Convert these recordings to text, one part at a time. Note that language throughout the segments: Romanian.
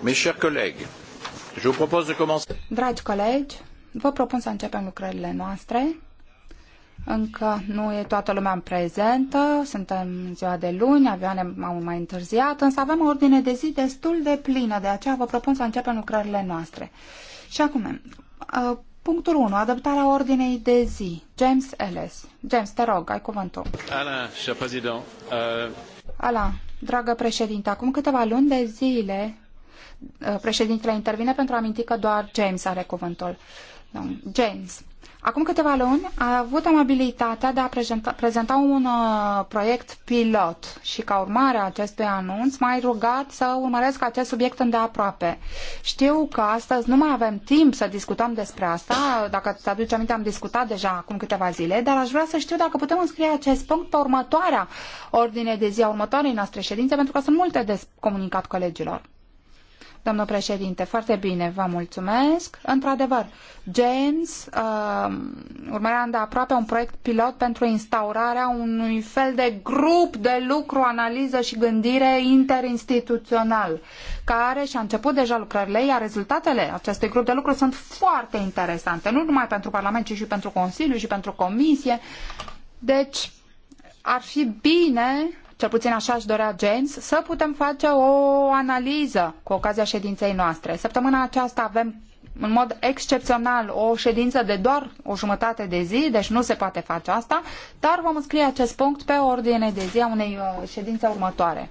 Mes chers collègues, je vous propose de commencer. Dragi colegi, vă propun să începem lucrările noastre. Încă nu e toată lumea prezentă, suntem ziua de luni, avioane au mai întârziat, însă avem o ordine de zi destul de plină, de aceea vă propun să începem lucrările noastre. Și acum, uh, punctul 1, adaptarea ordinei de zi. James Ellis. James, te rog, ai cuvântul. Alain, cher président. Uh... Alain, dragă președinte, acum câteva luni de zile Uh, președintele intervine pentru a aminti că doar James are cuvântul. James. Acum câteva luni a avut amabilitatea de a prezenta, prezenta un uh, proiect pilot și ca urmare a acestui anunț m a rugat să urmăresc acest subiect îndeaproape. Știu că astăzi nu mai avem timp să discutăm despre asta, dacă te aduci aminte am discutat deja acum câteva zile, dar aș vrea să știu dacă putem înscrie acest punct pe următoarea ordine de zi a următoarei noastre ședințe, pentru că sunt multe de comunicat colegilor. Doamnă președinte, foarte bine, vă mulțumesc. Într-adevăr, James uh, urmărea aproape un proiect pilot pentru instaurarea unui fel de grup de lucru, analiză și gândire interinstituțional, care și-a început deja lucrările, iar rezultatele acestui grup de lucru sunt foarte interesante, nu numai pentru Parlament, ci și pentru Consiliu și pentru Comisie. Deci, ar fi bine cel puțin așa își dorea James, să putem face o analiză cu ocazia ședinței noastre. Săptămâna aceasta avem în mod excepțional o ședință de doar o jumătate de zi, deci nu se poate face asta, dar vom scrie acest punct pe ordine de zi a unei uh, ședințe următoare.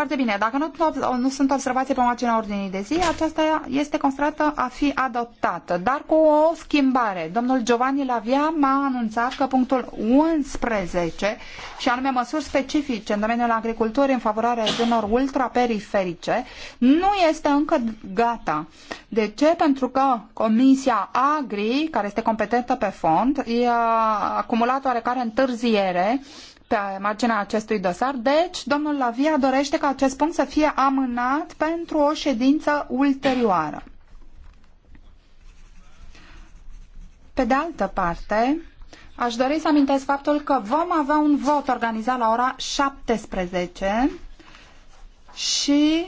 Foarte bine, dacă nu, nu sunt observații pe marginea ordinii de zi, aceasta este considerată a fi adoptată, dar cu o schimbare. Domnul Giovanni Lavia m-a anunțat că punctul 11, și anume măsuri specifice în domeniul agriculturii în favoarea zonelor ultraperiferice, nu este încă gata. De ce? Pentru că Comisia Agri, care este competentă pe fond, a acumulat oarecare întârziere pe marginea acestui dosar, deci domnul Lavia dorește ca acest punct să fie amânat pentru o ședință ulterioară. Pe de altă parte, aș dori să amintesc faptul că vom avea un vot organizat la ora 17 și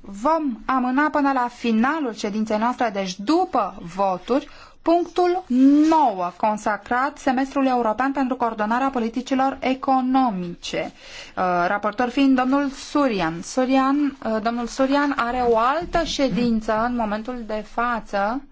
vom amâna până la finalul ședinței noastre, deci după voturi, Punctul 9, consacrat semestrul european pentru coordonarea politicilor economice. Uh, raportor fiind domnul Surian. Surian. Uh, domnul Surian are o altă ședință în momentul de față.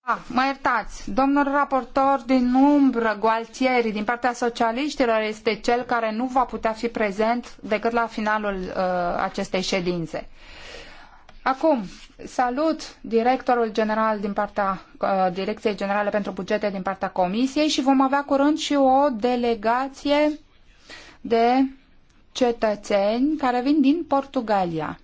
Ah, mă iertați, domnul raportor din umbră, Gualtieri, din partea socialiștilor, este cel care nu va putea fi prezent decât la finalul uh, acestei ședințe. Uh, Acum, salut directorul general din partea uh, Direcției Generale pentru Bugete din partea Comisiei și vom avea curând și o delegație de cetățeni care vin din Portugalia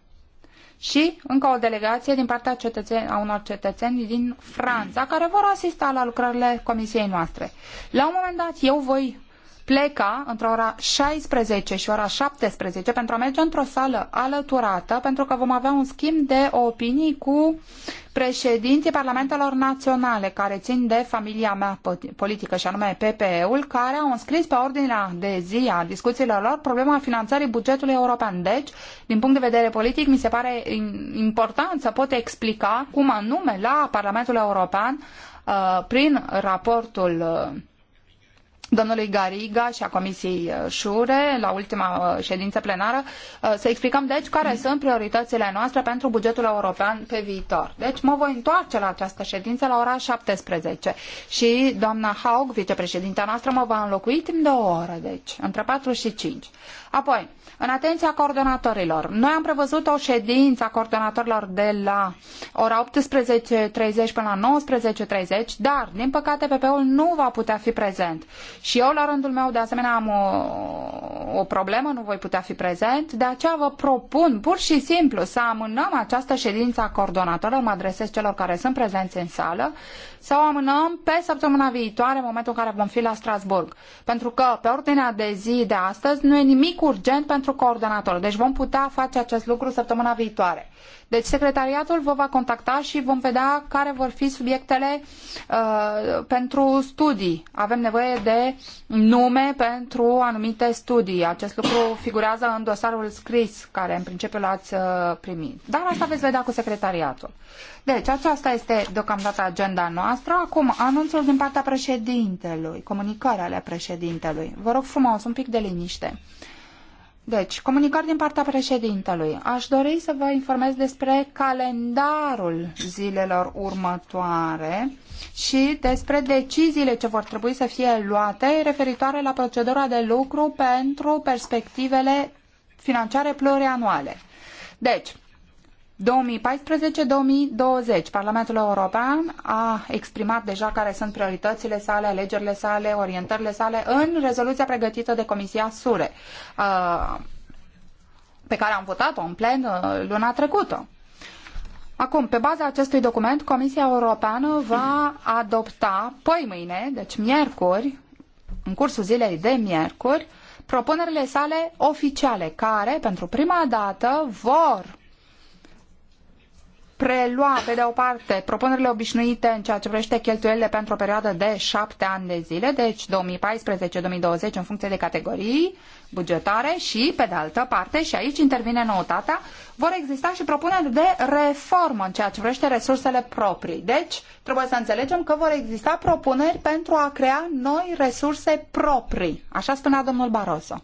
și încă o delegație din partea cetățeni, a unor cetățeni din Franța care vor asista la lucrările comisiei noastre. La un moment dat eu voi pleca între ora 16 și ora 17 pentru a merge într-o sală alăturată, pentru că vom avea un schimb de opinii cu președinții parlamentelor naționale care țin de familia mea politică și anume PPE-ul, care au înscris pe ordinea de zi a discuțiilor lor problema finanțării bugetului european. Deci, din punct de vedere politic, mi se pare important să pot explica cum anume la Parlamentul European, uh, prin raportul uh, domnului Gariga și a Comisiei uh, Șure la ultima uh, ședință plenară uh, să explicăm deci care sunt prioritățile noastre pentru bugetul european pe viitor. Deci mă voi întoarce la această ședință la ora 17 și doamna Haug, vicepreședinta noastră, mă va înlocui timp de o oră, deci, între 4 și 5. Apoi, în atenția coordonatorilor. Noi am prevăzut o ședință a coordonatorilor de la ora 18.30 până la 19.30, dar, din păcate, PP-ul nu va putea fi prezent. Și eu, la rândul meu, de asemenea, am o, o problemă, nu voi putea fi prezent, de aceea vă propun pur și simplu să amânăm această ședință a coordonatorilor, mă adresez celor care sunt prezenți în sală, o amânăm pe săptămâna viitoare, în momentul în care vom fi la Strasbourg. Pentru că, pe ordinea de zi de astăzi, nu e nimic urgent pentru pentru coordonator. Deci vom putea face acest lucru săptămâna viitoare. Deci secretariatul vă va contacta și vom vedea care vor fi subiectele uh, pentru studii. Avem nevoie de nume pentru anumite studii. Acest lucru figurează în dosarul scris care în principiu l-ați uh, primit. Dar asta veți vedea cu secretariatul. Deci aceasta este deocamdată agenda noastră. Acum anunțul din partea președintelui, comunicarea ale președintelui. Vă rog frumos, un pic de liniște. Deci, comunicări din partea președintelui. Aș dori să vă informez despre calendarul zilelor următoare și despre deciziile ce vor trebui să fie luate referitoare la procedura de lucru pentru perspectivele financiare plurianuale. Deci, 2014-2020, Parlamentul European a exprimat deja care sunt prioritățile sale, alegerile sale, orientările sale în rezoluția pregătită de Comisia SURE, pe care am votat-o în plen luna trecută. Acum, pe baza acestui document, Comisia Europeană va adopta păi mâine, deci miercuri, în cursul zilei de miercuri, propunerile sale oficiale, care, pentru prima dată, vor prelua, pe de o parte, propunerile obișnuite în ceea ce privește cheltuielile pentru o perioadă de șapte ani de zile, deci 2014-2020 în funcție de categorii bugetare și, pe de altă parte, și aici intervine noutatea, vor exista și propuneri de reformă în ceea ce privește resursele proprii. Deci, trebuie să înțelegem că vor exista propuneri pentru a crea noi resurse proprii, așa spunea domnul Barroso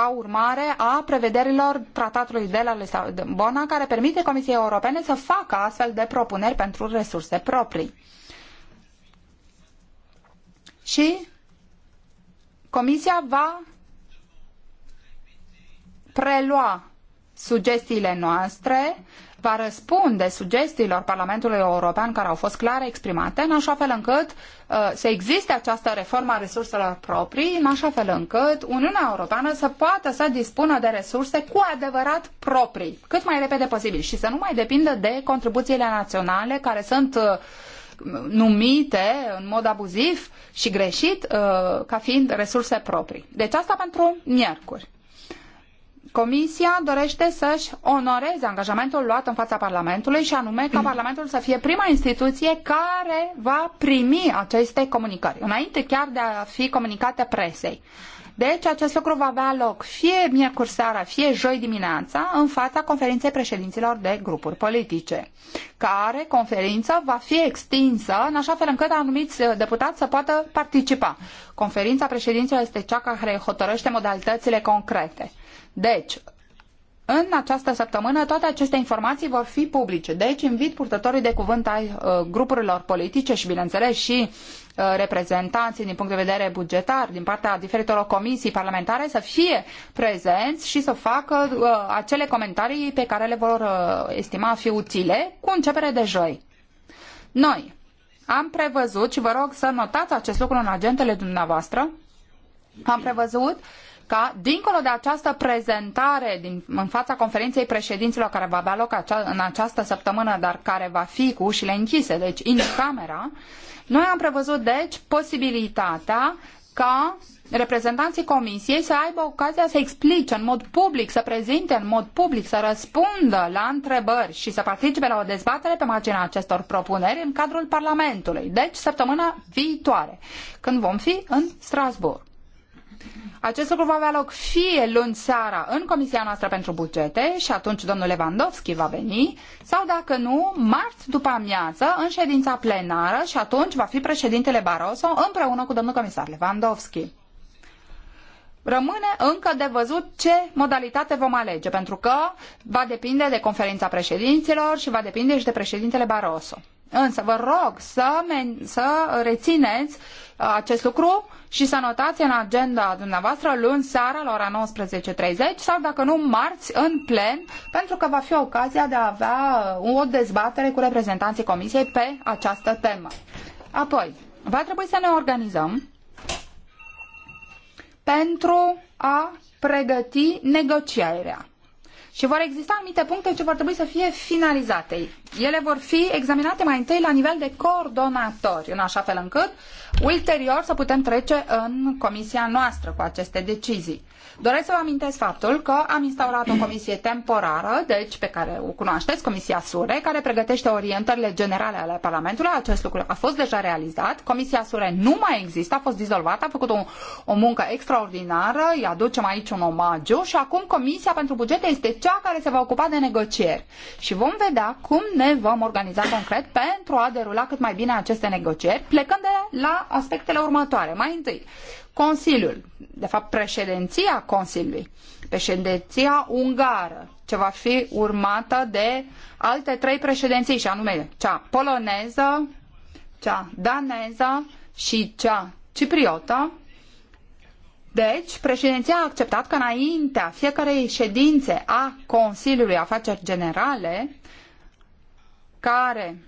ca urmare a prevederilor tratatului de la Lisabona, care permite Comisiei Europene să facă astfel de propuneri pentru resurse proprii. Și Comisia va prelua sugestiile noastre va răspunde sugestiilor Parlamentului European care au fost clare exprimate, în așa fel încât uh, să existe această reformă a resurselor proprii, în așa fel încât Uniunea Europeană să poată să dispună de resurse cu adevărat proprii, cât mai repede posibil și să nu mai depindă de contribuțiile naționale care sunt uh, numite în mod abuziv și greșit uh, ca fiind resurse proprii. Deci asta pentru miercuri. Comisia dorește să-și onoreze angajamentul luat în fața Parlamentului și anume ca Parlamentul să fie prima instituție care va primi aceste comunicări, înainte chiar de a fi comunicate presei. Deci acest lucru va avea loc fie miercuri seara, fie joi dimineața, în fața conferinței președinților de grupuri politice, care conferință va fi extinsă în așa fel încât anumiți uh, deputați să poată participa. Conferința președinților este cea care hotărăște modalitățile concrete. Deci, în această săptămână toate aceste informații vor fi publice. Deci invit purtătorii de cuvânt ai uh, grupurilor politice și, bineînțeles, și uh, reprezentanții din punct de vedere bugetar din partea diferitelor comisii parlamentare să fie prezenți și să facă uh, acele comentarii pe care le vor uh, estima a fi utile cu începere de joi. Noi am prevăzut și vă rog să notați acest lucru în agentele dumneavoastră. Am prevăzut uh, ca, dincolo de această prezentare din, în fața conferinței președinților care va avea loc acea, în această săptămână, dar care va fi cu ușile închise, deci in camera, noi am prevăzut, deci, posibilitatea ca reprezentanții comisiei să aibă ocazia să explice în mod public, să prezinte în mod public, să răspundă la întrebări și să participe la o dezbatere pe marginea acestor propuneri în cadrul Parlamentului. Deci, săptămâna viitoare, când vom fi în Strasbourg. Acest lucru va avea loc fie luni seara în Comisia noastră pentru bugete și atunci domnul Lewandowski va veni, sau dacă nu, marți după amiază în ședința plenară și atunci va fi președintele Barroso împreună cu domnul comisar Lewandowski. Rămâne încă de văzut ce modalitate vom alege, pentru că va depinde de conferința președinților și va depinde și de președintele Barroso. Însă vă rog să, men- să rețineți uh, acest lucru și să notați în agenda dumneavoastră luni seara la ora 19.30 sau dacă nu marți în plen pentru că va fi ocazia de a avea uh, o dezbatere cu reprezentanții comisiei pe această temă. Apoi, va trebui să ne organizăm pentru a pregăti negocierea și vor exista anumite puncte ce vor trebui să fie finalizate. Ele vor fi examinate mai întâi la nivel de coordonatori, în așa fel încât ulterior să putem trece în comisia noastră cu aceste decizii. Doresc să vă amintesc faptul că am instaurat o comisie temporară, deci pe care o cunoașteți, Comisia SURE, care pregătește orientările generale ale Parlamentului. Acest lucru a fost deja realizat. Comisia SURE nu mai există, a fost dizolvată, a făcut o, o muncă extraordinară, îi aducem aici un omagiu și acum Comisia pentru Bugete este cea care se va ocupa de negocieri. Și vom vedea cum ne vom organiza concret pentru a derula cât mai bine aceste negocieri, plecând de la aspectele următoare. Mai întâi, Consiliul, de fapt președinția Consiliului, președinția ungară, ce va fi urmată de alte trei președinții, și anume cea poloneză, cea daneză și cea cipriotă. Deci, președinția a acceptat că înaintea fiecarei ședințe a Consiliului Afaceri Generale, care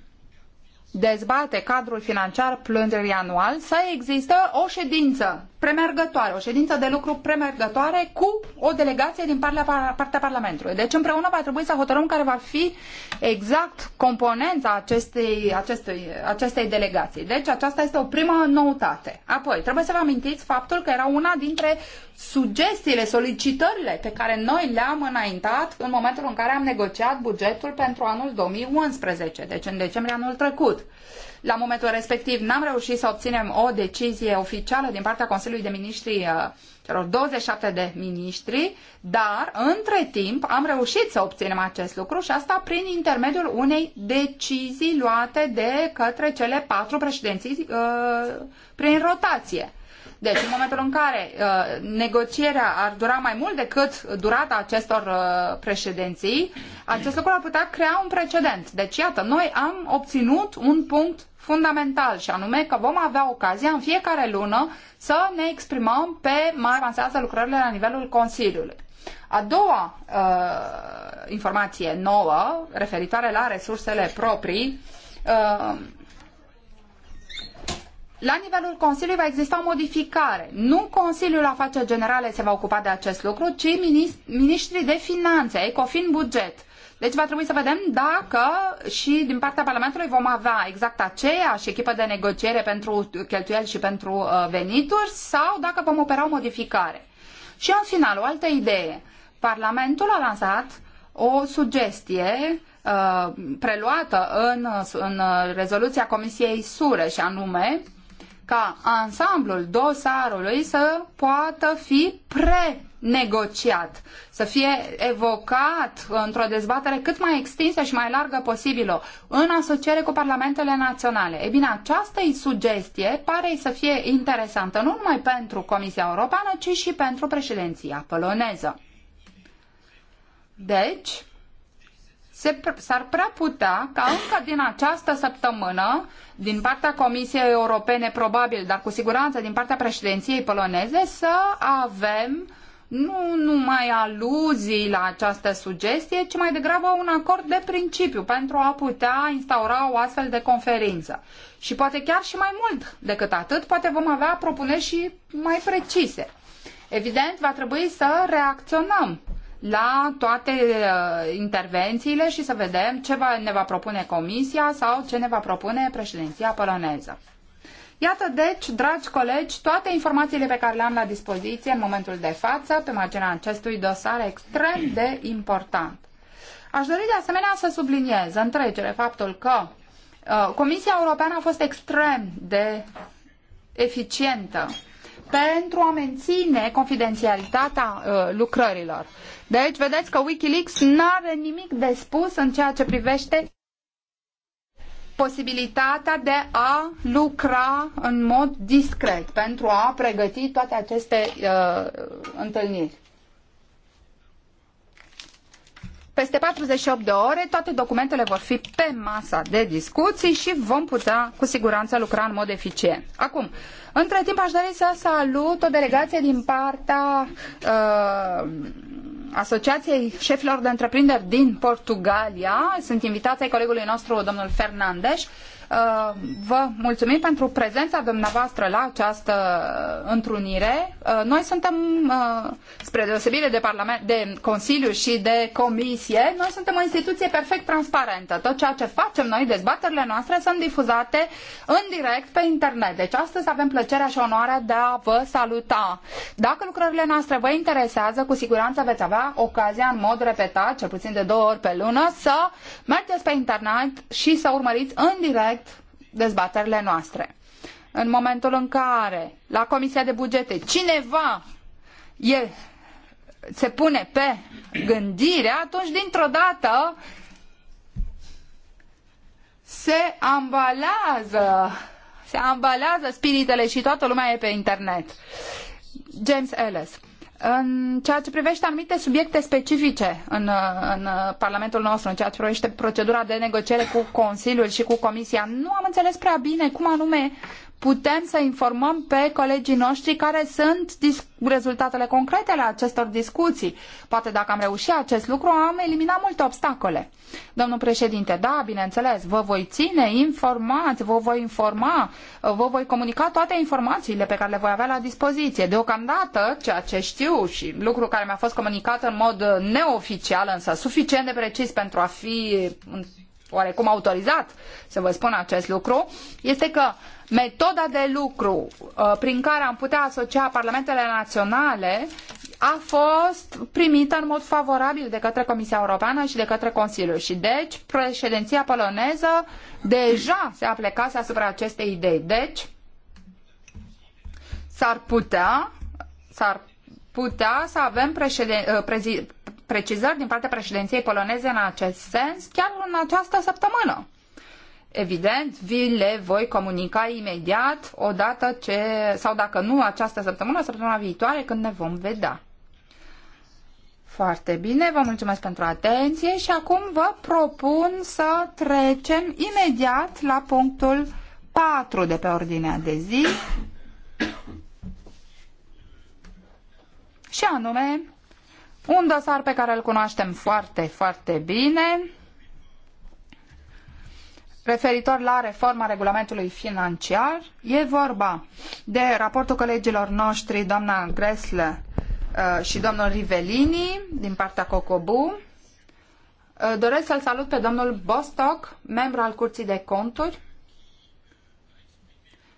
dezbate cadrul financiar plângeri anual, să există o ședință premergătoare, o ședință de lucru premergătoare cu o delegație din partea, Parlamentului. Deci împreună va trebui să hotărâm care va fi exact componența acestei, acestui, acestei delegații. Deci aceasta este o primă noutate. Apoi, trebuie să vă amintiți faptul că era una dintre sugestiile, solicitările pe care noi le-am înaintat în momentul în care am negociat bugetul pentru anul 2011, deci în decembrie anul trecut. La momentul respectiv n-am reușit să obținem o decizie oficială din partea Consiliului Consiliului de Miniștri, uh, celor 27 de miniștri, dar între timp am reușit să obținem acest lucru și asta prin intermediul unei decizii luate de către cele patru președinții uh, prin rotație. Deci, în momentul în care uh, negocierea ar dura mai mult decât durata acestor uh, președinții, acest lucru ar putea crea un precedent. Deci, iată, noi am obținut un punct fundamental și anume că vom avea ocazia în fiecare lună să ne exprimăm pe mai avansează lucrările la nivelul Consiliului. A doua uh, informație nouă, referitoare la resursele proprii, uh, la nivelul Consiliului va exista o modificare. Nu Consiliul Afaceri Generale se va ocupa de acest lucru, ci Ministrii de Finanțe, Ecofin Buget. Deci va trebui să vedem dacă și din partea Parlamentului vom avea exact aceeași echipă de negociere pentru cheltuieli și pentru uh, venituri sau dacă vom opera o modificare. Și în final, o altă idee. Parlamentul a lansat o sugestie uh, preluată în, în rezoluția Comisiei Sure și anume ca ansamblul dosarului să poată fi pre negociat, să fie evocat într-o dezbatere cât mai extinsă și mai largă posibilă, în asociere cu parlamentele naționale. E bine, această sugestie pare să fie interesantă nu numai pentru Comisia Europeană, ci și pentru președinția poloneză. Deci, s-ar prea putea ca încă din această săptămână, din partea Comisiei Europene probabil, dar cu siguranță din partea președinției poloneze, să avem nu numai aluzii la această sugestie, ci mai degrabă un acord de principiu pentru a putea instaura o astfel de conferință. Și poate chiar și mai mult decât atât, poate vom avea propuneri și mai precise. Evident, va trebui să reacționăm la toate uh, intervențiile și să vedem ce va, ne va propune Comisia sau ce ne va propune președinția poloneză. Iată deci, dragi colegi, toate informațiile pe care le am la dispoziție în momentul de față pe marginea acestui dosar extrem de important. Aș dori de asemenea să subliniez întregere faptul că uh, Comisia Europeană a fost extrem de eficientă pentru a menține confidențialitatea uh, lucrărilor. Deci, vedeți că Wikileaks nu are nimic de spus în ceea ce privește posibilitatea de a lucra în mod discret pentru a pregăti toate aceste uh, întâlniri. Peste 48 de ore toate documentele vor fi pe masa de discuții și vom putea cu siguranță lucra în mod eficient. Acum, între timp aș dori să salut o delegație din partea uh, Asociației Șefilor de Întreprinderi din Portugalia. Sunt invitații colegului nostru, domnul Fernandes, Uh, vă mulțumim pentru prezența dumneavoastră la această întrunire. Uh, noi suntem, uh, spre deosebire de, Parlament, de Consiliu și de Comisie, noi suntem o instituție perfect transparentă. Tot ceea ce facem noi, dezbaterile noastre, sunt difuzate în direct pe internet. Deci astăzi avem plăcerea și onoarea de a vă saluta. Dacă lucrările noastre vă interesează, cu siguranță veți avea ocazia în mod repetat, cel puțin de două ori pe lună, să mergeți pe internet și să urmăriți în direct dezbaterile noastre. În momentul în care la Comisia de Bugete cineva e, se pune pe gândire, atunci dintr-o dată se ambalează, se ambalează spiritele și toată lumea e pe internet. James Ellis. În ceea ce privește anumite subiecte specifice în, în Parlamentul nostru, în ceea ce privește procedura de negociere cu Consiliul și cu Comisia, nu am înțeles prea bine cum anume putem să informăm pe colegii noștri care sunt rezultatele concrete ale acestor discuții. Poate dacă am reușit acest lucru, am eliminat multe obstacole. Domnul președinte, da, bineînțeles, vă voi ține informați, vă voi informa, vă voi comunica toate informațiile pe care le voi avea la dispoziție. Deocamdată, ceea ce știu și lucru care mi-a fost comunicat în mod neoficial, însă suficient de precis pentru a fi oarecum autorizat să vă spun acest lucru, este că metoda de lucru uh, prin care am putea asocia parlamentele naționale a fost primită în mod favorabil de către Comisia Europeană și de către Consiliu. Și deci, președinția poloneză deja se aplecase asupra acestei idei. Deci, s-ar putea, s-ar putea să avem uh, prezi, precizări din partea președinției poloneze în acest sens chiar în această săptămână. Evident, vi le voi comunica imediat, odată ce, sau dacă nu, această săptămână, săptămâna viitoare, când ne vom vedea. Foarte bine, vă mulțumesc pentru atenție și acum vă propun să trecem imediat la punctul 4 de pe ordinea de zi și anume un dosar pe care îl cunoaștem foarte, foarte bine, referitor la reforma regulamentului financiar. E vorba de raportul colegilor noștri, doamna Gresle uh, și domnul Rivelini, din partea COCOBU. Uh, doresc să-l salut pe domnul Bostock, membru al Curții de Conturi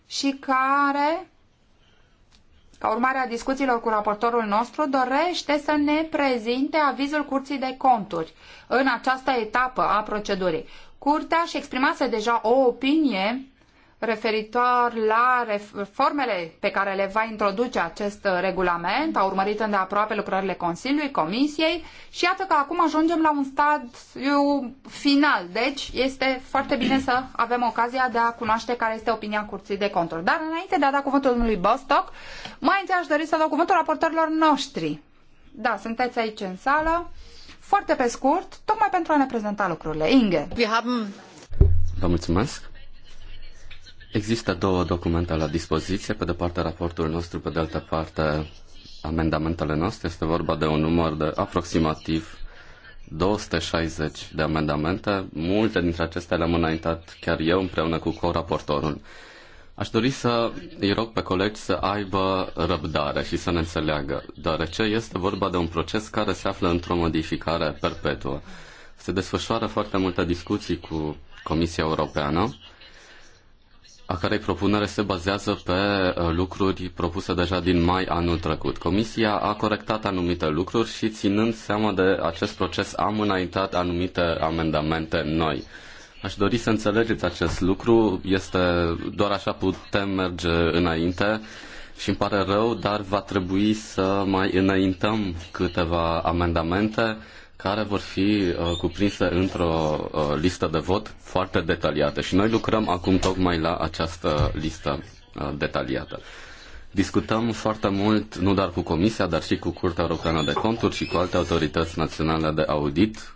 și care, ca urmare a discuțiilor cu raportorul nostru, dorește să ne prezinte avizul Curții de Conturi în această etapă a procedurii. Curtea și exprimase deja o opinie referitor la reformele pe care le va introduce acest uh, regulament, a urmărit îndeaproape lucrările Consiliului, Comisiei și iată că acum ajungem la un stadiu final. Deci este foarte bine să avem ocazia de a cunoaște care este opinia Curții de Control. Dar înainte de a da cuvântul domnului Bostock, mai întâi aș dori să dau cuvântul raportorilor noștri. Da, sunteți aici în sală foarte pe scurt, tocmai pentru a ne prezenta lucrurile. Inge. Vă mulțumesc. Există două documente la dispoziție, pe de parte raportul nostru, pe de altă parte amendamentele noastre. Este vorba de un număr de aproximativ 260 de amendamente. Multe dintre acestea le-am înaintat chiar eu împreună cu co-raportorul. Aș dori să îi rog pe colegi să aibă răbdare și să ne înțeleagă, deoarece este vorba de un proces care se află într-o modificare perpetuă. Se desfășoară foarte multe discuții cu Comisia Europeană, a cărei propunere se bazează pe uh, lucruri propuse deja din mai anul trecut. Comisia a corectat anumite lucruri și, ținând seama de acest proces, am înaintat anumite amendamente noi. Aș dori să înțelegeți acest lucru. Este doar așa putem merge înainte și îmi pare rău, dar va trebui să mai înaintăm câteva amendamente care vor fi uh, cuprinse într-o uh, listă de vot foarte detaliată și noi lucrăm acum tocmai la această listă uh, detaliată. Discutăm foarte mult, nu doar cu Comisia, dar și cu Curtea Europeană de Conturi și cu alte autorități naționale de audit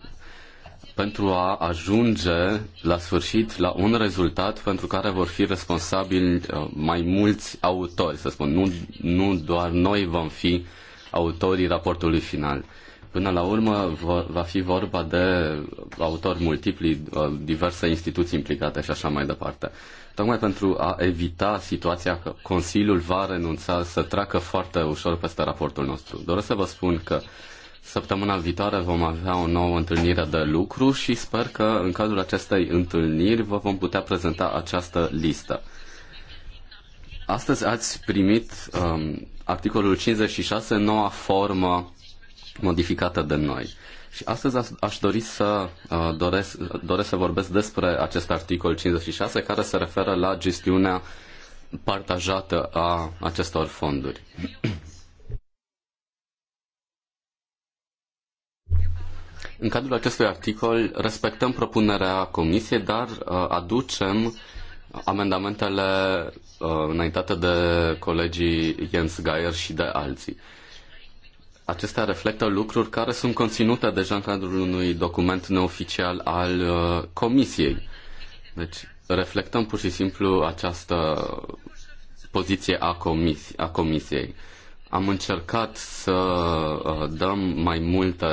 pentru a ajunge la sfârșit la un rezultat pentru care vor fi responsabili uh, mai mulți autori, să spun. Nu, nu doar noi vom fi autorii raportului final. Până la urmă va fi vorba de autori multipli, uh, diverse instituții implicate și așa mai departe. Tocmai pentru a evita situația că Consiliul va renunța să treacă foarte ușor peste raportul nostru. Doresc să vă spun că uh, Săptămâna viitoare vom avea o nouă întâlnire de lucru și sper că în cadrul acestei întâlniri vă vom putea prezenta această listă. Astăzi ați primit um, articolul 56, noua formă modificată de noi. Și astăzi aș, aș dori să uh, doresc, doresc să vorbesc despre acest articol 56 care se referă la gestiunea partajată a acestor fonduri. În cadrul acestui articol respectăm propunerea comisiei, dar uh, aducem amendamentele uh, înaintate de colegii Jens Geier și de alții. Acestea reflectă lucruri care sunt conținute deja în cadrul unui document neoficial al uh, comisiei. Deci reflectăm pur și simplu această poziție a, comis- a comisiei. Am încercat să uh, dăm mai multe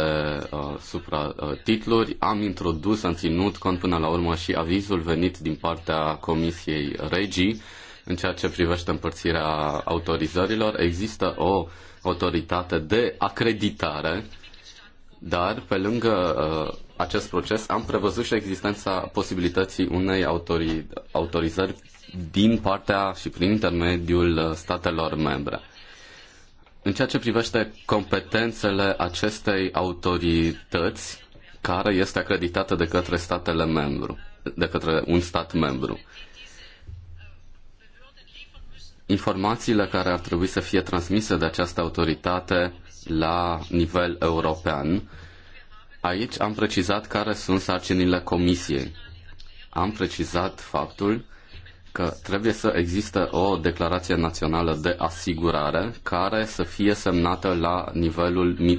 uh, uh, titluri. am introdus, am ținut cont până la urmă și avizul venit din partea Comisiei Regii în ceea ce privește împărțirea autorizărilor. Există o autoritate de acreditare, dar pe lângă uh, acest proces am prevăzut și existența posibilității unei autori- autorizări din partea și prin intermediul uh, statelor membre. În ceea ce privește competențele acestei autorități, care este acreditată de către statele membru, de către un stat membru. Informațiile care ar trebui să fie transmise de această autoritate la nivel european, aici am precizat care sunt sarcinile comisiei. Am precizat faptul că trebuie să existe o declarație națională de asigurare care să fie semnată la nivelul uh,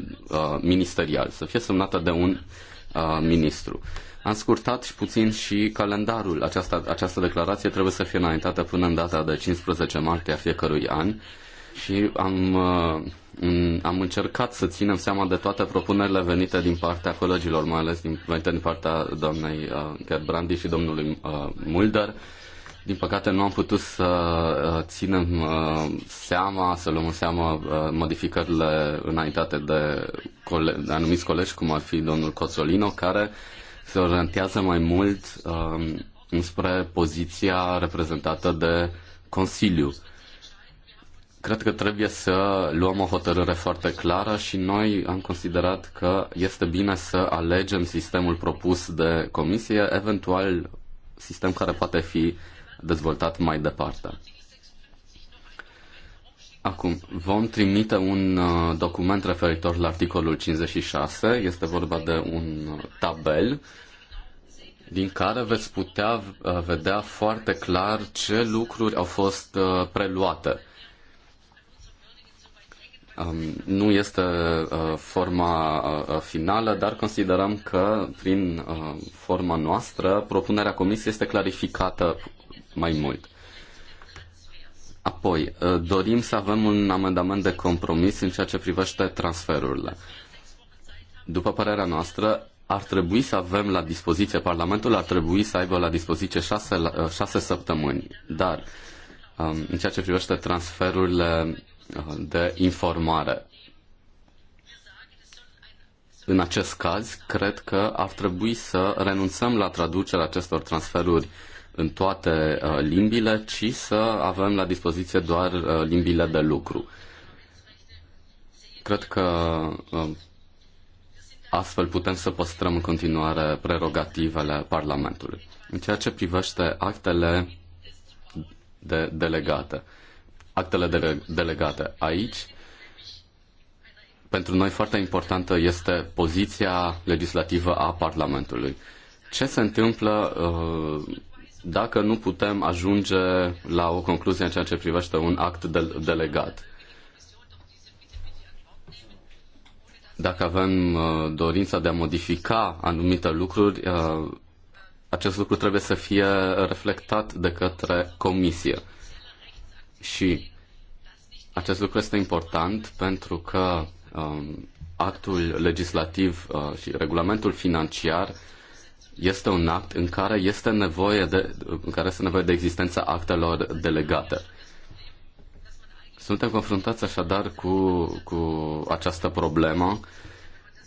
ministerial, să fie semnată de un uh, ministru. Am scurtat și puțin și calendarul. Această, această declarație trebuie să fie înaintată până în data de 15 martie a fiecărui an și am, uh, am încercat să ținem seama de toate propunerile venite din partea colegilor, mai ales din, venite din partea doamnei Gerbrandi și domnului Mulder. Din păcate nu am putut să uh, ținem uh, seama, să luăm în seama uh, modificările înaintate de, cole- de anumiți colegi, cum ar fi domnul Cozzolino, care se orientează mai mult um, înspre poziția reprezentată de Consiliu. Cred că trebuie să luăm o hotărâre foarte clară și noi am considerat că este bine să alegem sistemul propus de comisie, eventual sistem care poate fi dezvoltat mai departe. Acum, vom trimite un uh, document referitor la articolul 56. Este vorba de un uh, tabel din care veți putea uh, vedea foarte clar ce lucruri au fost preluate Um, nu este uh, forma uh, finală, dar considerăm că prin uh, forma noastră propunerea comisiei este clarificată mai mult. Apoi, dorim să avem un amendament de compromis în ceea ce privește transferurile. După părerea noastră, ar trebui să avem la dispoziție, Parlamentul ar trebui să aibă la dispoziție șase, șase săptămâni, dar um, în ceea ce privește transferurile de informare. În acest caz, cred că ar trebui să renunțăm la traducerea acestor transferuri în toate uh, limbile, ci să avem la dispoziție doar uh, limbile de lucru. Cred că uh, astfel putem să păstrăm în continuare prerogativele Parlamentului. În ceea ce privește actele de delegate actele dele- delegate. Aici, pentru noi foarte importantă este poziția legislativă a Parlamentului. Ce se întâmplă uh, dacă nu putem ajunge la o concluzie în ceea ce privește un act de- delegat? Dacă avem uh, dorința de a modifica anumite lucruri, uh, acest lucru trebuie să fie reflectat de către comisie. Și acest lucru este important pentru că um, actul legislativ uh, și regulamentul financiar este un act în care este nevoie de, în care este nevoie de existența actelor delegate. Suntem confruntați așadar cu, cu această problemă.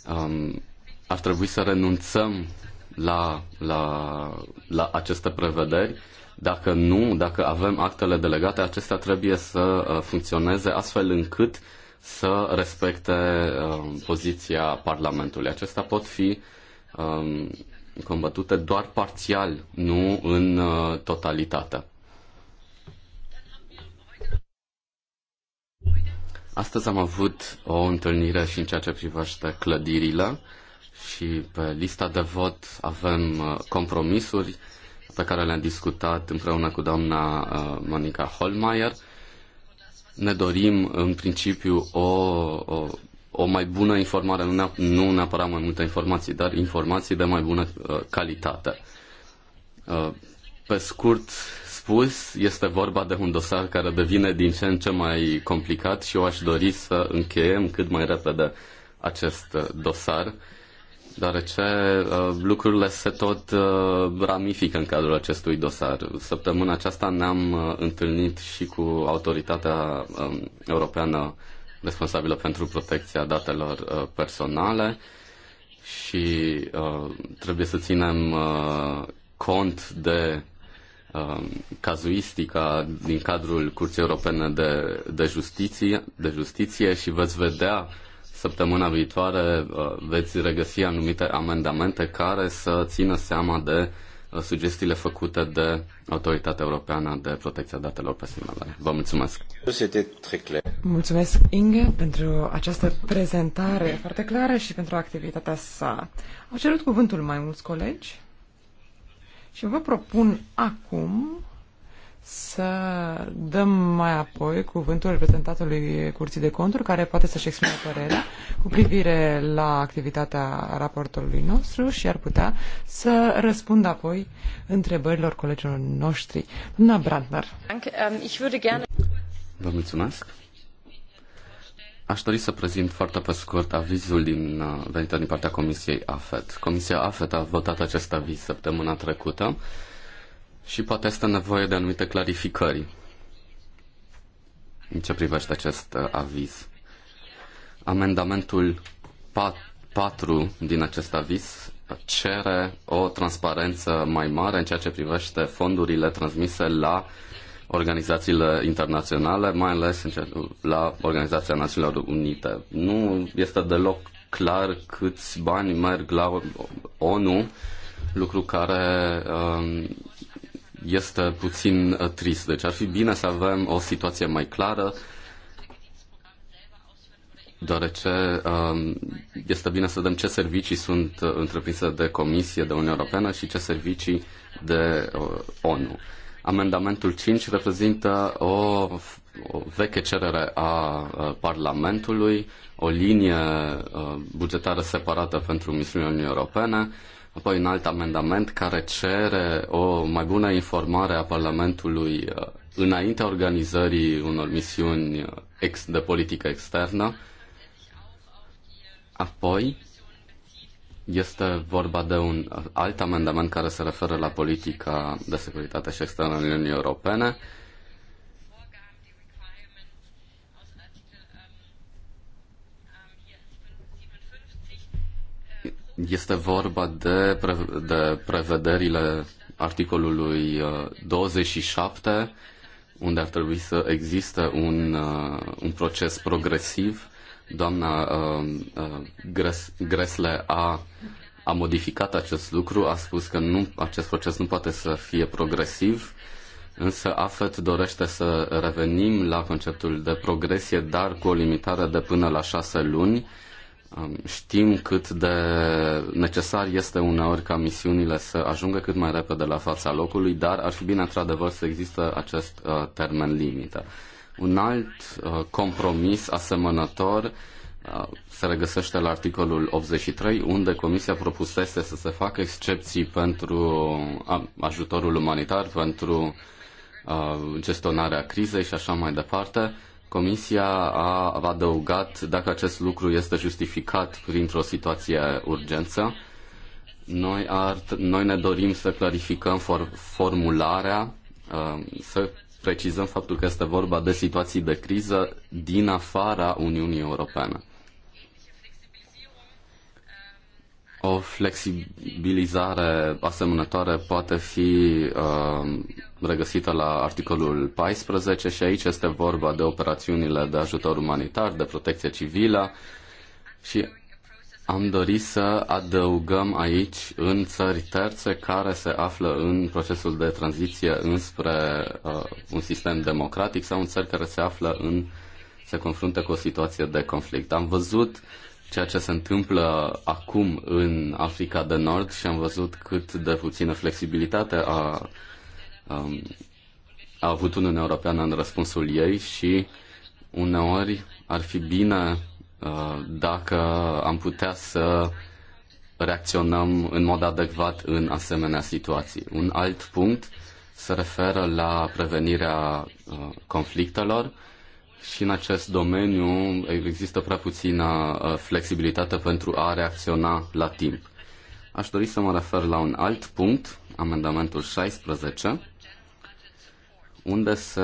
Um, ar trebui să renunțăm la, la, la aceste prevederi dacă nu, dacă avem actele delegate, acestea trebuie să uh, funcționeze astfel încât să respecte uh, poziția Parlamentului. Acestea pot fi um, combătute doar parțial, nu în uh, totalitate. Astăzi am avut o întâlnire și în ceea ce privește clădirile și pe lista de vot avem compromisuri pe care le-am discutat împreună cu doamna uh, Monica Holmeier. Ne dorim, în principiu, o, o, o mai bună informare, nu, neap- nu neapărat mai multe informații, dar informații de mai bună uh, calitate. Uh, pe scurt spus, este vorba de un dosar care devine din ce în ce mai complicat și eu aș dori să încheiem cât mai repede acest uh, dosar deoarece uh, lucrurile se tot uh, ramifică în cadrul acestui dosar. Săptămâna aceasta ne-am uh, întâlnit și cu autoritatea um, europeană responsabilă pentru protecția datelor personale și trebuie să ținem cont de um, cazuistica din cadrul Curții Europene de, de, justiție, de Justiție și veți vedea săptămâna viitoare uh, veți regăsi anumite amendamente care să țină seama de uh, sugestiile făcute de Autoritatea Europeană de Protecția Datelor Personale. Vă mulțumesc! Mulțumesc, Inge, pentru această prezentare foarte clară și pentru activitatea sa. Au cerut cuvântul mai mulți colegi și vă propun acum să dăm mai apoi cuvântul reprezentantului Curții de Conturi, care poate să-și exprime părerea cu privire la activitatea raportului nostru și ar putea să răspundă apoi întrebărilor colegilor noștri. Doamna Brandner. Ähm, Vă mulțumesc. Aș dori să prezint foarte pe scurt avizul din, venit din partea Comisiei AFET. Comisia AFET a votat acest aviz săptămâna trecută și poate este nevoie de anumite clarificări în ce privește acest uh, aviz. Amendamentul 4 din acest aviz cere o transparență mai mare în ceea ce privește fondurile transmise la organizațiile internaționale, mai ales la Organizația Națiunilor Unite. Nu este deloc clar câți bani merg la ONU, lucru care um, este puțin uh, trist. Deci ar fi bine să avem o situație mai clară, deoarece um, este bine să vedem ce servicii sunt uh, întreprinse de Comisie, de Uniunea Europeană și ce servicii de uh, ONU. Amendamentul 5 reprezintă o, o veche cerere a Parlamentului, o linie bugetară separată pentru misiunea Uniunii Europene, Apoi un alt amendament care cere o mai bună informare a Parlamentului uh, înaintea organizării unor misiuni uh, ex de politică externă. Apoi este vorba de un uh, alt amendament care se referă la politica de securitate și externă în Uniunii Europene. Este vorba de, pre- de prevederile articolului 27, uh, unde ar trebui să existe un, uh, un proces progresiv. Doamna uh, Gres, Gresle a, a modificat acest lucru, a spus că nu, acest proces nu poate să fie progresiv, însă AFET dorește să revenim la conceptul de progresie, dar cu o limitare de până la șase luni Știm cât de necesar este uneori ca misiunile să ajungă cât mai repede la fața locului, dar ar fi bine într-adevăr să există acest uh, termen limită. Un alt uh, compromis asemănător uh, se regăsește la articolul 83, unde Comisia propusese să se facă excepții pentru uh, ajutorul umanitar, pentru uh, gestionarea crizei și așa mai departe Comisia a adăugat dacă acest lucru este justificat printr-o situație urgență. Noi, ar, noi ne dorim să clarificăm for, formularea, uh, să precizăm faptul că este vorba de situații de criză din afara Uniunii Europene. O flexibilizare asemănătoare poate fi uh, regăsită la articolul 14 și aici este vorba de operațiunile de ajutor umanitar, de protecție civilă și am dorit să adăugăm aici în țări terțe care se află în procesul de tranziție înspre uh, un sistem democratic sau în țări care se află în se confruntă cu o situație de conflict. Am văzut ceea ce se întâmplă acum în Africa de Nord și am văzut cât de puțină flexibilitate a Um, a avut Uniunea Europeană în răspunsul ei și uneori ar fi bine uh, dacă am putea să reacționăm în mod adecvat în asemenea situații. Un alt punct se referă la prevenirea uh, conflictelor și în acest domeniu există prea puțină uh, flexibilitate pentru a reacționa la timp. Aș dori să mă refer la un alt punct, amendamentul 16, unde se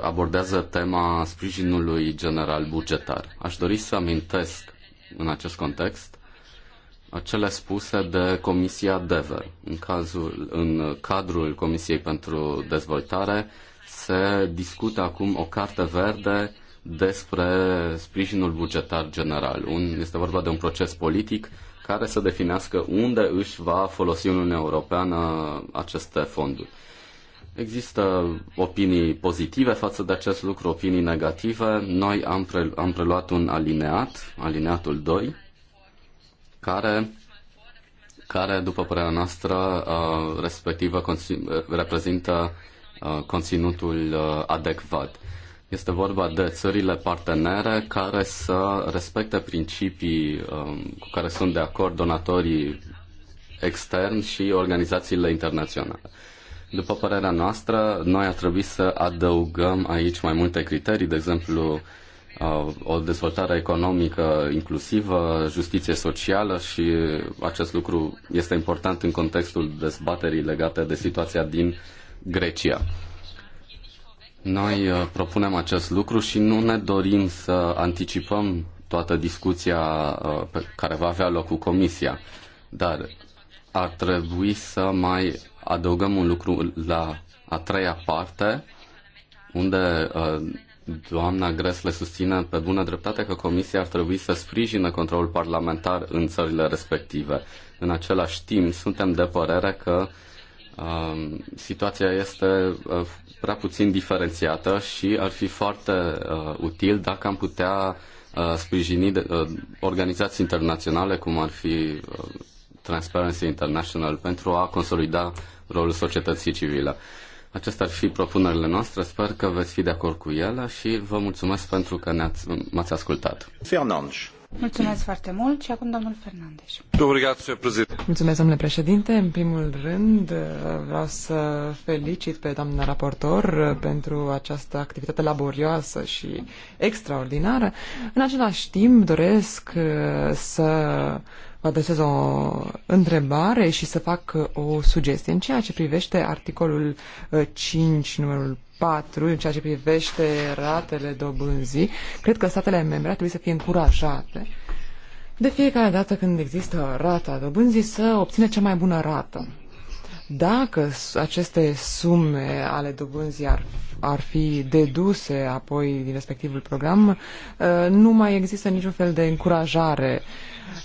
abordează tema sprijinului general bugetar. Aș dori să amintesc în acest context cele spuse de Comisia DEVER. În, cazul, în cadrul Comisiei pentru Dezvoltare se discută acum o carte verde despre sprijinul bugetar general. Un, este vorba de un proces politic care să definească unde își va folosi Uniunea Europeană aceste fonduri. Există opinii pozitive față de acest lucru, opinii negative. Noi am, pre- am preluat un alineat, alineatul 2, care, care după părerea noastră, uh, respectivă uh, reprezintă uh, conținutul adecvat. Este vorba de țările partenere care să respecte principii um, cu care sunt de acord donatorii externi și organizațiile internaționale. După părerea noastră, noi ar trebui să adăugăm aici mai multe criterii, de exemplu, uh, o dezvoltare economică inclusivă, justiție socială și acest lucru este important în contextul dezbaterii legate de situația din Grecia. Noi uh, propunem acest lucru și nu ne dorim să anticipăm toată discuția uh, pe care va avea loc cu Comisia, dar ar trebui să mai adăugăm un lucru la a treia parte, unde uh, doamna Gresle susține pe bună dreptate că Comisia ar trebui să sprijină controlul parlamentar în țările respective. În același timp, suntem de părere că uh, situația este uh, prea puțin diferențiată și ar fi foarte uh, util dacă am putea uh, sprijini de, uh, organizații internaționale, cum ar fi Transparency International, pentru a consolida rolul societății civile. Acestea ar fi propunerile noastre, sper că veți fi de acord cu ele și vă mulțumesc pentru că ne-ați, m-ați ascultat. Fernandes. Mulțumesc foarte mult și acum domnul Fernandes. Mulțumesc, domnule președinte. În primul rând vreau să felicit pe doamna raportor pentru această activitate laborioasă și extraordinară. În același timp doresc să adresez o întrebare și să fac uh, o sugestie. În ceea ce privește articolul 5, uh, numărul 4, în ceea ce privește ratele dobânzii, cred că statele membre ar trebui să fie încurajate de fiecare dată când există rata dobânzii să obține cea mai bună rată. Dacă aceste sume ale dobânzii ar, ar fi deduse apoi din respectivul program, uh, nu mai există niciun fel de încurajare.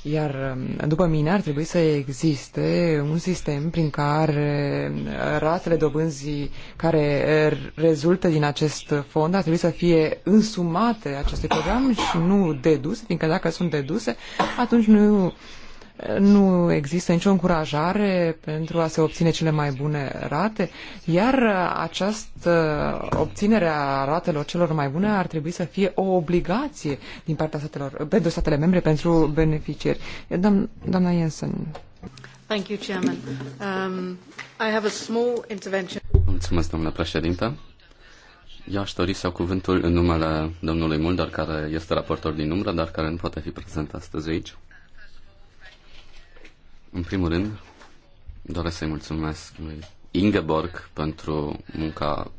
Iar, um, după mine, ar trebui să existe un sistem prin care uh, ratele dobânzii care uh, rezultă din acest fond ar trebui să fie însumate acestui program și nu deduse, fiindcă dacă sunt deduse, atunci nu nu există nicio încurajare pentru a se obține cele mai bune rate, iar această obținere a ratelor celor mai bune ar trebui să fie o obligație din partea statelor, pentru statele membre, pentru beneficiari. Doam, doamna Jensen. Thank you, Chairman. Um, I have a small intervention. Mulțumesc, doamna președintă. Eu aș dori să iau cuvântul în numele domnului Mulder, care este raportor din umbră, dar care nu poate fi prezent astăzi aici. În primul rând, doresc să-i mulțumesc lui Ingeborg pentru munca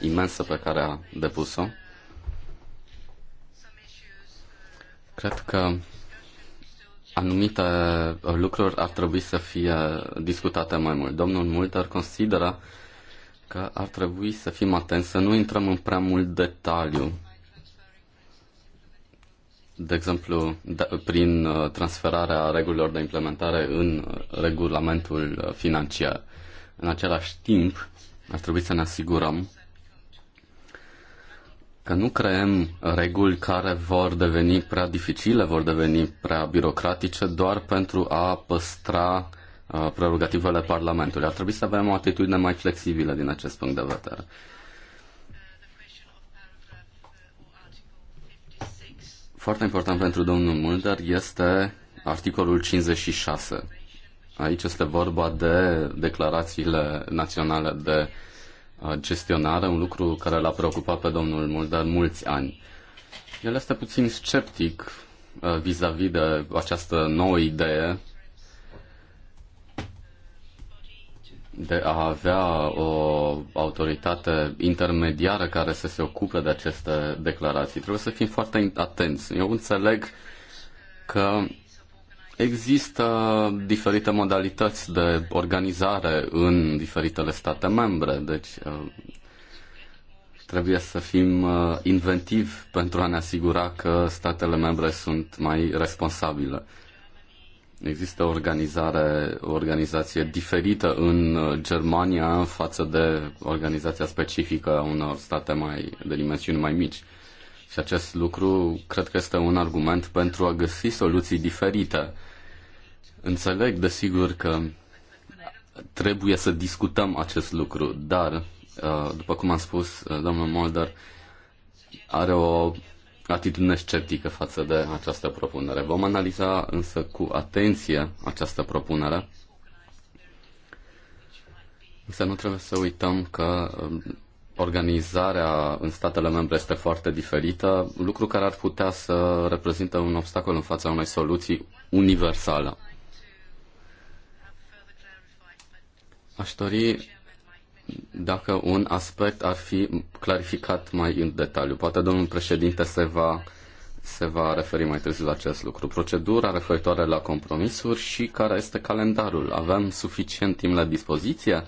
imensă pe care a depus-o. Cred că anumite lucruri ar trebui să fie discutate mai mult. Domnul Mulder consideră că ar trebui să fim atenți, să nu intrăm în prea mult detaliu de exemplu, da, prin uh, transferarea regulilor de implementare în uh, regulamentul uh, financiar. În același timp, ar trebui să ne asigurăm că nu creăm reguli care vor deveni prea dificile, vor deveni prea birocratice doar pentru a păstra prerogativele Parlamentului. Ar trebui să avem o atitudine mai flexibilă din acest punct de vedere. Foarte important pentru domnul Mulder este articolul 56. Aici este vorba de declarațiile naționale de uh, gestionare, un lucru care l-a preocupat pe domnul Mulder mulți ani. El este puțin sceptic uh, vis-a-vis -vis de această nouă idee de a avea o autoritate intermediară care să se ocupe de aceste declarații. Trebuie să fim foarte atenți. Eu înțeleg că există diferite modalități de organizare în diferitele state membre, deci uh, trebuie să fim uh, inventivi pentru a ne asigura că statele membre sunt mai responsabile. Există o organizare, o organizație diferită în uh, Germania față de organizația specifică a unor state mai de dimensiuni mai mici. Și acest lucru cred că este un argument pentru a găsi soluții diferite. Înțeleg, desigur, că trebuie să discutăm acest lucru, dar, uh, după cum am spus, uh, domnul Mulder are o atitudine sceptică față de această propunere. Vom analiza însă cu atenție această propunere. Însă nu trebuie să uităm că um, organizarea în statele membre este foarte diferită, lucru care ar putea să reprezintă un obstacol în fața unei soluții universale. Aș dori dacă un aspect ar fi clarificat mai în detaliu. Poate domnul președinte se va, se va referi mai târziu la acest lucru. Procedura referitoare la compromisuri și care este calendarul. Avem suficient timp la dispoziție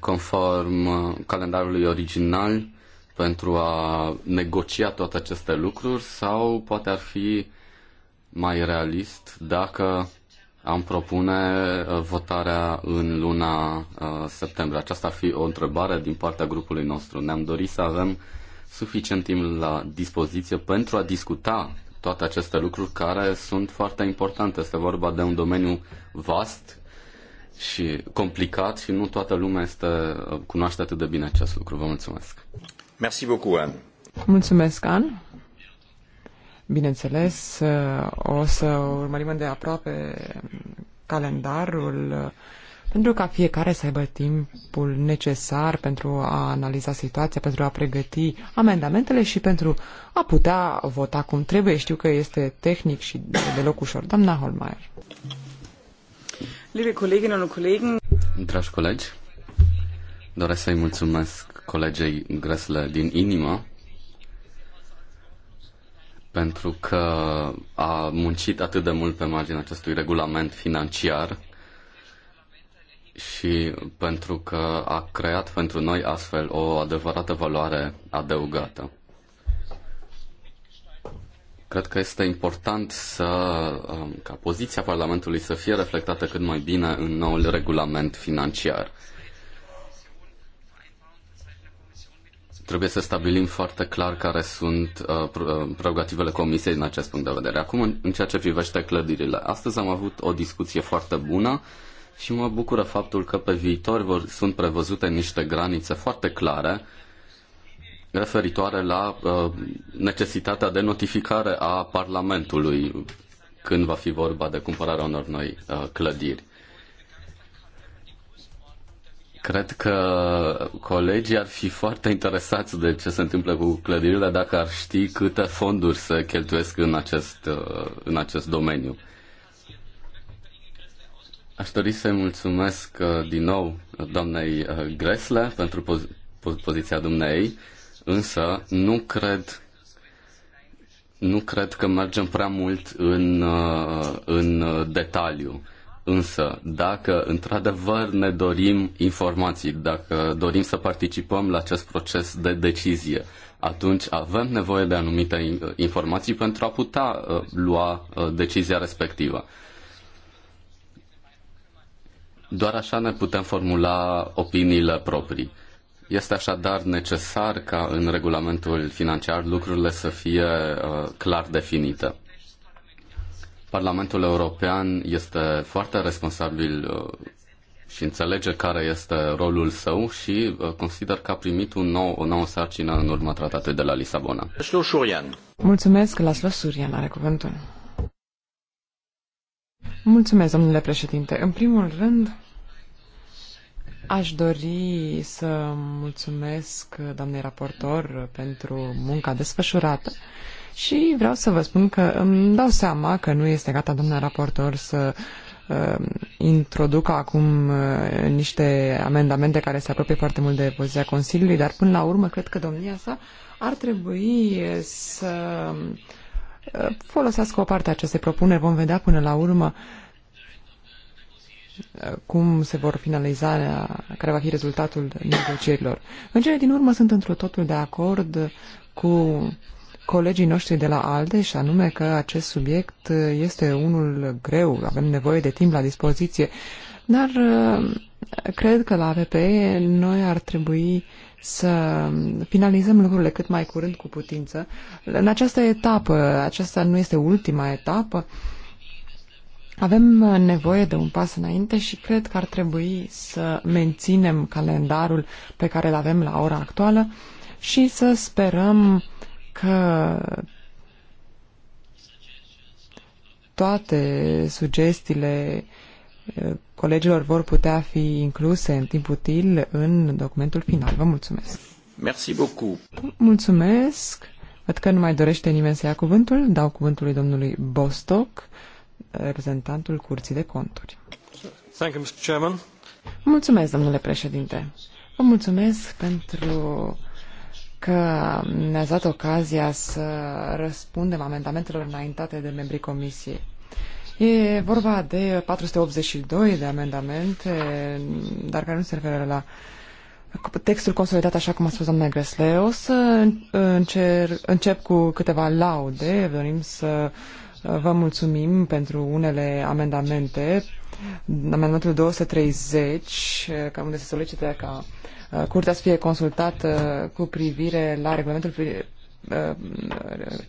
conform uh, calendarului original pentru a negocia toate aceste lucruri sau poate ar fi mai realist dacă am propune uh, votarea în luna uh, septembrie. Aceasta ar fi o întrebare din partea grupului nostru. Ne-am dorit să avem suficient timp la dispoziție pentru a discuta toate aceste lucruri care sunt foarte importante. Este vorba de un domeniu vast și complicat și nu toată lumea este, uh, cunoaște atât de bine acest lucru. Vă mulțumesc. Merci beaucoup, Anne. Mulțumesc, Anne. Bineînțeles, uh, o să urmărim de aproape calendarul uh, pentru ca fiecare să aibă timpul necesar pentru a analiza situația, pentru a pregăti amendamentele și pentru a putea vota cum trebuie. Știu că este tehnic și deloc ușor. Doamna Holmeier. Liebe Kolleginnen und Kollegen, dragi colegi, doresc să-i mulțumesc colegei Gresle din inimă pentru că a muncit atât de mult pe marginea acestui regulament financiar și pentru că a creat pentru noi astfel o adevărată valoare adăugată. Cred că este important să, um, ca poziția Parlamentului să fie reflectată cât mai bine în noul regulament financiar. Trebuie să stabilim foarte clar care sunt uh, uh prerogativele comisiei în acest punct de vedere. Acum, în, în ceea ce privește clădirile, astăzi am avut o discuție foarte bună și mă bucură faptul că pe viitor vor, sunt prevăzute niște granițe foarte clare referitoare la uh, necesitatea de notificare a Parlamentului când va fi vorba de cumpărarea unor noi uh, clădiri. Cred că colegii ar fi foarte interesați de ce se întâmplă cu clădirile dacă ar ști câte fonduri se cheltuiesc în acest, uh, în acest domeniu. Aș dori să-i mulțumesc uh, din nou doamnei uh, Gresle pentru poz- poziția dumnei, însă nu cred nu cred că mergem prea mult în, în detaliu Însă, dacă într-adevăr ne dorim informații, dacă dorim să participăm la acest proces de decizie, atunci avem nevoie de anumite informații pentru a putea uh, lua uh, decizia respectivă. Doar așa ne putem formula opiniile proprii. Este așadar necesar ca în regulamentul financiar lucrurile să fie uh, clar definite. Parlamentul European este foarte responsabil uh, și înțelege care este rolul său și uh, consider că a primit un nou, o nouă sarcină în urma tratatului de la Lisabona. Mulțumesc, Laslo Surian are cuvântul. Mulțumesc, domnule președinte. În primul rând, aș dori să mulțumesc doamnei raportor pentru munca desfășurată și vreau să vă spun că îmi dau seama că nu este gata domnul raportor să um, introduc acum uh, niște amendamente care se apropie foarte mult de poziția Consiliului, dar până la urmă cred că domnia sa ar trebui să uh, folosească o parte a acestei propuneri. Vom vedea până la urmă uh, cum se vor finaliza, care va fi rezultatul negocierilor. În cele din urmă sunt într totul de acord cu colegii noștri de la ALDE și anume că acest subiect uh, este unul greu, avem nevoie de timp la dispoziție, dar uh, cred că la PPE noi ar trebui să finalizăm lucrurile cât mai curând cu putință. În această etapă, aceasta nu este ultima etapă, avem nevoie de un pas înainte și cred că ar trebui să menținem calendarul pe care îl avem la ora actuală și să sperăm că toate sugestiile uh, colegilor vor putea fi incluse în timp util în documentul final. Vă mulțumesc! Merci beaucoup! Mulțumesc! Văd că nu mai dorește nimeni să ia cuvântul. Dau cuvântul lui domnului Bostock, reprezentantul Curții de Conturi. Thank you, Mr. Chairman. Mulțumesc, domnule președinte! Vă mulțumesc pentru că ne-ați dat ocazia să răspundem amendamentelor înaintate de membrii comisiei. E vorba de 482 de amendamente, dar care nu se referă la textul consolidat, așa cum a spus doamna Gresle. O să încer, încep cu câteva laude. Dorim să vă mulțumim pentru unele amendamente. Amendamentul 230, unde se solicită ca Uh, curtea să fie consultată cu privire la regulamentul uh,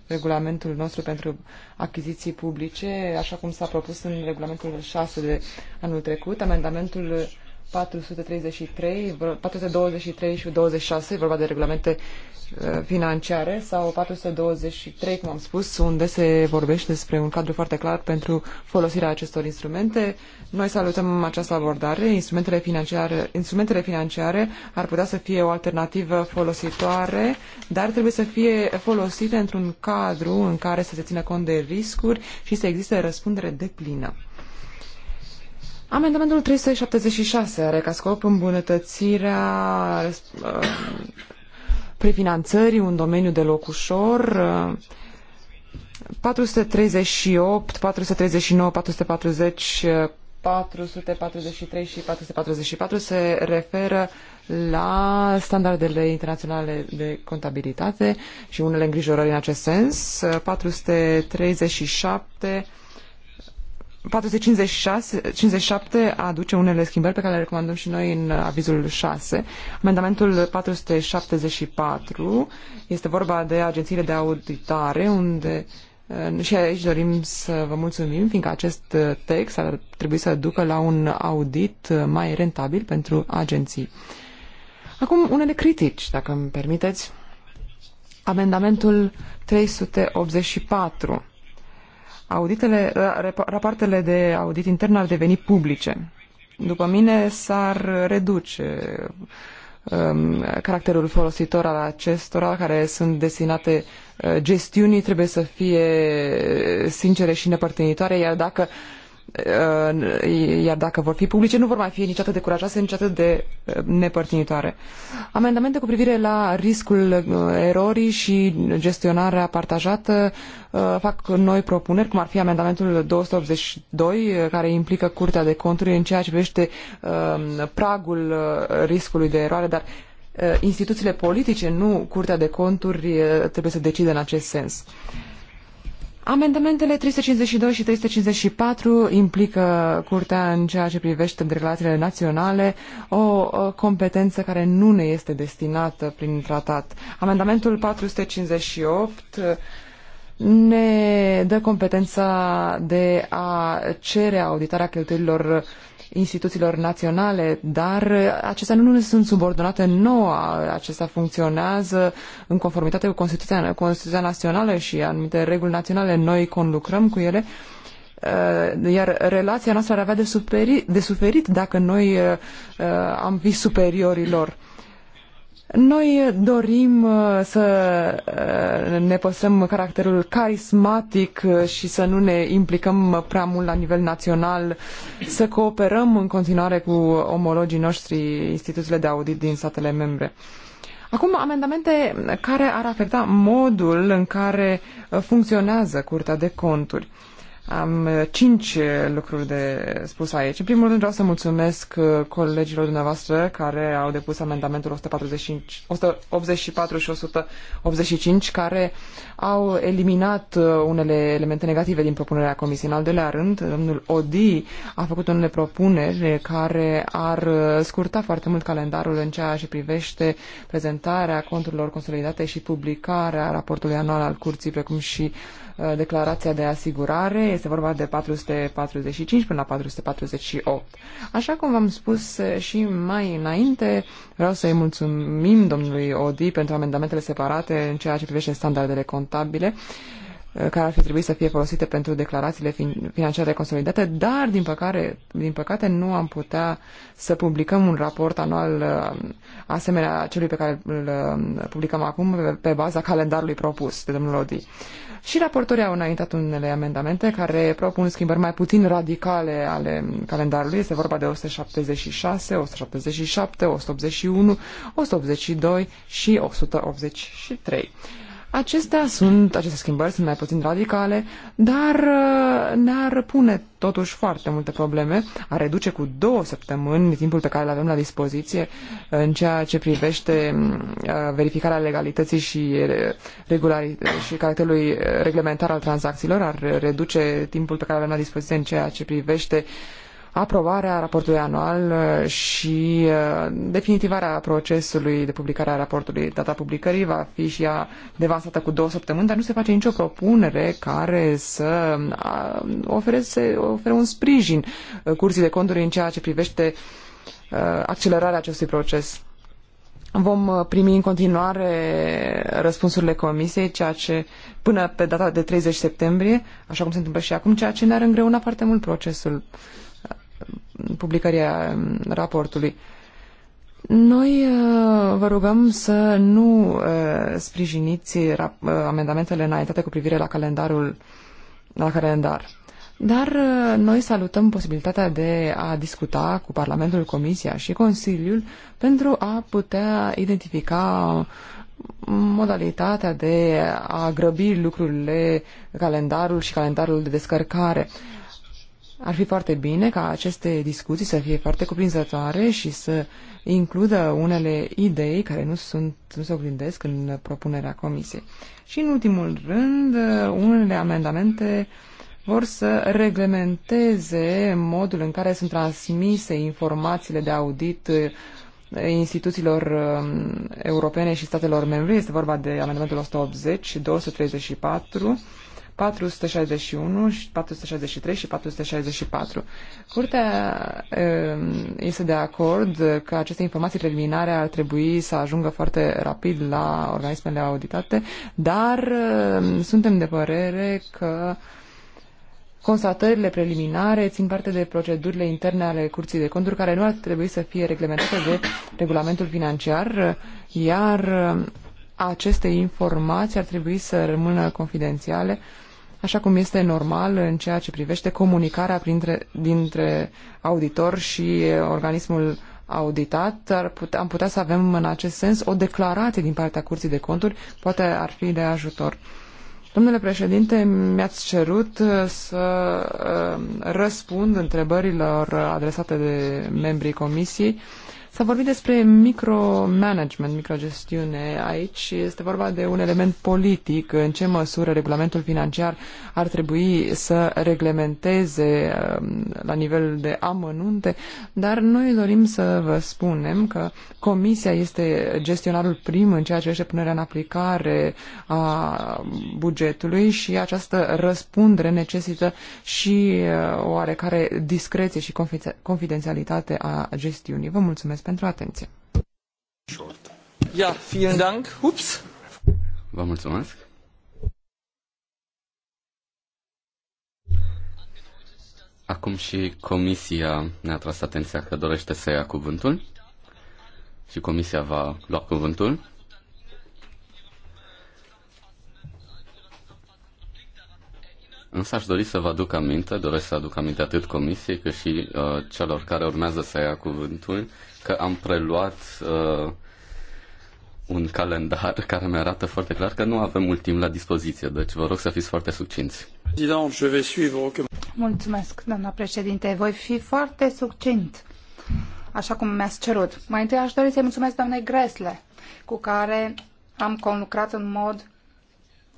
regulamentul nostru pentru achiziții publice, așa cum s-a propus în regulamentul 6 de anul trecut. Amendamentul 433, 423 și 26, vorba de regulamente uh, financiare, sau 423, cum am spus, unde se vorbește despre un cadru foarte clar pentru folosirea acestor instrumente. Noi salutăm această abordare. Instrumentele financiare, instrumentele financiare ar putea să fie o alternativă folositoare, dar trebuie să fie folosite într-un cadru în care să se țină cont de riscuri și să existe răspundere deplină. Amendamentul 376 are ca scop îmbunătățirea uh, prefinanțării un domeniu loc ușor. 438, 439, 440, 443 și 444 se referă la standardele internaționale de contabilitate și unele îngrijorări în acest sens. 437 uh, 456, 57 aduce unele schimbări pe care le recomandăm și noi în avizul 6. Amendamentul 474 este vorba de agențiile de auditare, unde eh, și aici dorim să vă mulțumim, fiindcă acest eh, text ar trebui să ducă la un audit eh, mai rentabil pentru agenții. Acum, unele critici, dacă îmi permiteți. Amendamentul 384 auditele, ă, rapoartele de audit intern ar deveni publice. După mine s-ar reduce um, caracterul folositor al acestora care sunt destinate ă, gestiunii trebuie să fie sincere și nepărtinitoare, iar dacă uh, Uh, iar dacă vor fi publice, nu vor mai fi nici atât de curajoase, nici atât de uh, nepărtinitoare. Amendamente cu privire la riscul uh, erorii și gestionarea partajată fac noi propuneri, cum ar fi amendamentul 282, care implică Curtea de Conturi în ceea ce privește um, pragul riscului de eroare, dar instituțiile politice, nu Curtea de Conturi, trebuie să decide în acest sens. Amendamentele 352 și 354 implică Curtea în ceea ce privește de relațiile naționale o competență care nu ne este destinată prin tratat. Amendamentul 458 ne dă competența de a cere auditarea cheltuielilor instituțiilor naționale, dar acestea nu, sunt subordonate nouă, acestea funcționează în conformitate cu Constituția, Constituția Națională și anumite reguli naționale, noi conlucrăm cu ele uh, iar relația noastră ar avea de, superi, de suferit dacă noi uh, uh, am fi superiorii lor. Noi dorim uh, să uh, ne păstrăm caracterul carismatic uh, și să nu ne implicăm prea mult la nivel național, să cooperăm în continuare cu omologii noștri, instituțiile de audit din statele membre. Acum, amendamente care ar afecta modul în care funcționează Curtea de Conturi. Am uh, cinci uh, lucruri de spus aici. În primul rând vreau să mulțumesc uh, colegilor dumneavoastră care au depus amendamentul 145, 184 și 185 care au eliminat unele elemente negative din propunerea comisiei. În al doilea rând, domnul Odi a făcut unele propuneri care ar scurta foarte mult calendarul în ceea ce privește prezentarea conturilor consolidate și publicarea raportului anual al curții, precum și uh, Uh, declarația de asigurare, este vorba de 445 până la 448. Așa cum v-am spus uh, și mai înainte, vreau să-i mulțumim domnului Odi pentru amendamentele separate în ceea ce privește standardele contabile. Uh, care ar fi trebuit să fie folosite pentru declarațiile financiare consolidate, dar, din, păcate, din păcate, nu am putea să publicăm un raport anual um, asemenea celui pe care îl um, publicăm acum pe baza calendarului propus de domnul Odi. Și raportorii au înaintat unele amendamente care propun schimbări mai puțin radicale ale calendarului. Este vorba de 176, 177, 181, 182 și 183. Acestea sunt, aceste schimbări sunt mai puțin radicale, dar uh, ne-ar pune totuși foarte multe probleme, a reduce cu două săptămâni timpul pe care îl avem la dispoziție în ceea ce privește mm, uh, verificarea legalității și, uh, regulari, și caracterului reglementar al tranzacțiilor, ar reduce timpul pe care îl avem la dispoziție în ceea ce privește uh, aprobarea raportului anual uh, și uh, definitivarea procesului de publicare a raportului. Data publicării va fi și ea devansată cu două săptămâni, dar nu se face nicio propunere care să uh, ofere, să ofere un sprijin curții de conturi în ceea ce privește accelerarea acestui proces. Vom primi în continuare răspunsurile comisiei, ceea ce până pe data de 30 septembrie, așa cum se întâmplă și acum, ceea ce ne-ar îngreuna foarte mult procesul. Uh, publicarea raportului. Noi uh, vă rugăm să nu uh, sprijiniți uh, amendamentele înaintate cu privire la calendarul la calendar. Dar noi salutăm posibilitatea de a discuta cu Parlamentul, Comisia și Consiliul pentru a putea identifica modalitatea de a grăbi lucrurile, calendarul și calendarul de descărcare. Ar fi foarte bine ca aceste discuții să fie foarte cuprinzătoare și să includă unele idei care nu, sunt, nu se oglindesc în propunerea comisiei. Și în ultimul rând, unele amendamente vor să reglementeze modul în care sunt transmise informațiile de audit eh, instituțiilor eh, europene și statelor membre. Este vorba de amendamentul 180 și 234 461, 463 și 464. Curtea um, este de acord că aceste informații preliminare ar trebui să ajungă foarte rapid la organismele auditate, dar um, suntem de părere că Constatările preliminare țin parte de procedurile interne ale Curții de Conturi, care nu ar trebui să fie reglementate de regulamentul financiar, iar um, aceste informații ar trebui să rămână confidențiale așa cum este normal în ceea ce privește comunicarea printre, dintre auditor și organismul auditat, ar putea, am putea să avem în acest sens o declarație din partea Curții de Conturi, poate ar fi de ajutor. Domnule președinte, mi-ați cerut uh, să uh, răspund întrebărilor adresate de membrii comisiei. S-a vorbit despre micromanagement, microgestiune. Aici este vorba de un element politic, în ce măsură regulamentul financiar ar trebui să reglementeze um, la nivel de amănunte, dar noi dorim să vă spunem că Comisia este gestionarul prim în ceea ce este punerea în aplicare a bugetului și această răspundere necesită și uh, oarecare discreție și confidențialitate a gestiunii. Vă mulțumesc pentru atenție. vielen Dank. Ups. Vă mulțumesc. Acum și Comisia ne-a tras atenția că dorește să ia cuvântul și Comisia va lua cuvântul. Însă aș dori să vă aduc aminte, doresc să aduc aminte atât comisiei cât și uh, celor care urmează să ia cuvântul, că am preluat uh, un calendar care mi arată foarte clar că nu avem mult timp la dispoziție, deci vă rog să fiți foarte succinți. Mulțumesc, doamna președinte. Voi fi foarte succint, așa cum mi-ați cerut. Mai întâi aș dori să-i mulțumesc doamnei Gresle, cu care am conlucrat în mod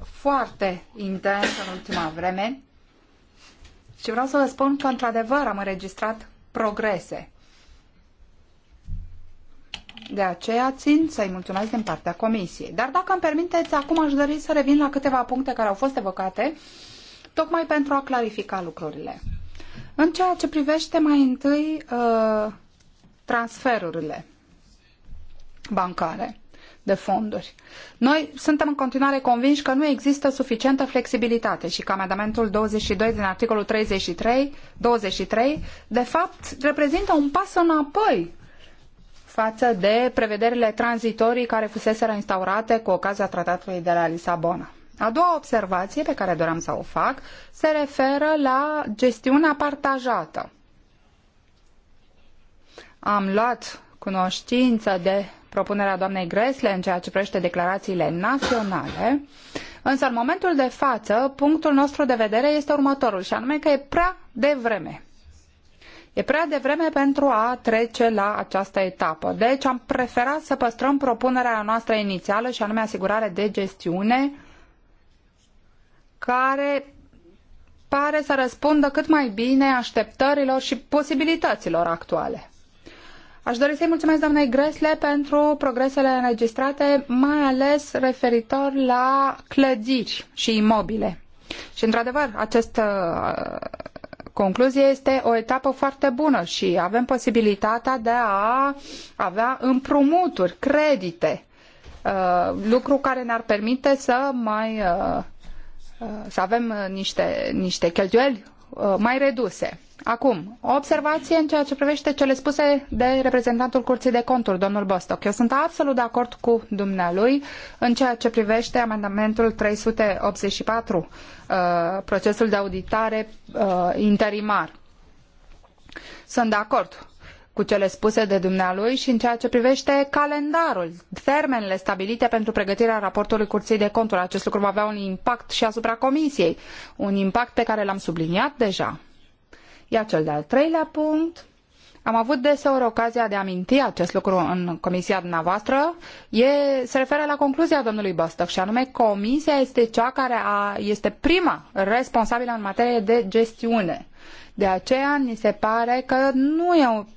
foarte intens în ultima vreme și vreau să vă spun că, într-adevăr, am înregistrat progrese. De aceea țin să-i mulțumesc din partea Comisiei. Dar dacă îmi permiteți, acum aș dori să revin la câteva puncte care au fost evocate, tocmai pentru a clarifica lucrurile. În ceea ce privește mai întâi uh, transferurile bancare de fonduri. Noi suntem în continuare convinși că nu există suficientă flexibilitate și că amendamentul 22 din articolul 33, 23 de fapt reprezintă un pas înapoi față de prevederile tranzitorii care fusese instaurate cu ocazia tratatului de la Lisabona. A doua observație pe care doream să o fac se referă la gestiunea partajată. Am luat cunoștință de propunerea doamnei Gresle în ceea ce privește declarațiile naționale, însă în momentul de față punctul nostru de vedere este următorul și anume că e prea devreme. E prea devreme pentru a trece la această etapă. Deci am preferat să păstrăm propunerea noastră inițială și anume asigurare de gestiune care pare să răspundă cât mai bine așteptărilor și posibilităților actuale. Aș dori să-i mulțumesc doamnei Gresle pentru progresele înregistrate, mai ales referitor la clădiri și imobile. Și, într-adevăr, această uh, concluzie este o etapă foarte bună și avem posibilitatea de a avea împrumuturi, credite, uh, lucru care ne-ar permite să mai uh, să avem niște, niște cheltuieli Uh, mai reduse. Acum, o observație în ceea ce privește cele spuse de reprezentantul Curții de Conturi, domnul Bostock. Eu sunt absolut de acord cu dumnealui în ceea ce privește amendamentul 384, uh, procesul de auditare uh, interimar. Sunt de acord cu cele spuse de dumnealui și în ceea ce privește calendarul, termenele stabilite pentru pregătirea raportului Curții de Conturi. Acest lucru va avea un impact și asupra Comisiei, un impact pe care l-am subliniat deja. Iar cel de-al treilea punct, am avut deseori ocazia de a aminti acest lucru în comisia dumneavoastră, e, se referă la concluzia domnului Bostock și anume comisia este cea care a, este prima responsabilă în materie de gestiune. De aceea ni se pare că nu e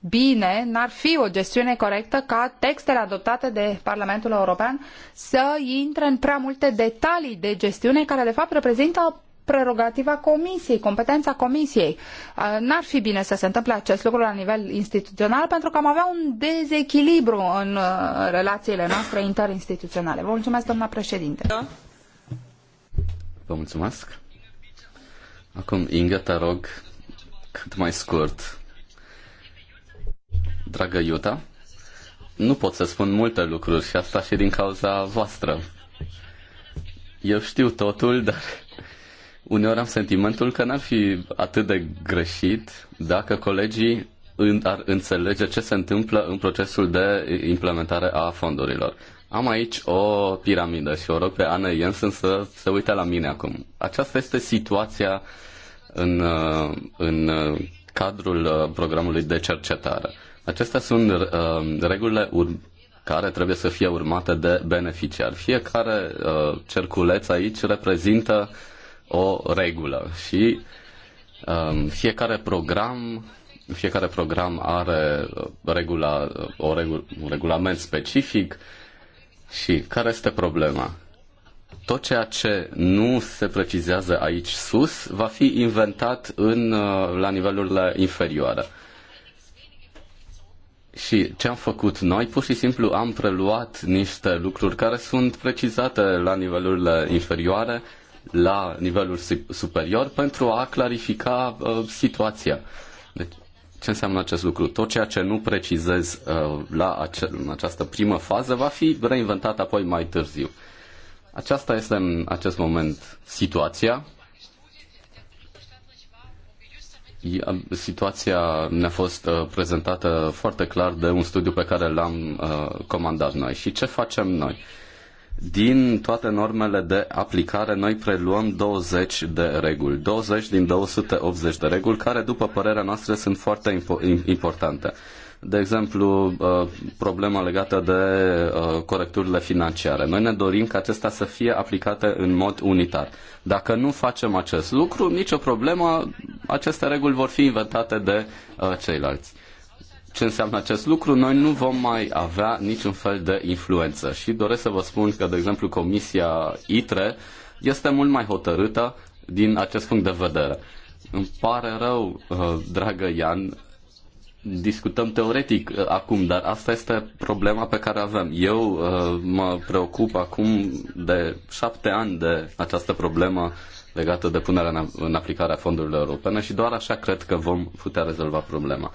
bine, n-ar fi o gestiune corectă ca textele adoptate de Parlamentul European să intre în prea multe detalii de gestiune care de fapt reprezintă prerogativa comisiei, competența comisiei. N-ar fi bine să se întâmple acest lucru la nivel instituțional pentru că am avea un dezechilibru în uh, relațiile noastre interinstituționale. Vă mulțumesc, doamna președinte. Vă mulțumesc. Acum, Inga, te rog, cât mai scurt, Dragă Iuta, nu pot să spun multe lucruri și asta și din cauza voastră. Eu știu totul, dar uneori am sentimentul că n-ar fi atât de greșit dacă colegii ar înțelege ce se întâmplă în procesul de implementare a fondurilor. Am aici o piramidă și o rog pe Ana Jensen să se uite la mine acum. Aceasta este situația în, în cadrul uh, programului de cercetare. Acestea sunt uh, regulile care trebuie să fie urmate de beneficiar. Fiecare uh, cerculeț aici reprezintă o regulă și uh, fiecare program fiecare program are uh, regula, uh, o regu- un regulament specific și care este problema? Tot ceea ce nu se precizează aici sus va fi inventat în, uh, la nivelurile inferioare. Și ce am făcut noi? Pur și simplu am preluat niște lucruri care sunt precizate la nivelurile inferioare, la nivelul superior, pentru a clarifica uh, situația. Deci, ce înseamnă acest lucru? Tot ceea ce nu precizez uh, la ace- în această primă fază va fi reinventat apoi mai târziu. Aceasta este în acest moment situația. Situația ne-a fost uh, prezentată foarte clar de un studiu pe care l-am uh, comandat noi. Și ce facem noi? Din toate normele de aplicare, noi preluăm 20 de reguli. 20 din 280 de reguli, care, după părerea noastră, sunt foarte importante. De exemplu, uh, problema legată de corecturile financiare. Noi ne dorim ca acestea să fie aplicate în mod unitar. Dacă nu facem acest lucru, nicio problemă, aceste reguli vor fi inventate de uh, ceilalți. Ce înseamnă acest lucru? Noi nu vom mai avea niciun fel de influență și doresc să vă spun că, de exemplu, Comisia ITRE este mult mai hotărâtă din acest punct de vedere. Îmi pare rău, uh, dragă Ian, discutăm teoretic uh, acum, dar asta este problema pe care avem. Eu uh, mă preocup acum de șapte ani de această problemă legată de punerea în aplicare a fondurilor europene și doar așa cred că vom putea rezolva problema.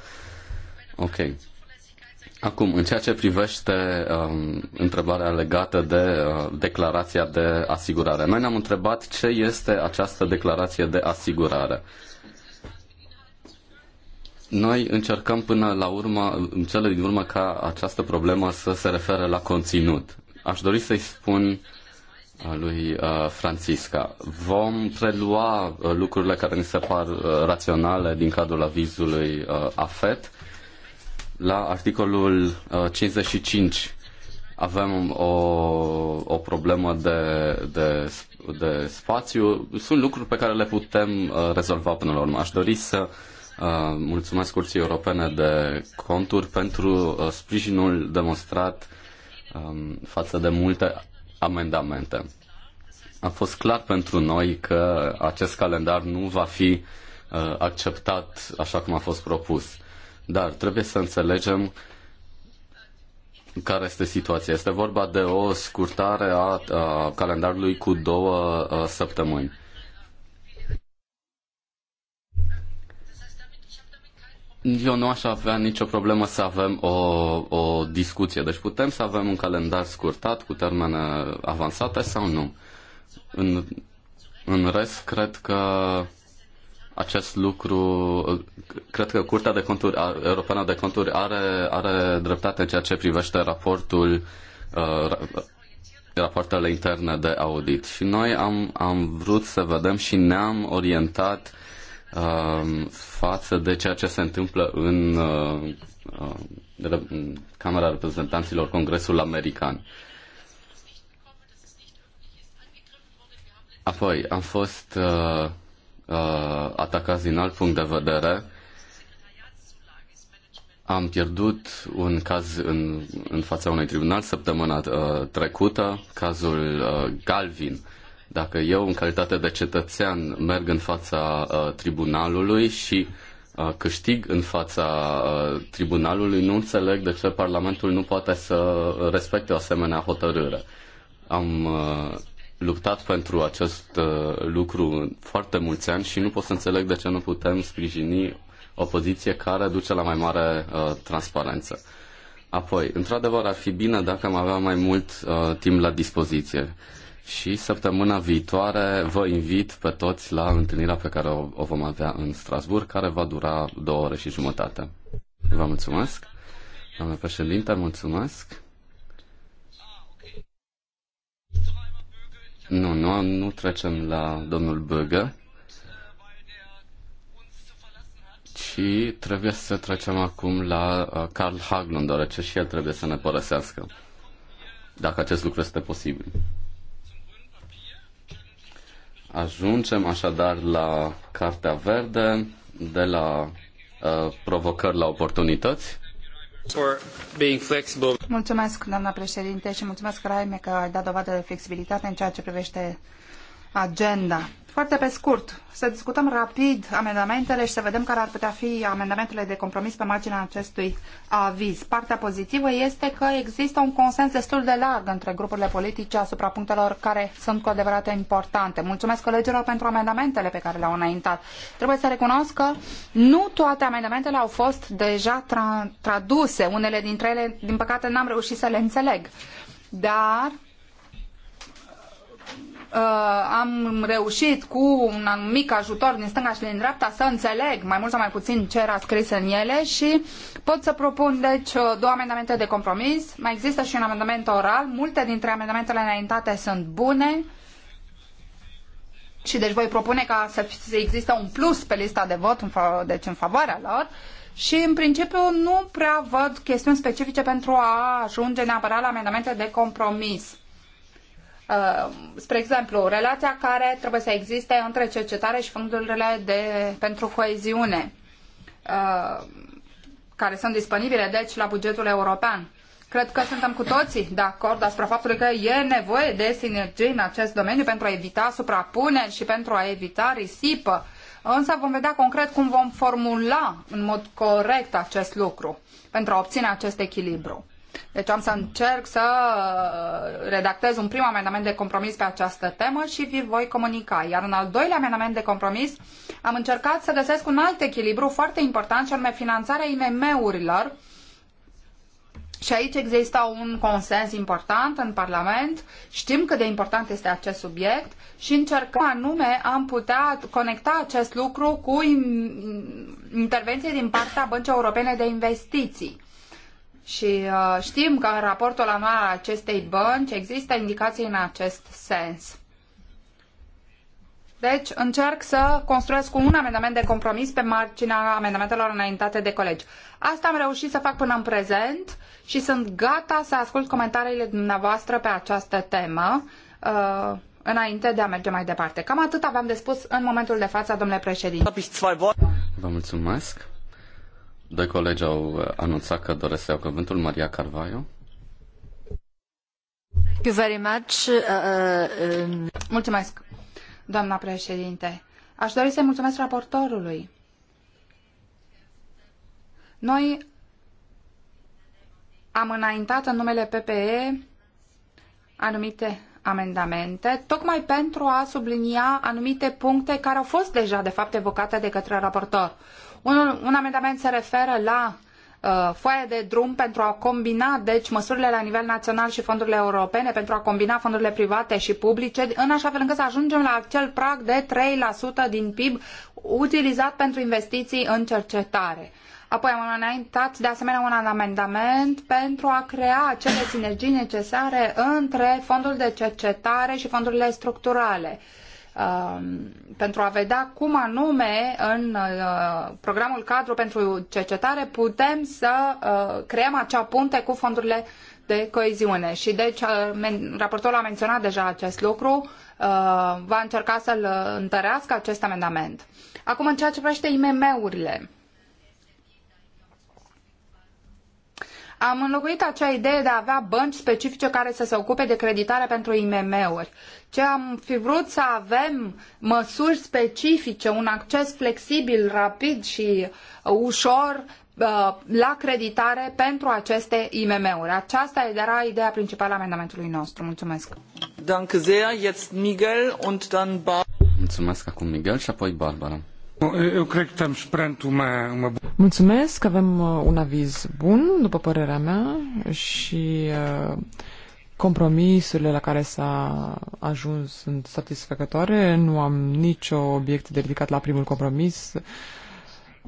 Ok. Acum, în ceea ce privește um, întrebarea legată de uh, declarația de asigurare, noi ne-am întrebat ce este această declarație de asigurare. Noi încercăm până la urmă, în cele din urmă, ca această problemă să se refere la conținut. Aș dori să-i spun uh, lui uh, Francisca. Vom prelua uh, lucrurile care ni se par uh, raționale din cadrul avizului AFET. La articolul 55 avem o, o problemă de, de, de spațiu. Sunt lucruri pe care le putem rezolva până la urmă. Aș dori să mulțumesc Curții Europene de Conturi pentru sprijinul demonstrat um, față de multe amendamente. A fost clar pentru noi că acest calendar nu va fi uh, acceptat așa cum a fost propus. Dar trebuie să înțelegem care este situația. Este vorba de o scurtare a, a calendarului cu două a, uh, săptămâni. Eu nu aș avea nicio problemă să avem o, o discuție. Deci putem să avem un calendar scurtat cu termene avansate sau nu. În, în rest, cred că acest lucru, cred că Curtea de Conturi, Europeană de Conturi are, are dreptate în ceea ce privește raportul, uh, rapoartele interne de audit. Și noi am, am vrut să vedem și ne-am orientat Um, față de ceea ce se întâmplă în, uh, uh, Camera Reprezentanților Congresul American. Apoi am fost uh, uh, din alt punct de vedere. Am pierdut un caz în, în fața unui tribunal săptămâna uh, trecută, cazul uh, Galvin. Dacă eu, în calitate de cetățean, merg în fața uh, tribunalului și uh, câștig în fața uh, tribunalului, nu înțeleg de ce Parlamentul nu poate să respecte o asemenea hotărâre. Am uh, luptat pentru acest uh, lucru foarte mulți ani și nu pot să înțeleg de ce nu putem sprijini o poziție care duce la mai mare uh, transparență. Apoi, într-adevăr, ar fi bine dacă am avea mai mult uh, timp la dispoziție. Uh, și săptămâna viitoare vă invit pe toți la întâlnirea pe care o, o vom avea în Strasburg, care va dura două ore și jumătate. Vă mulțumesc. Doamne președinte, mulțumesc. Nu, nu, nu trecem la domnul Băgă, ci trebuie să trecem acum la uh, Carl Haglund, deoarece și el trebuie să ne părăsească, dacă acest lucru este posibil. Ajungem așadar la Cartea Verde, de la uh, provocări la oportunități. Mulțumesc, doamna președinte, și mulțumesc, Raime, că ai dat dovadă de flexibilitate în ceea ce privește agenda. Foarte pe scurt, să discutăm rapid amendamentele și să vedem care ar putea fi amendamentele de compromis pe marginea acestui aviz. Partea pozitivă este că există un consens destul de larg între grupurile politice asupra punctelor care sunt cu adevărat importante. Mulțumesc colegilor pentru amendamentele pe care le-au înaintat. Trebuie să recunosc că nu toate amendamentele au fost deja tra traduse. Unele dintre ele, din păcate, n-am reușit să le înțeleg. Dar Uh, am reușit cu un mic ajutor din stânga și din dreapta să înțeleg mai mult sau mai puțin ce era scris în ele și pot să propun deci uh, două amendamente de compromis. Mai există și un amendament oral. Multe dintre amendamentele înaintate sunt bune și deci voi propune ca să, există un plus pe lista de vot, în deci în favoarea lor. Și în principiu nu prea văd chestiuni specifice pentru a ajunge neapărat la amendamente de compromis. Uh, spre exemplu, relația care trebuie să existe între cercetare și fondurile de, pentru coeziune, uh, care sunt disponibile, deci, la bugetul european. Cred că suntem cu toții de acord asupra faptului că e nevoie de sinergie în acest domeniu pentru a evita suprapuneri și pentru a evita risipă. Însă vom vedea concret cum vom formula în mod corect acest lucru pentru a obține acest echilibru. Deci am să încerc să uh, redactez un prim amendament de compromis pe această temă și vi voi comunica. Iar în al doilea amendament de compromis am încercat să găsesc un alt echilibru foarte important și anume finanțarea IMM-urilor și aici există un consens important în Parlament, știm cât de important este acest subiect și încercăm anume am putea conecta acest lucru cu intervenție din partea Băncii Europene de Investiții. Și uh, știm că în raportul anual al acestei bănci există indicații în acest sens. Deci încerc să construiesc un amendament de compromis pe marginea amendamentelor înaintate de colegi. Asta am reușit să fac până în prezent și sunt gata să ascult comentariile dumneavoastră pe această temă uh, înainte de a merge mai departe. Cam atât aveam de spus în momentul de față, domnule președinte. Vă mulțumesc. Doi colegi au anunțat că doresc să iau cuvântul. Maria Carvaio. Thank you very much. Uh, uh, um, mulțumesc, doamna președinte. Aș dori să-i mulțumesc raportorului. Noi am înaintat în numele PPE anumite amendamente, tocmai pentru a sublinia anumite puncte care au fost deja, de fapt, evocate de către raportor. Un, un amendament se referă la uh, foaia de drum pentru a combina, deci, măsurile la nivel național și fondurile europene, pentru a combina fondurile private și publice, în așa fel încât să ajungem la acel prag de 3% din PIB utilizat pentru investiții în cercetare. Apoi am înaintat de asemenea un amendament pentru a crea acele sinergii necesare între fondul de cercetare și fondurile structurale. Uh, Um, pentru a vedea cum anume în uh, programul cadru pentru cercetare putem să uh, creăm acea punte cu fondurile de coeziune. Și deci uh, raportorul a menționat deja acest lucru, va încerca să-l întărească acest amendament. Acum, în ceea ce privește IMM-urile, am înlocuit acea idee de a avea bănci specifice care să se ocupe de creditare pentru IMM-uri. Ce am fi vrut să avem măsuri specifice, un acces flexibil, rapid și uh, ușor uh, la creditare pentru aceste IMM-uri. Aceasta era ideea principală a amendamentului nostru. Mulțumesc. Mulțumesc acum Miguel și apoi Barbara. Eu cred că am uma, uma... Mulțumesc, avem uh, un aviz bun, după părerea mea, și uh, compromisurile la care s-a ajuns sunt satisfăcătoare. Nu am nicio obiecție de ridicat la primul compromis.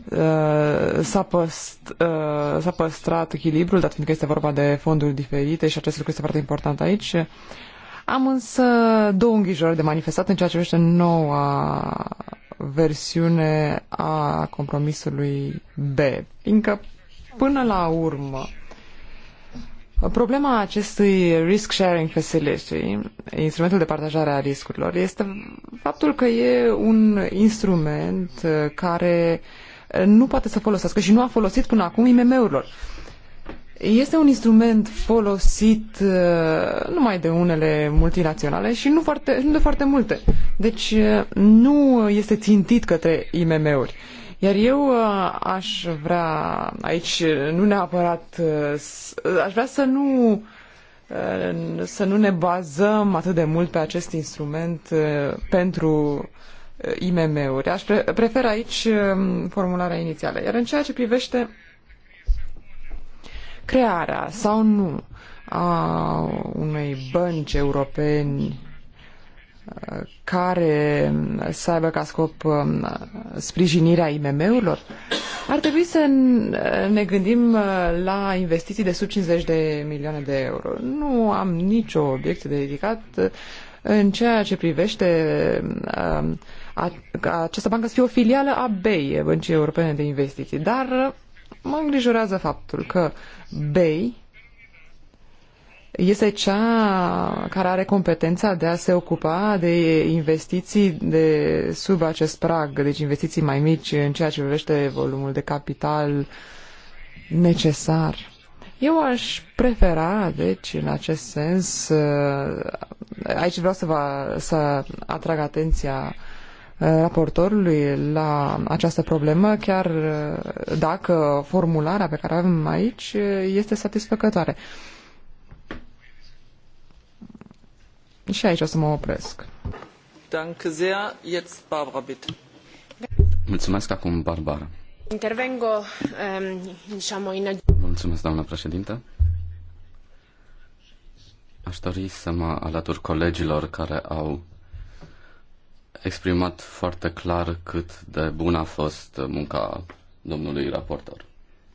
Uh, s-a, păst, s-a păstrat echilibrul, dat fiindcă este vorba de fonduri diferite și acest lucru este foarte important aici. Am însă două îngrijorări de manifestat în ceea ce privește noua versiune a compromisului B, fiindcă până la urmă Problema acestui Risk Sharing Facility, instrumentul de partajare a riscurilor, este faptul că e un instrument care nu poate să folosească și nu a folosit până acum IMM-urilor este un instrument folosit uh, numai de unele multinaționale și nu, foarte, nu de foarte multe. Deci uh, nu este țintit către IMM-uri. Iar eu uh, aș vrea aici, nu neapărat, aș vrea să nu, să nu ne bazăm atât de mult pe acest instrument pentru IMM-uri. Aș pre- prefer aici um, formularea inițială. Iar în ceea ce privește crearea sau nu a unei bănci europeni uh, care să aibă ca scop uh, sprijinirea IMM-urilor, ar trebui să uh, ne gândim la investiții de sub 50 de milioane de euro. Nu am nicio obiecție de ridicat în ceea ce privește ca această bancă să fie o filială a BEI, Băncii Europene de Investiții, dar mă îngrijorează faptul că Bay este cea care are competența de a se ocupa de investiții de sub acest prag, deci investiții mai mici în ceea ce privește volumul de capital necesar. Eu aș prefera, deci, în acest sens, uh, aici vreau să, vă, să atrag atenția Uh, raportorului la această problemă, chiar uh, dacă formularea pe care o avem aici uh, este satisfăcătoare. Și aici o să mă opresc. Danke sehr. Jetzt Barbara, bitte. Mulțumesc acum, Barbara. Intervengo, um, diciamo, in... Mulțumesc, doamna președintă. Aș dori să mă alătur colegilor care au exprimat foarte clar cât de bună a fost munca domnului raportor.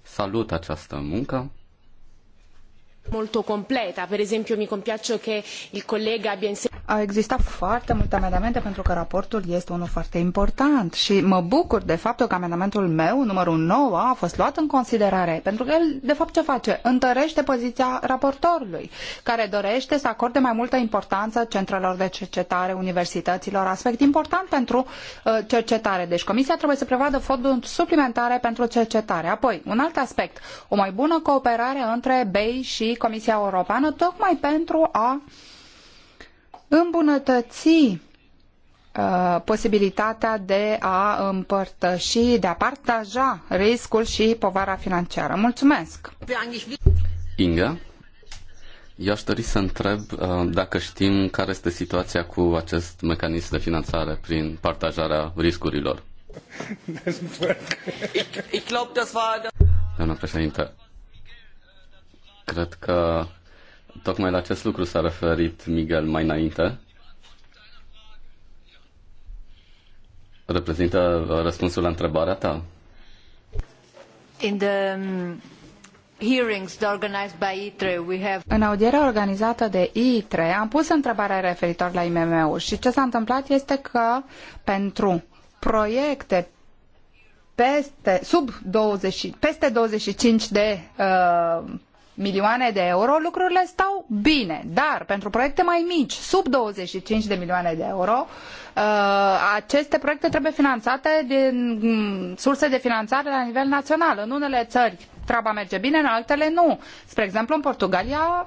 Salut această muncă molto completa. Per esempio mi compiaccio che il collega abbia inserito au existat foarte multe amendamente pentru că raportul este unul foarte important și mă bucur de faptul că amendamentul meu, numărul 9, a fost luat în considerare, pentru că el, de fapt, ce face? Întărește poziția raportorului, care dorește să acorde mai multă importanță centrelor de cercetare, universităților, aspect important pentru uh, cercetare. Deci Comisia trebuie să prevadă fonduri suplimentare pentru cercetare. Apoi, un alt aspect, o mai bună cooperare între BEI și Comisia Europeană tocmai pentru a îmbunătăți uh, posibilitatea de a împărtăși, de a partaja riscul și povara financiară. Mulțumesc! Inga, eu aș dori să întreb uh, dacă știm care este situația cu acest mecanism de finanțare prin partajarea riscurilor. Doamna președinte, Cred că tocmai la acest lucru s-a referit Miguel mai înainte. Reprezintă uh, răspunsul la întrebarea ta. In the um, hearings organized by ITRE, we have... În audierea organizată de ITRE am pus întrebarea referitor la IMM-uri și ce s-a întâmplat este că pentru proiecte peste, sub 20, peste 25 de uh, milioane de euro, lucrurile stau bine. Dar pentru proiecte mai mici, sub 25 de milioane de euro, uh, aceste proiecte trebuie finanțate din mm, surse de finanțare la nivel național. În unele țări treaba merge bine, în altele nu. Spre exemplu, în Portugalia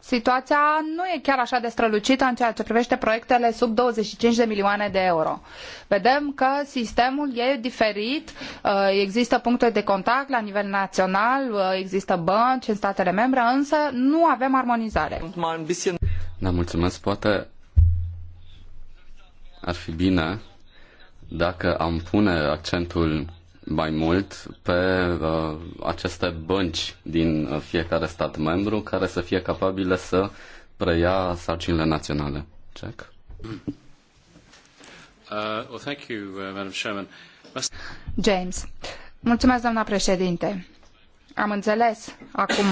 situația nu e chiar așa de strălucită în ceea ce privește proiectele sub 25 de milioane de euro. Vedem că sistemul e diferit, uh, există puncte de contact la nivel național, uh, există bănci în statele membre, însă nu avem armonizare. Da, mulțumesc. Poate ar fi bine dacă am pune accentul mai mult pe uh, aceste bănci din uh, fiecare stat membru care să fie capabile să preia sarcinile naționale. Check. Uh, well, thank you, uh, Madam Chairman. James. Mulțumesc, doamna președinte am înțeles acum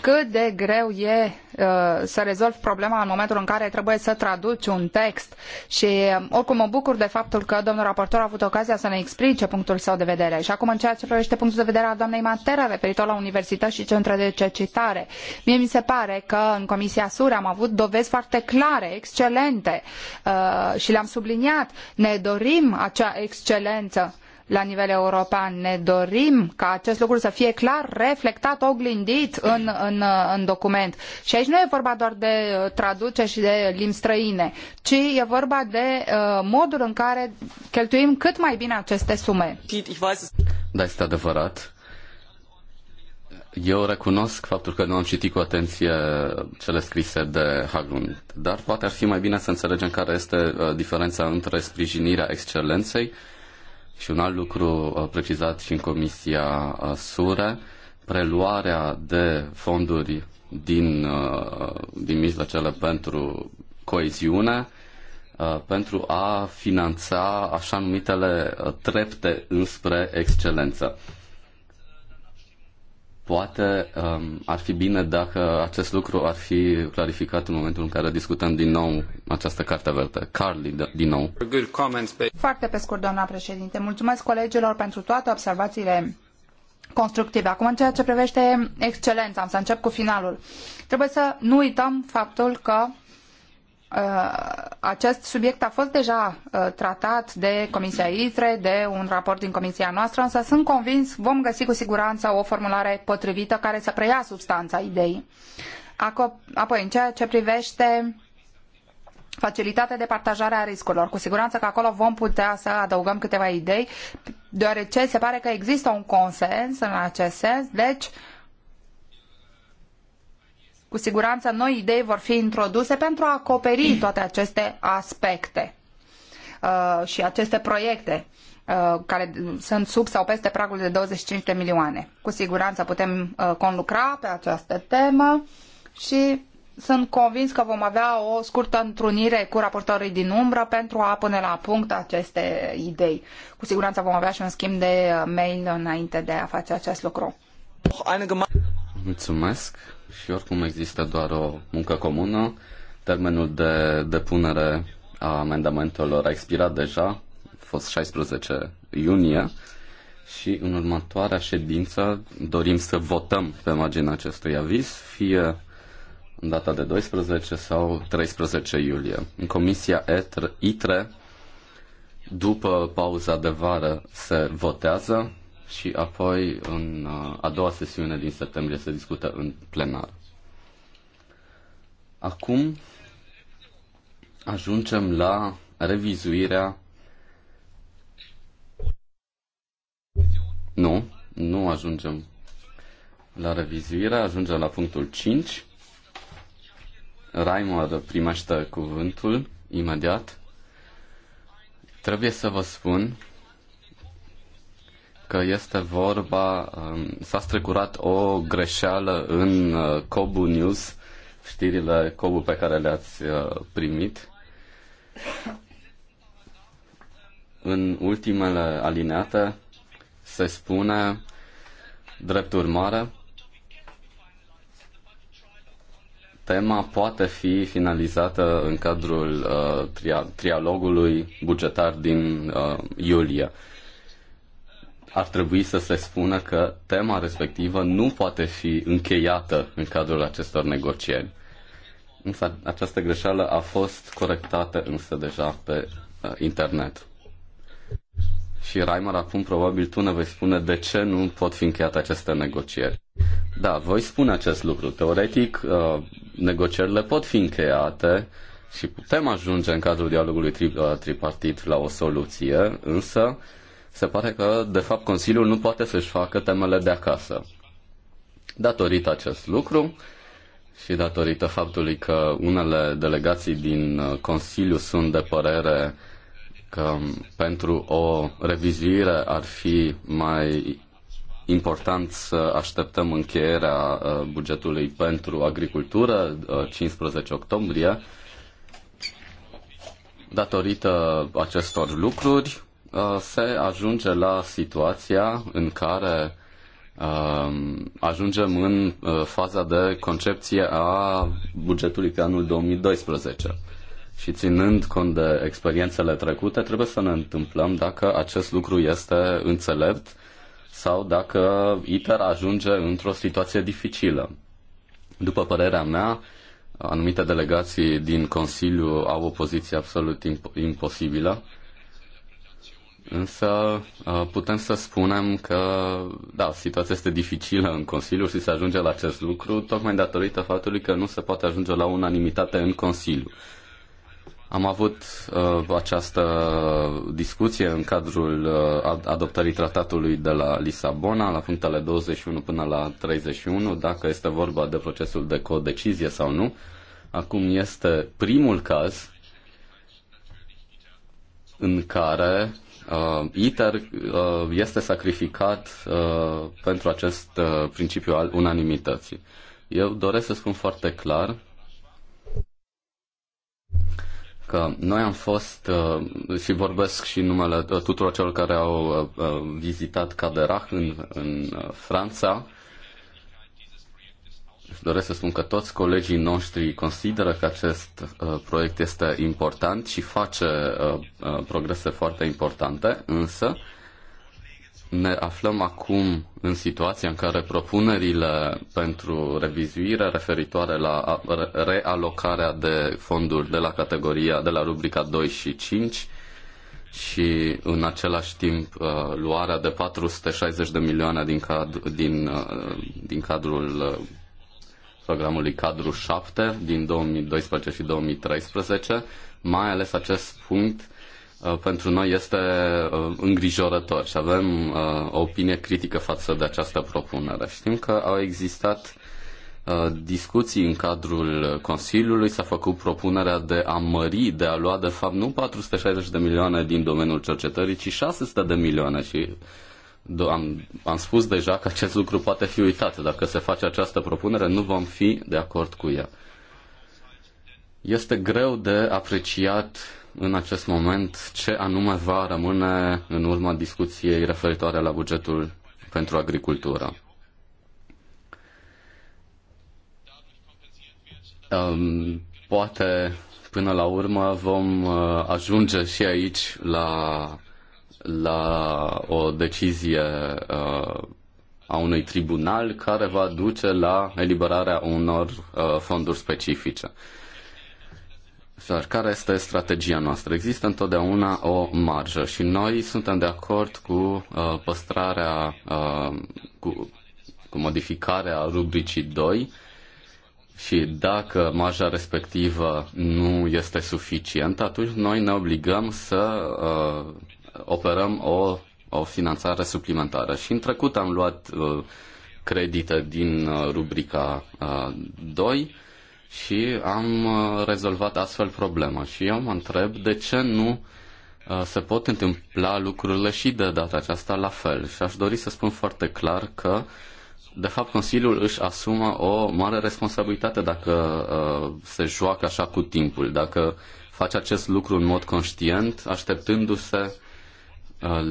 cât de greu e uh, să rezolvi problema în momentul în care trebuie să traduci un text și uh, oricum mă bucur de faptul că domnul raportor a avut ocazia să ne explice punctul său de vedere. Și acum în ceea ce privește punctul de vedere al doamnei Matera referitor la universități și centre de cercetare. Mie mi se pare că în Comisia Sure am avut dovezi foarte clare, excelente uh, și le-am subliniat. Ne dorim acea excelență la nivel european. Ne dorim ca acest lucru să fie clar reflectat, oglindit în, în, în document. Și aici nu e vorba doar de uh, traduce și de limbi străine, ci e vorba de uh, modul în care cheltuim cât mai bine aceste sume. Da, este adevărat. Eu recunosc faptul că nu am citit cu atenție cele scrise de Haglund, dar poate ar fi mai bine să înțelegem care este uh, diferența între sprijinirea excelenței și un alt lucru uh, precizat și în Comisia uh, SURE, preluarea de fonduri din, uh, din mijloacele pentru coeziune, pentru a finanța așa numitele trepte înspre excelență. Poate um, ar fi bine dacă acest lucru ar fi clarificat în momentul în care discutăm din nou această carte verde. Carly, din nou. Foarte pe scurt, doamna președinte. Mulțumesc colegilor pentru toate observațiile constructive. Acum, în ceea ce privește excelența, am să încep cu finalul. Trebuie să nu uităm faptul că Uh, acest subiect a fost deja uh, tratat de Comisia ITRE, de un raport din Comisia noastră, însă sunt convins vom găsi cu siguranță o formulare potrivită care să preia substanța ideii. Apoi, în ceea ce privește facilitatea de partajare a riscurilor. Cu siguranță că acolo vom putea să adăugăm câteva idei, deoarece se pare că există un consens în acest sens, deci uh, cu siguranță noi idei vor fi introduse pentru a acoperi toate aceste aspecte uh, și aceste proiecte uh, care sunt sub sau peste pragul de 25 de milioane. Cu siguranță putem uh, conlucra pe această temă și sunt convins că vom avea o scurtă întrunire cu raportorii din umbră pentru a pune la punct aceste idei. Cu siguranță vom avea și un schimb de uh, mail înainte de a face acest lucru. Mulțumesc și oricum există doar o muncă comună. Termenul de depunere a amendamentelor a expirat deja, a fost 16 iunie și în următoarea ședință dorim să votăm pe marginea acestui aviz, fie în data de 12 sau 13 iulie. În comisia ITRE, după pauza de vară, se votează și apoi în uh, a doua sesiune din septembrie se discută în plenar. Acum ajungem la revizuirea. Nu, nu ajungem la revizuire, ajungem la punctul 5. Raimor primește cuvântul imediat. Trebuie să vă spun că este vorba, um, s-a strecurat o greșeală în uh, Cobu News, știrile Cobu pe care le-ați uh, primit. În ultimele alineate se spune, drept urmare, tema poate fi finalizată în cadrul uh, trialogului bugetar din uh, iulie ar trebui să se spună că tema respectivă nu poate fi încheiată în cadrul acestor negocieri. Însă această greșeală a fost corectată însă deja pe uh, internet. Și Raimar, acum probabil tu ne vei spune de ce nu pot fi încheiate aceste negocieri. Da, voi spune acest lucru. Teoretic, uh, negocierile pot fi încheiate și putem ajunge în cadrul dialogului tri- uh, tripartit la o soluție, însă uh, se pare că, de fapt, Consiliul nu poate să-și facă temele de acasă. Datorită acest lucru și datorită faptului că unele delegații din uh, Consiliu sunt de părere că um, pentru o revizuire ar fi mai important să așteptăm încheierea uh, bugetului pentru agricultură 15 uh, octombrie. Datorită acestor lucruri, Uh, se ajunge la situația în care um, ajungem în uh, faza de concepție a bugetului pe anul 2012. Și ținând cont de experiențele trecute, trebuie să ne întâmplăm dacă acest lucru este înțelept sau dacă ITER ajunge într-o situație dificilă. După părerea mea, anumite delegații din Consiliu au o poziție absolut imposibilă Însă uh, putem să spunem că, da, situația este dificilă în Consiliu și se ajunge la acest lucru, tocmai datorită faptului că nu se poate ajunge la unanimitate în Consiliu. Am avut uh, această discuție în cadrul uh, adoptării tratatului de la Lisabona, la punctele 21 până la 31, dacă este vorba de procesul de codecizie sau nu. Acum este primul caz în care uh, ITER uh, este sacrificat uh, pentru acest uh, principiu al unanimității. Eu doresc să spun foarte clar că noi am fost, uh, și vorbesc și numele tuturor celor care au uh, uh, vizitat Caderach în, în Franța, doresc să spun că toți colegii noștri consideră că acest uh, proiect este important și face uh, uh, progrese foarte importante, însă ne aflăm acum în situația în care propunerile pentru revizuire referitoare la realocarea de fonduri de la categoria, de la rubrica 2 și 5 și în același timp uh, luarea de 460 de milioane din, cad- din, uh, din cadrul uh, programului Cadru 7 din 2012 și 2013. Mai ales acest punct uh, pentru noi este uh, îngrijorător și avem uh, o opinie critică față de această propunere. Știm că au existat discuții în cadrul Consiliului, s-a făcut propunerea de a mări, de a lua de fapt nu 460 de milioane din domeniul cercetării, ci 600 de milioane și am, am spus deja că acest lucru poate fi uitat. Dacă se face această propunere, nu vom fi de acord cu ea. Este greu de apreciat în acest moment ce anume va rămâne în urma discuției referitoare la bugetul pentru agricultură. Um, poate până la urmă vom uh, ajunge și aici la la o decizie uh, a unui tribunal care va duce la eliberarea unor uh, fonduri specifice. Dar care este strategia noastră? Există întotdeauna o marjă și noi suntem de acord cu uh, păstrarea, uh, cu, cu modificarea rubricii 2 și dacă marja respectivă nu este suficientă, atunci noi ne obligăm să uh, operăm o, o finanțare suplimentară. Și în trecut am luat uh, credite din uh, rubrica uh, 2 și am uh, rezolvat astfel problema. Și eu mă întreb de ce nu uh, se pot întâmpla lucrurile și de data aceasta la fel. Și aș dori să spun foarte clar că de fapt, Consiliul își asumă o mare responsabilitate dacă uh, se joacă așa cu timpul, dacă face acest lucru în mod conștient, așteptându-se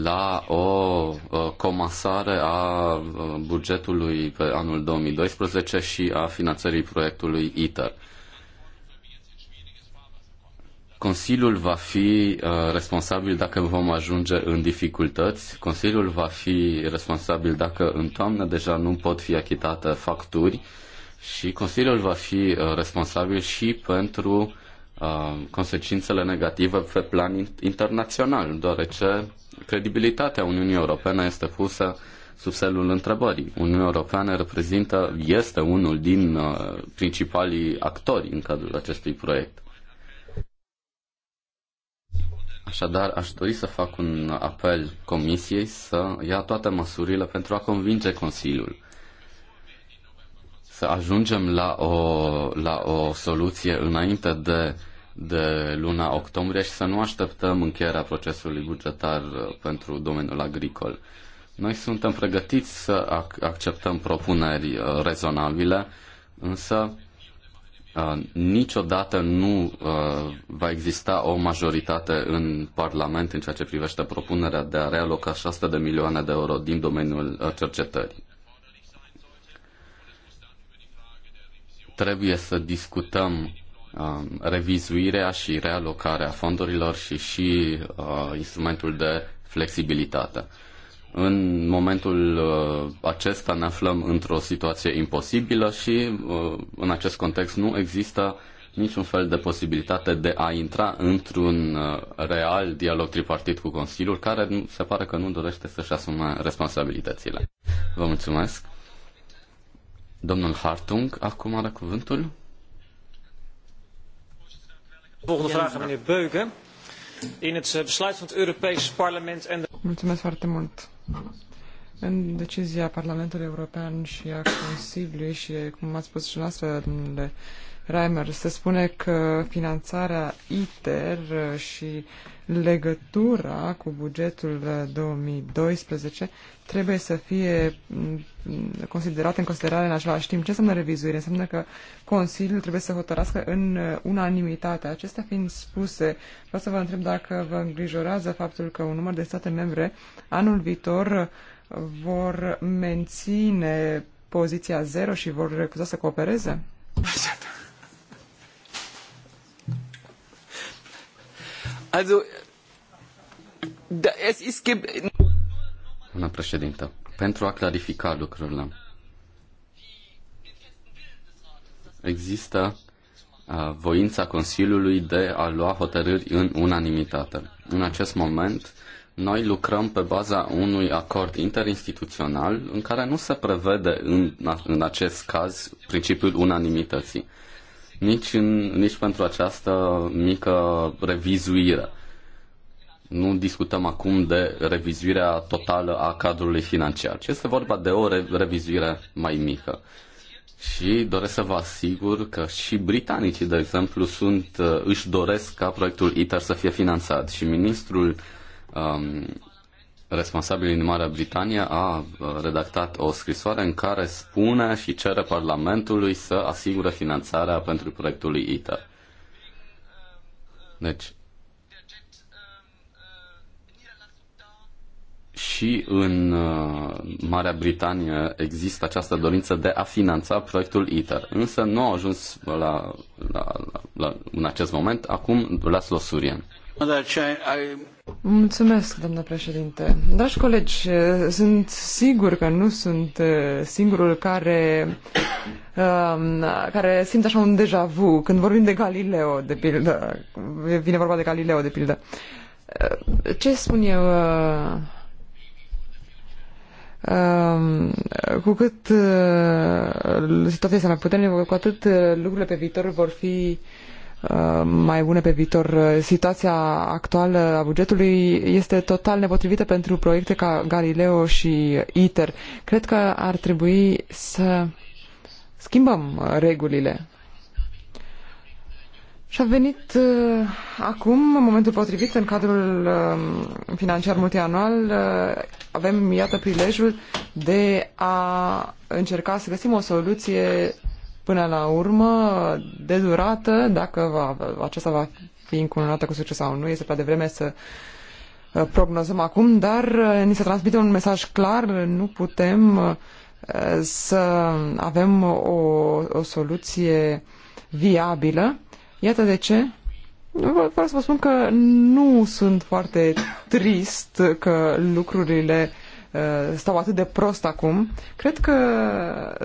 la o comasare a bugetului pe anul 2012 și a finanțării proiectului ITER. Consiliul va fi responsabil dacă vom ajunge în dificultăți. Consiliul va fi responsabil dacă în toamnă deja nu pot fi achitate facturi și Consiliul va fi responsabil și pentru Um, consecințele negative pe plan internațional, deoarece credibilitatea Uniunii Europene este pusă sub selul întrebării. Uniunea Europeană reprezintă, este unul din uh, principalii actori în cadrul acestui proiect. Așadar, aș dori să fac un apel Comisiei să ia toate măsurile pentru a convinge Consiliul să ajungem la o, la o soluție înainte de de luna octombrie și să nu așteptăm încheierea procesului bugetar uh, pentru domeniul agricol. Noi suntem pregătiți să acceptăm propuneri uh, rezonabile, însă uh, niciodată nu va exista o majoritate în Parlament în ceea ce privește propunerea de a realoca 600 de milioane de euro din domeniul cercetării. Trebuie să discutăm Um, revizuirea și realocarea fondurilor și și uh, instrumentul de flexibilitate. În momentul uh, acesta ne aflăm într-o situație imposibilă și uh, în acest context nu există niciun fel de posibilitate de a intra într-un uh, real dialog tripartit cu Consiliul, care se pare că nu dorește să-și asume responsabilitățile. Vă mulțumesc. Domnul Hartung, acum are cuvântul. Volgende vraag aan meneer Beuge. In het eh, besluit van het Europees Parlement en de... Mulțumesc foarte mult. În decizia Parlamentului European și a Consiliului și, cum ați spus și noastră, domnule Reimer. Se spune că finanțarea ITER și legătura cu bugetul 2012 trebuie să fie considerate în considerare în același timp. Ce înseamnă revizuire? Înseamnă că Consiliul trebuie să hotărască în unanimitate. Acestea fiind spuse, vreau să vă întreb dacă vă îngrijorează faptul că un număr de state membre anul viitor vor menține poziția zero și vor refuza să coopereze? Exact. Also, da, es ist ge- Doamna președintă, pentru a clarifica lucrurile, există voința Consiliului de a lua hotărâri în unanimitate. În acest moment, noi lucrăm pe baza unui acord interinstituțional în care nu se prevede în, în acest caz principiul unanimității nici, în, nici pentru această mică revizuire. Nu discutăm acum de revizuirea totală a cadrului financiar, ci este vorba de o re- revizuire mai mică. Și doresc să vă asigur că și britanicii, de exemplu, sunt, își doresc ca proiectul ITER să fie finanțat. Și ministrul um, responsabilii din Marea Britanie a redactat o scrisoare în care spune și cere Parlamentului să asigure finanțarea pentru proiectul ITER. Deci, și în uh, Marea Britanie există această dorință de a finanța proiectul ITER, însă nu a ajuns la, la, la, la, în acest moment. Acum, Laszlo Surian. Mulțumesc, doamnă președinte. Dragi colegi, sunt sigur că nu sunt uh, singurul care, um, care simte așa un deja vu când vorbim de Galileo, de pildă. Vine vorba de Galileo, de pildă. Uh, ce spun eu? Uh, um, cu cât situația este mai puternică, cu atât lucrurile pe viitor vor fi uh, Uh, mai bune pe viitor. Uh, situația actuală a bugetului este total nepotrivită pentru proiecte ca Galileo și ITER. Cred că ar trebui să schimbăm uh, regulile. Și a venit uh, acum momentul potrivit în cadrul uh, financiar multianual. Uh, avem, iată, prilejul de a încerca să găsim o soluție până la urmă de durată, dacă va, aceasta va fi încununată cu succes sau nu, este prea devreme să uh, prognozăm acum, dar uh, ni se transmite un mesaj clar, nu putem uh, să avem o, o soluție viabilă. Iată de ce. Vreau să vă spun că nu sunt foarte trist că lucrurile Eh, stau atât de prost acum. Cred că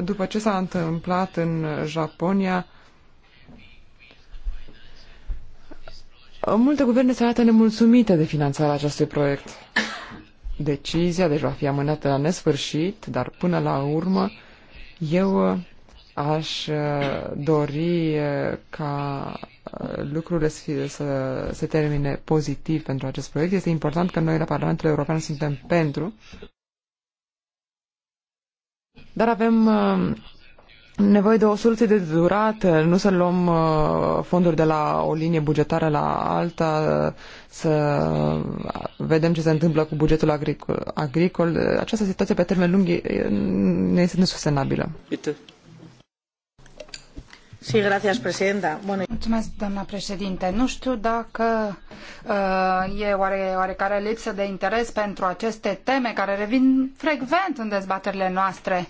după ce s-a întâmplat în Japonia, multe guverne se arată nemulțumite de finanțarea acestui proiect. Decizia deci va fi amânată la nesfârșit, dar până la urmă eu eh, aș eh, dori ca lucrurile să, să se termine pozitiv pentru acest proiect. Este important că noi la Parlamentul European suntem pentru dar avem uh, nevoie de o soluție de durată, nu să luăm uh, fonduri de la o linie bugetară la alta, să vedem ce se întâmplă cu bugetul agricol. Această situație pe termen lung ne este nesustenabilă. Uite. Sí, doamna președinte. Nu știu dacă uh, e oare, oarecare lipsă de interes pentru aceste teme care revin frecvent în dezbaterile noastre.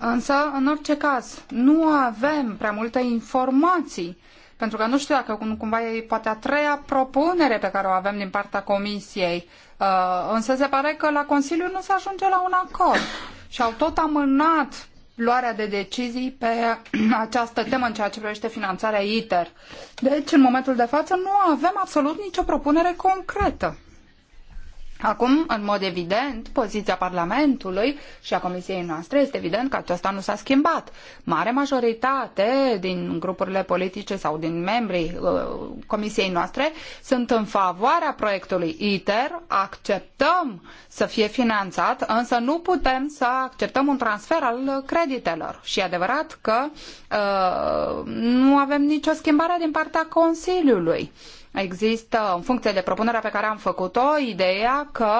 Însă, în orice caz, nu avem prea multe informații pentru că nu știu dacă cumva e poate a treia propunere pe care o avem din partea Comisiei, uh, însă se pare că la Consiliu nu se ajunge la un acord și au tot amânat luarea de decizii pe această temă în ceea ce privește finanțarea ITER. Deci, în momentul de față, nu avem absolut nicio propunere concretă. Acum, în mod evident, poziția Parlamentului și a Comisiei noastre este evident că aceasta nu s-a schimbat. Mare majoritate din grupurile politice sau din membrii uh, Comisiei noastre sunt în favoarea proiectului ITER, acceptăm să fie finanțat, însă nu putem să acceptăm un transfer al creditelor. Și e adevărat că uh, nu avem nicio schimbare din partea Consiliului. Uh, Există, în funcție de propunerea pe care am făcut-o, ideea că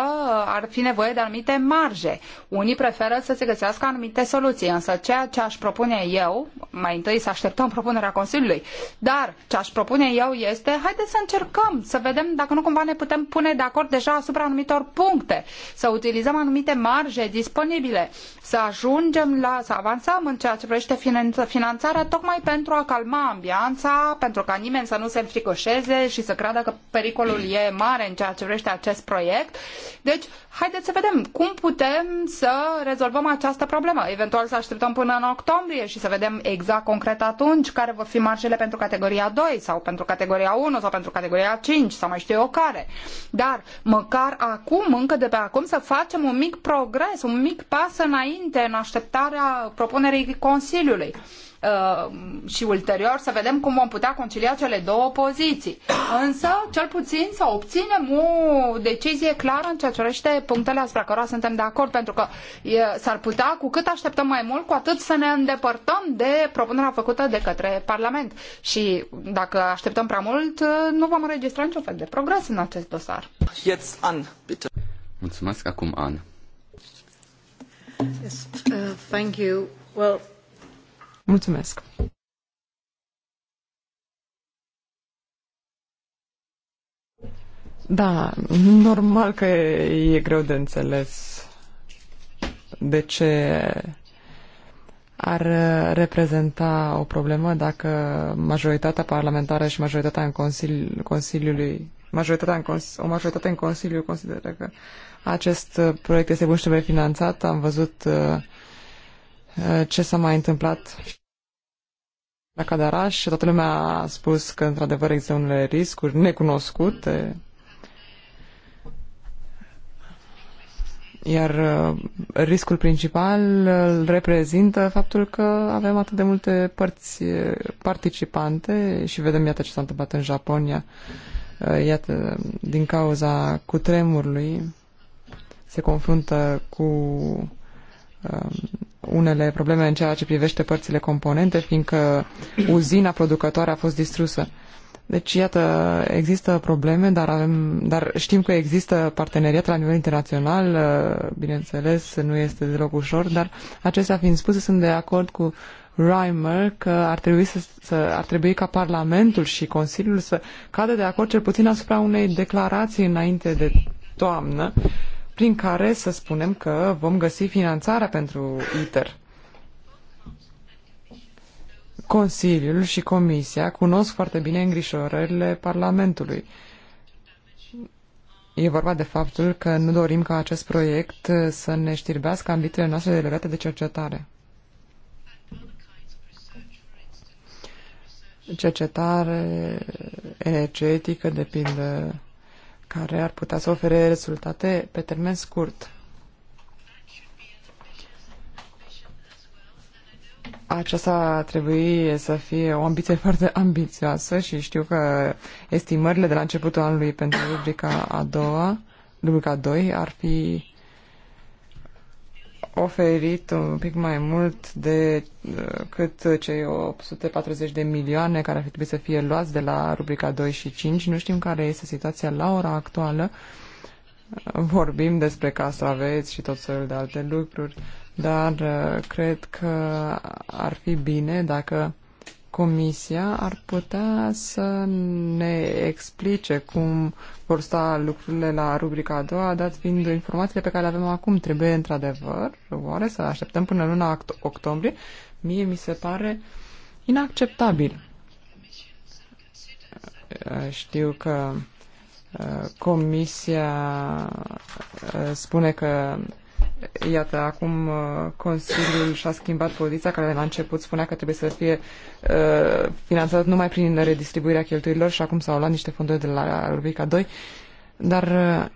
ar fi nevoie de anumite marje. Unii preferă să se găsească anumite soluții, însă ceea ce aș propune eu, mai întâi să așteptăm propunerea Consiliului, dar ce aș propune eu este, haideți să încercăm, să vedem dacă nu cumva ne putem pune de acord deja asupra anumitor puncte, să utilizăm anumite marje disponibile, să ajungem la, să avansăm în ceea ce privește finanțarea, tocmai pentru a calma ambianța, pentru ca nimeni să nu se înfricoșeze și și să creadă că pericolul e mare în ceea ce vrește acest proiect. Deci, haideți să vedem cum putem să rezolvăm această problemă. Eventual să așteptăm până în octombrie și să vedem exact concret atunci care vor fi marjele pentru categoria 2 sau pentru categoria 1 sau pentru categoria 5 sau mai știu eu care. Dar măcar acum, încă de pe acum, să facem un mic progres, un mic pas înainte în așteptarea propunerii Consiliului. Uh, și ulterior să vedem cum vom putea concilia cele două poziții. Însă, cel puțin să obținem o decizie clară în ceea ce privește punctele asupra cărora suntem de acord, pentru că s-ar putea, cu cât așteptăm mai mult, cu atât să ne îndepărtăm de propunerea făcută de către Parlament. Și dacă așteptăm prea mult, uh, nu vom înregistra niciun fel de progres în acest dosar. Jetzt an, bitte. Mulțumesc acum an. Yes, uh, thank you. Well, Mulțumesc! Da, normal că e, greu de înțeles de ce ar reprezenta o problemă dacă majoritatea parlamentară și majoritatea în consili, Consiliului, majoritatea în cons, o majoritate în Consiliu consideră că acest proiect este bun și trebuie finanțat. Am văzut uh, Eh, ce s-a mai întâmplat la Cadaraș și toată lumea a spus că într-adevăr există unele riscuri necunoscute. Iar eh, riscul principal îl reprezintă faptul că avem atât de multe părți eh, participante și vedem iată ce s-a întâmplat în Japonia. Iată, din cauza cutremurului se confruntă cu unele probleme în ceea ce privește părțile componente, fiindcă uzina producătoare a fost distrusă. Deci, iată, există probleme, dar, avem, dar știm că există parteneriat la nivel internațional, uh, bineînțeles, nu este deloc ușor, dar acestea fiind spuse, sunt de acord cu Reimer că ar trebui, să, să, ar trebui ca Parlamentul și Consiliul să cadă de acord cel puțin asupra unei declarații înainte de toamnă, uh, prin care să spunem că vom găsi finanțarea pentru ITER. Consiliul și Comisia cunosc foarte bine îngrijorările Parlamentului. E vorba de faptul că nu dorim ca acest proiect să ne știrbească ambițiile noastre delegate de cercetare. Cercetare energetică, de pildă, care ar putea să ofere rezultate pe termen scurt. Aceasta trebuie trebui să fie o ambiție foarte ambițioasă și știu că estimările de la începutul anului pentru rubrica a doua, rubrica 2 ar fi oferit un pic mai mult de uh, cât cei 840 de milioane care ar fi trebuit să fie luați de la rubrica 2 și 5. Nu știm care este situația la ora actuală. Uh, vorbim despre castraveți și tot felul de alte lucruri, dar uh, cred că ar fi bine dacă Comisia ar putea să ne explice cum vor sta lucrurile la rubrica a doua, dat fiind informațiile pe care le avem acum. Trebuie într-adevăr, oare să așteptăm până luna octombrie? Mie mi se pare inacceptabil. Eh, știu că eh, Comisia eh, spune că Iată, acum uh, Consiliul și-a schimbat poziția care la început spunea că trebuie să fie uh, finanțat numai prin redistribuirea cheltuielor și acum s-au luat niște fonduri de la rubrica 2, dar uh,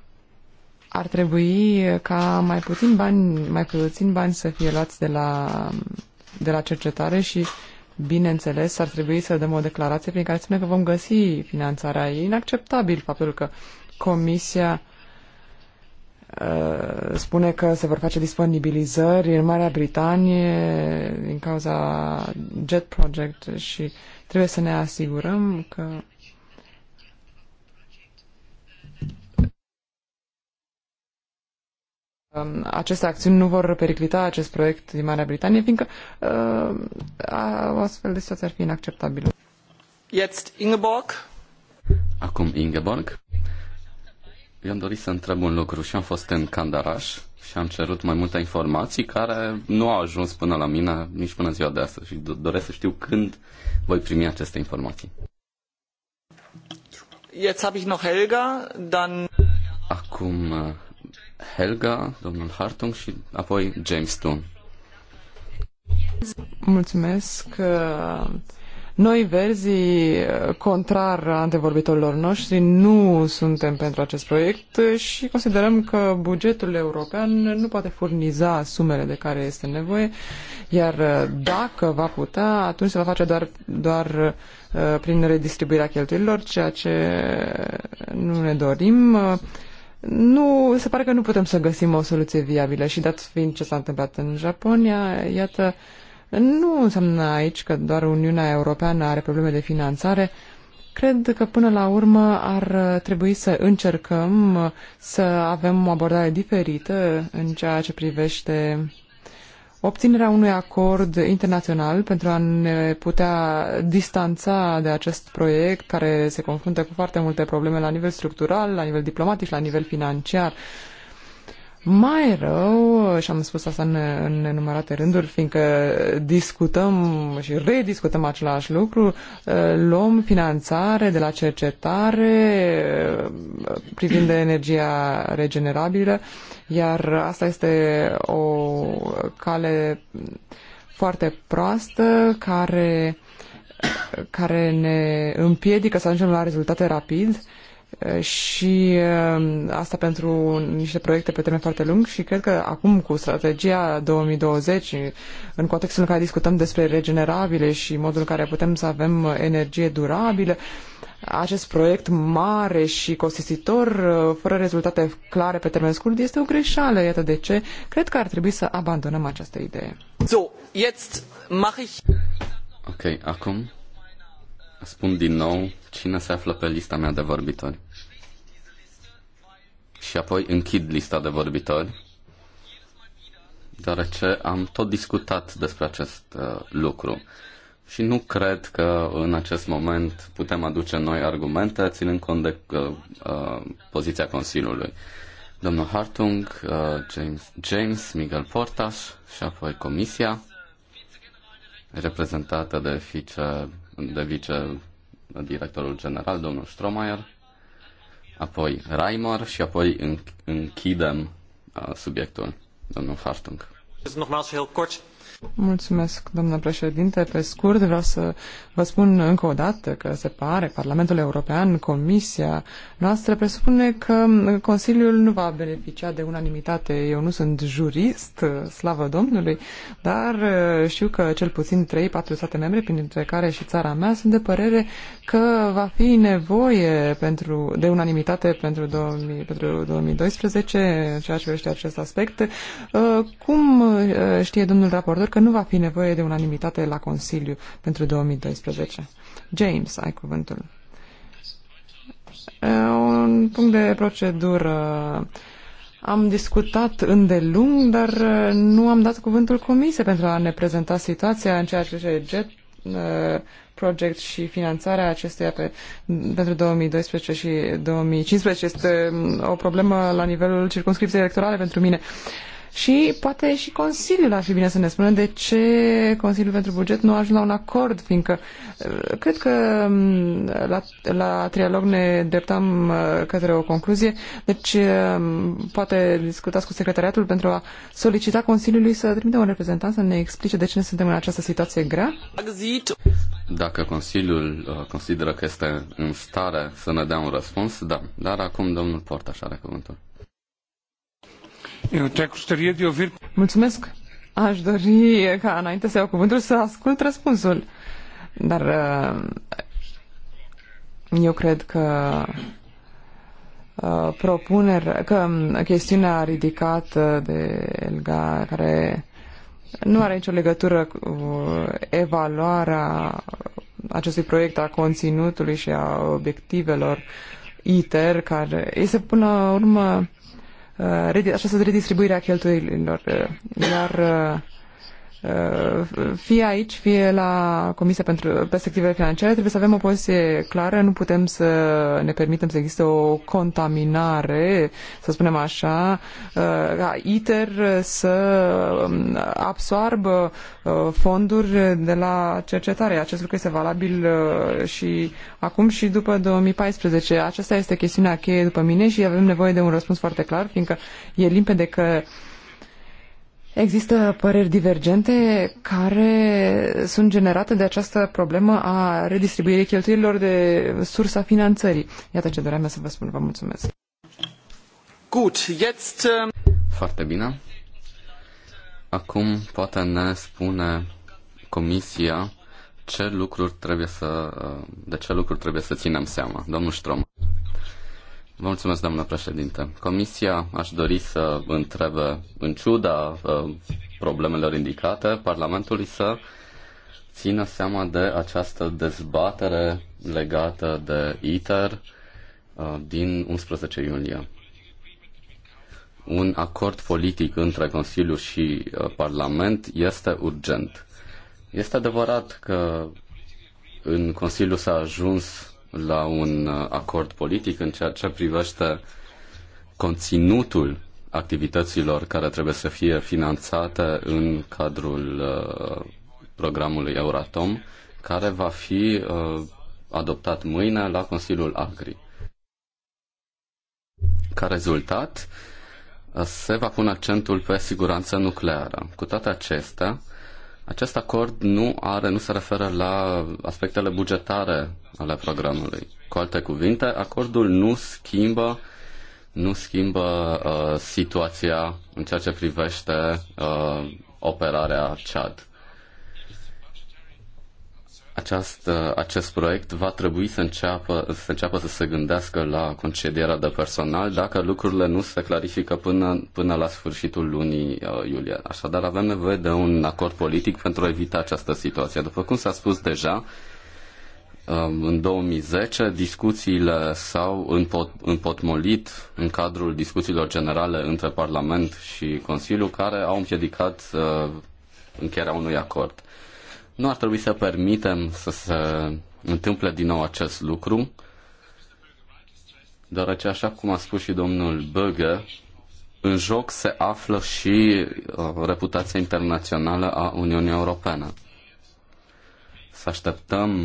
ar trebui ca mai puțin bani, mai puțin bani să fie luați de la, de la cercetare și Bineînțeles, ar trebui să dăm o declarație prin care spune că vom găsi finanțarea. E inacceptabil faptul că Comisia uh, Uh, spune că se vor face disponibilizări în Marea Britanie din cauza Jet Project și trebuie să ne asigurăm că um, aceste acțiuni nu vor periclita acest proiect din Marea Britanie, fiindcă uh, o astfel de situație ar fi inacceptabilă. Jetzt Ingeborg. Acum Ingeborg. Eu am dorit să întreb un lucru și am fost în Candaraș și am cerut mai multe informații care nu au ajuns până la mine nici până ziua de astăzi și doresc să știu când voi primi aceste informații. Jetzt habe ich noch Helga, dann... Acum uh, Helga, domnul Hartung și apoi James Stone. Mulțumesc. Uh, noi, verzi, contrar antevorbitorilor noștri, nu suntem pentru acest proiect și considerăm că bugetul european nu poate furniza sumele de care este nevoie, iar dacă va putea, atunci se va face doar, doar uh, prin redistribuirea cheltuielilor, ceea ce nu ne dorim nu, se pare că nu putem să găsim o soluție viabilă și dat fiind ce s-a întâmplat în Japonia, iată, nu înseamnă aici că doar Uniunea Europeană are probleme de finanțare. Cred că până la urmă ar trebui să încercăm să avem o abordare diferită în ceea ce privește obținerea unui acord internațional pentru a ne putea distanța de acest proiect care se confruntă cu foarte multe probleme la nivel structural, la nivel diplomatic, la nivel financiar. Uh, mai rău, și am spus asta în, în nenumărate rânduri, fiindcă discutăm și rediscutăm același lucru, luăm finanțare de la cercetare privind energia regenerabilă, iar asta este o cale foarte proastă care, care ne împiedică să ajungem la rezultate rapid și uh, asta pentru niște proiecte pe termen foarte lung și cred că acum cu strategia 2020, în contextul în care discutăm despre regenerabile și modul în care putem să avem energie durabilă, acest proiect mare și costisitor, uh, fără rezultate clare pe termen scurt, este o greșeală. Iată de ce cred că ar trebui să abandonăm această idee. So, jetzt mache ich... Ok, acum spun din nou cine se află pe lista mea de vorbitori. Și apoi închid lista de vorbitori, deoarece am tot discutat despre acest uh, lucru. Și nu cred că în acest moment putem aduce noi argumente, ținând cont de uh, uh, poziția Consiliului. Domnul Hartung, uh, James, James, Miguel Portas și apoi Comisia, reprezentată de vice de vice directorul general, domnul Stromayer, apoi Reimer și apoi închidem uh, subiectul, domnul Hartung. Nogmaals heel kort. Mulțumesc, domnule președinte. Pe scurt, vreau să vă spun încă o dată că se pare Parlamentul European, Comisia noastră presupune că Consiliul nu va beneficia de unanimitate. Eu nu sunt jurist, slavă Domnului, dar uh, știu că cel puțin 3-4 state membre, printre care și țara mea, sunt de părere că va fi nevoie pentru, de unanimitate pentru, 2000, pentru 2012 ceea ce vrește acest aspect. Uh, cum uh, știe domnul raportor că nu va fi nevoie de unanimitate la Consiliu pentru 2012. James, ai cuvântul. Un punct de procedură. Am discutat îndelung, dar nu am dat cuvântul comise pentru a ne prezenta situația în ceea ce privește jet project și finanțarea acesteia pe, pentru 2012 și 2015 este mm, o problemă la nivelul circunscripției electorale pentru mine. Uh, și poate și Consiliul ar fi bine să ne spună de ce Consiliul pentru Buget nu a ajuns la un acord, fiindcă uh, cred că um, la, la trialog ne dreptam uh, către o concluzie, deci uh, poate discutați cu secretariatul pentru a solicita Consiliului să trimite un reprezentant să ne explice de ce ne suntem în această situație grea. Dacă Consiliul consideră că este în stare să ne dea un răspuns, da. Dar acum domnul Portaș are cuvântul. Eu te de ouvir... Mulțumesc. Aș dori ca înainte să iau cuvântul să ascult răspunsul. Dar uh, eu cred că uh, propunerea că uh, chestiunea ridicată de Elga, care nu are nicio legătură cu evaluarea acestui proiect a conținutului și a obiectivelor ITER, care este până la urmă Uh, această redistribuire a cheltuielilor. Uh, iar uh, Uh, fie aici, fie la Comisia pentru Perspectivele Financiare, trebuie să avem o poziție clară, nu putem să ne permitem să existe o contaminare, să spunem așa, uh, ca ITER să um, absoarbă uh, fonduri de la cercetare. Acest lucru este valabil și acum și după 2014. Aceasta este chestiunea cheie după mine și avem nevoie de un răspuns foarte clar, fiindcă e limpede că uh, Există păreri divergente care sunt generate de această problemă a redistribuirii cheltuielilor de sursa finanțării. Iată ce doream să vă spun. Vă mulțumesc. Gut, jetzt... Ähm, Foarte bine. Acum poate ne spune Comisia ce lucruri trebuie să, de ce lucruri trebuie să ținem seama. Domnul Strom. Vă mulțumesc, doamnă președinte. Comisia aș dori să întrebe, în ciuda ă, problemelor indicate, Parlamentului să țină seama de această dezbatere legată de ITER ă, din 11 iulie. Un acord politic între Consiliu și ă, Parlament este urgent. Este adevărat că în Consiliu s-a ajuns la un uh, acord politic în ceea ce privește conținutul activităților care trebuie să fie finanțate în cadrul uh, programului Euratom, care va fi uh, adoptat mâine la Consiliul Agri. Ca rezultat, se va pune accentul pe siguranța nucleară. Cu toate acestea, acest acord nu are, nu se referă la aspectele bugetare ale programului. Cu alte cuvinte, acordul nu schimbă nu schimbă uh, situația în ceea ce privește uh, operarea Chad această, acest proiect va trebui să înceapă, să înceapă să se gândească la concedierea de personal dacă lucrurile nu se clarifică până, până la sfârșitul lunii uh, iulie. Așadar, avem nevoie de un acord politic pentru a evita această situație. După cum s-a spus deja, um, în 2010 discuțiile s-au împot, împotmolit în cadrul discuțiilor generale între Parlament și Consiliu care au împiedicat uh, încheierea unui acord. Nu ar trebui să permitem să se întâmple din nou acest lucru, deoarece, așa cum a spus și domnul Băgă, în joc se află și uh, reputația internațională a Uniunii Europene. Să așteptăm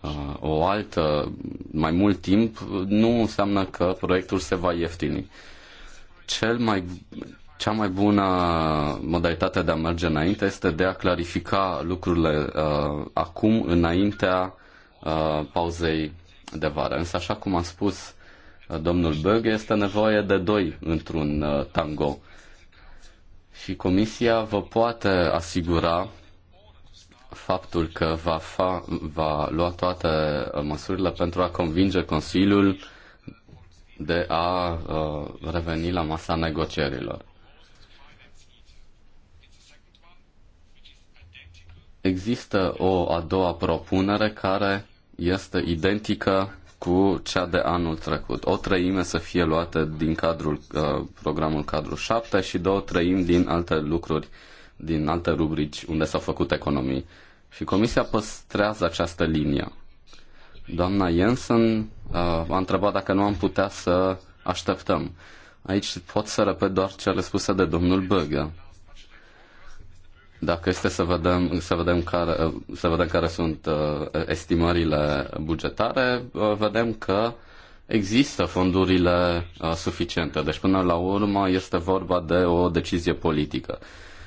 uh, o altă, mai mult timp, nu înseamnă că proiectul se va ieftini. Cel mai cea mai bună modalitate de a merge înainte este de a clarifica lucrurile uh, acum, înaintea uh, pauzei de vară. Însă, așa cum a spus uh, domnul Berg, este nevoie de doi într-un uh, tango. Și comisia vă poate asigura faptul că va, fa- va lua toate uh, măsurile pentru a convinge Consiliul de a uh, reveni la masa negocierilor. Există o a doua propunere care este identică cu cea de anul trecut. O treime să fie luată din cadrul uh, programul cadru 7 și două treimi din alte lucruri, din alte rubrici unde s-au făcut economii. Și Comisia păstrează această linie. Doamna Jensen uh, a întrebat dacă nu am putea să așteptăm. Aici pot să repet doar cele spuse de domnul Băgă dacă este să vedem, să vedem, care, să vedem care sunt uh, estimările bugetare, uh, vedem că există fondurile uh, suficiente. Deci, până la urmă, este vorba de o decizie politică.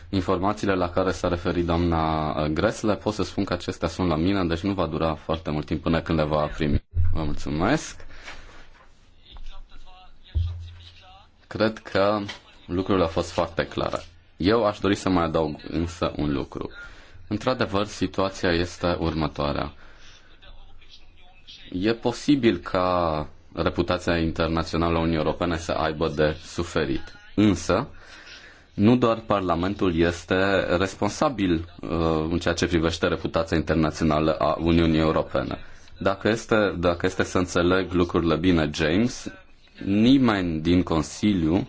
Informațiile la care s-a referit doamna uh, Gresle, pot să spun că acestea sunt la mine, deci nu va dura foarte mult timp până când le va primi. Vă mulțumesc. Cred că lucrurile au fost foarte clare. Eu aș dori să mai adaug însă un lucru. Într-adevăr, situația este următoarea. E posibil ca reputația internațională a Uniunii Europene să aibă de suferit. Însă, nu doar Parlamentul este responsabil uh, în ceea ce privește reputația internațională a Uniunii Europene. Dacă este, dacă este să înțeleg lucrurile bine, James, nimeni din Consiliu uh,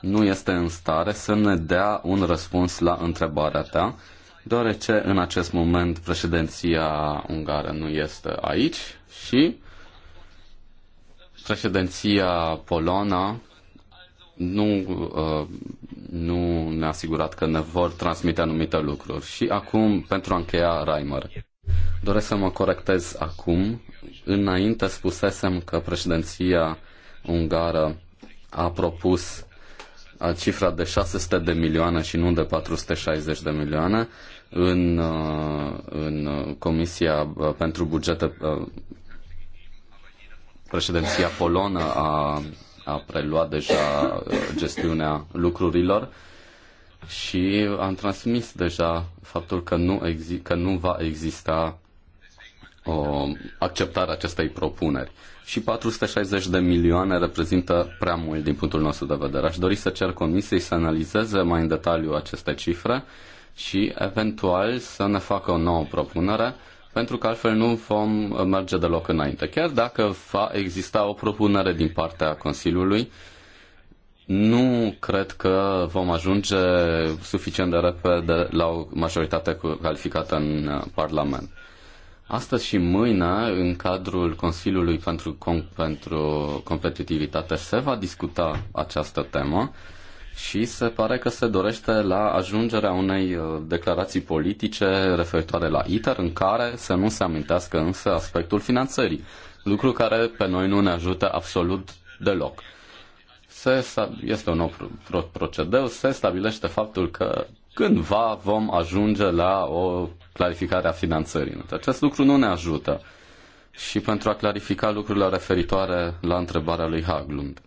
nu este în stare să ne dea un răspuns la întrebarea ta, deoarece în acest moment președinția ungară nu este aici și președinția polona nu, uh, nu ne-a asigurat că ne vor transmite anumite lucruri. Și acum, pentru a încheia, Reimer. Doresc să mă corectez acum. Înainte spusesem că președinția ungară a propus cifra de 600 de milioane și nu de 460 de milioane în, uh, în Comisia uh, pentru Bugete uh, președinția polonă a, a preluat deja gestiunea lucrurilor și am transmis deja faptul că nu, exi- că nu va exista o um, acestei propuneri. Și 460 de milioane reprezintă prea mult din punctul nostru de vedere. Aș dori să cer comisiei să analizeze mai în detaliu aceste cifre și eventual să ne facă o nouă propunere pentru că altfel nu vom merge deloc înainte. Chiar dacă va exista o propunere din partea Consiliului, nu cred că vom ajunge suficient de repede la o majoritate calificată în Parlament. Astăzi și mâine, în cadrul Consiliului pentru, Com- pentru Competitivitate, se va discuta această temă și se pare că se dorește la ajungerea unei uh, declarații politice referitoare la ITER, în care să nu se amintească însă aspectul finanțării, lucru care pe noi nu ne ajută absolut deloc. Se, este un nou procedeu, se stabilește faptul că cândva vom ajunge la o clarificarea finanțării. Deci acest lucru nu ne ajută. Și pentru a clarifica lucrurile referitoare la întrebarea lui Haglund.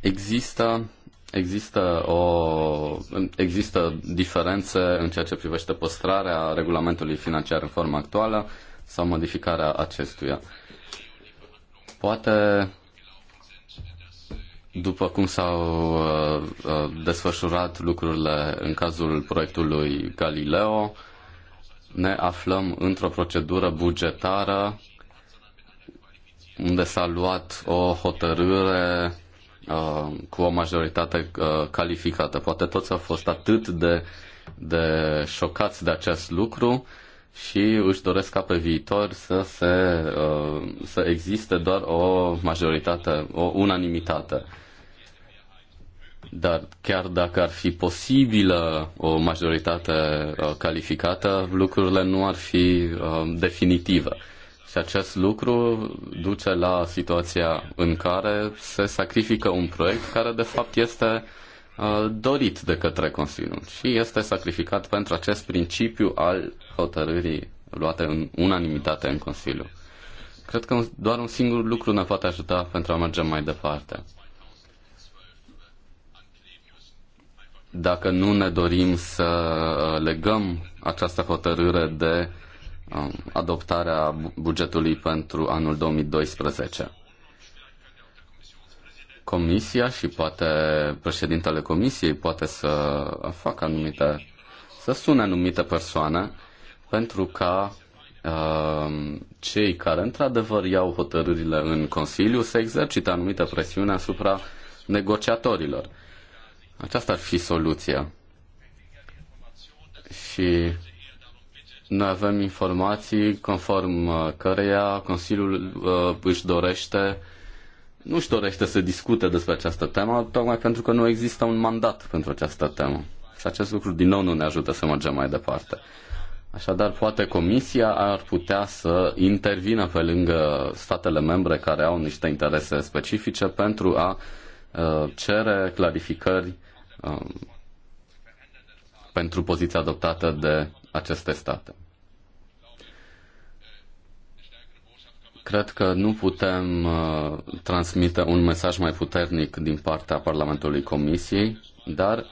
Există, există, o, există diferențe în ceea ce privește păstrarea regulamentului financiar în forma actuală sau modificarea acestuia. Poate după cum s-au uh, uh, desfășurat lucrurile în cazul proiectului Galileo, ne aflăm într-o procedură bugetară unde s-a luat o hotărâre uh, cu o majoritate calificată. Poate toți au fost atât de, de șocați de acest lucru și își doresc ca pe viitor să, se, să existe doar o majoritate, o unanimitate. Dar chiar dacă ar fi posibilă o majoritate uh, calificată, lucrurile nu ar fi uh, definitive. Și acest lucru duce la situația în care se sacrifică un proiect care de fapt este uh, dorit de către Consiliu și este sacrificat pentru acest principiu al hotărârii luate în unanimitate în Consiliu. Cred că doar un singur lucru ne poate ajuta pentru a merge mai departe. dacă nu ne dorim să uh, legăm această hotărâre de um, adoptarea bugetului pentru anul 2012. Comisia și poate președintele Comisiei poate să facă anumite, să sune anumite persoane pentru ca uh, cei care într-adevăr iau hotărârile în Consiliu să exercite anumită presiune asupra negociatorilor. Aceasta deci ar fi soluția. Și noi avem informații conform uh, căreia Consiliul uh, își dorește, nu își dorește să discute despre această temă, tocmai pentru că nu există un mandat pentru această temă. Și acest lucru din nou nu ne ajută să mergem mai departe. Așadar, poate Comisia ar putea să intervină pe lângă statele membre care au niște interese specifice pentru a uh, cere clarificări Um, pentru poziția adoptată de aceste state. Cred că nu putem uh, transmite un mesaj mai puternic din partea Parlamentului Comisiei, dar,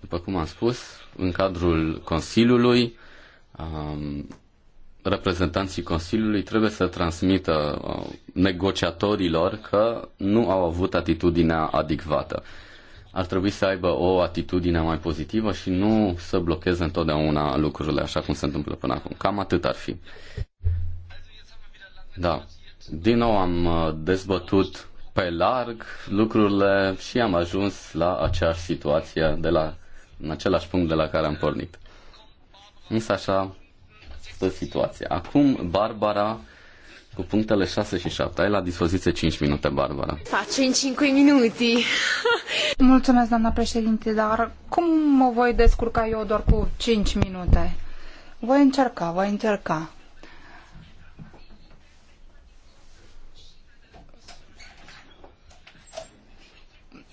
după cum am spus, în cadrul Consiliului, um, reprezentanții Consiliului trebuie să transmită uh, negociatorilor că nu au avut atitudinea adecvată ar trebui să aibă o atitudine mai pozitivă și nu să blocheze întotdeauna lucrurile așa cum se întâmplă până acum. Cam atât ar fi. Da. Din nou am uh, dezbătut pe larg lucrurile și am ajuns la aceeași situație, de la, în același punct de la care am pornit. Însă așa stă situația. Acum Barbara cu punctele 6 și 7. Ai la dispoziție 5 minute, Barbara. Faci în 5 minute. Mulțumesc, doamna președinte, dar cum mă voi descurca eu doar cu 5 minute? Voi încerca, voi încerca.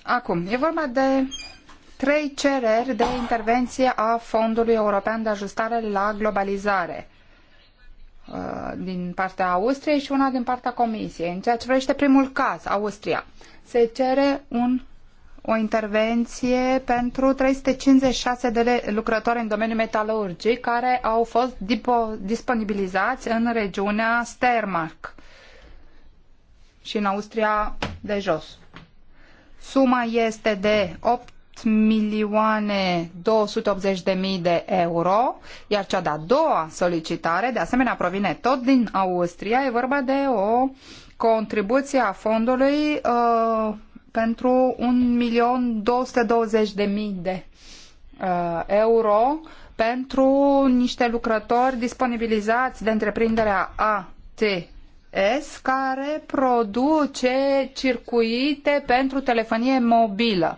Acum, e vorba de trei cereri de intervenție a Fondului European de Ajustare la Globalizare. Uh, din partea Austriei și una din partea Comisiei. În ceea ce vrește primul caz, Austria, se cere un, o intervenție pentru 356 de lucrători în domeniul metalurgic care au fost disponibilizați în regiunea Steiermark și în Austria de jos. Suma este de 8 milioane 280 de mii de euro, iar cea de-a doua solicitare, de asemenea, provine tot din Austria, e vorba de o contribuție a fondului uh, pentru 1 milion 220 de mii de uh, euro pentru niște lucrători disponibilizați de întreprinderea AT S care produce circuite pentru telefonie mobilă.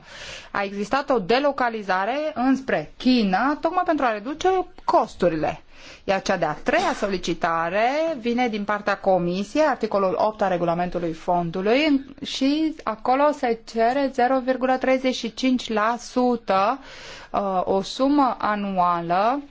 A existat o delocalizare înspre China tocmai pentru a reduce costurile. Iar cea de-a treia solicitare vine din partea Comisiei, articolul 8 a regulamentului fondului și acolo se cere 0,35% uh, o sumă anuală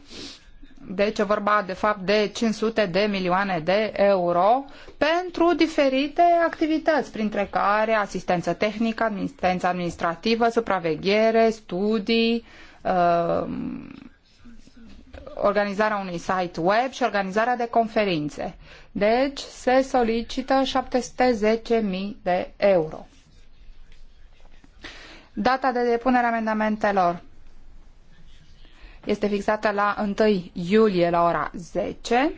deci e vorba de fapt de 500 de milioane de euro pentru diferite activități, printre care asistență tehnică, asistență administrativă, supraveghere, studii, uh, organizarea unui site web și organizarea de conferințe. Deci se solicită 710.000 de euro. Data de depunere a amendamentelor este fixată la 1 iulie la ora 10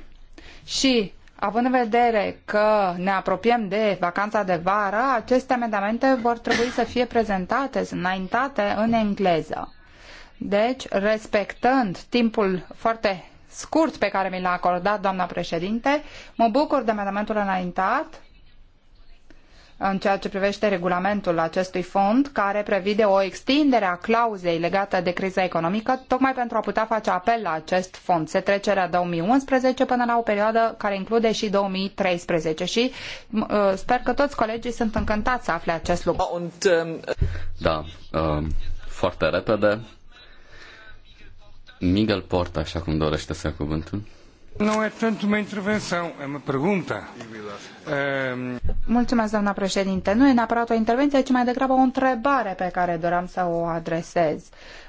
și Având în vedere că ne apropiem de vacanța de vară, aceste amendamente vor trebui să fie prezentate, înaintate în engleză. Deci, respectând timpul foarte scurt pe care mi l-a acordat doamna președinte, mă bucur de amendamentul înaintat în ceea ce privește regulamentul acestui fond, care prevede o extindere a clauzei legată de criza economică, tocmai pentru a putea face apel la acest fond. Se trece la 2011 până la o perioadă care include și 2013 și uh, sper că toți colegii sunt încântați să afle acest lucru. Um, da, uh, foarte repede. Miguel Porta, așa cum dorește să cuvântul. Nu e tanto uma intervenção, é uma pergunta. Ehm, Mulțumesc, doamna președinte. Nu e neapărat o intervenție, ci mai degrabă o întrebare pe care doream să o adresez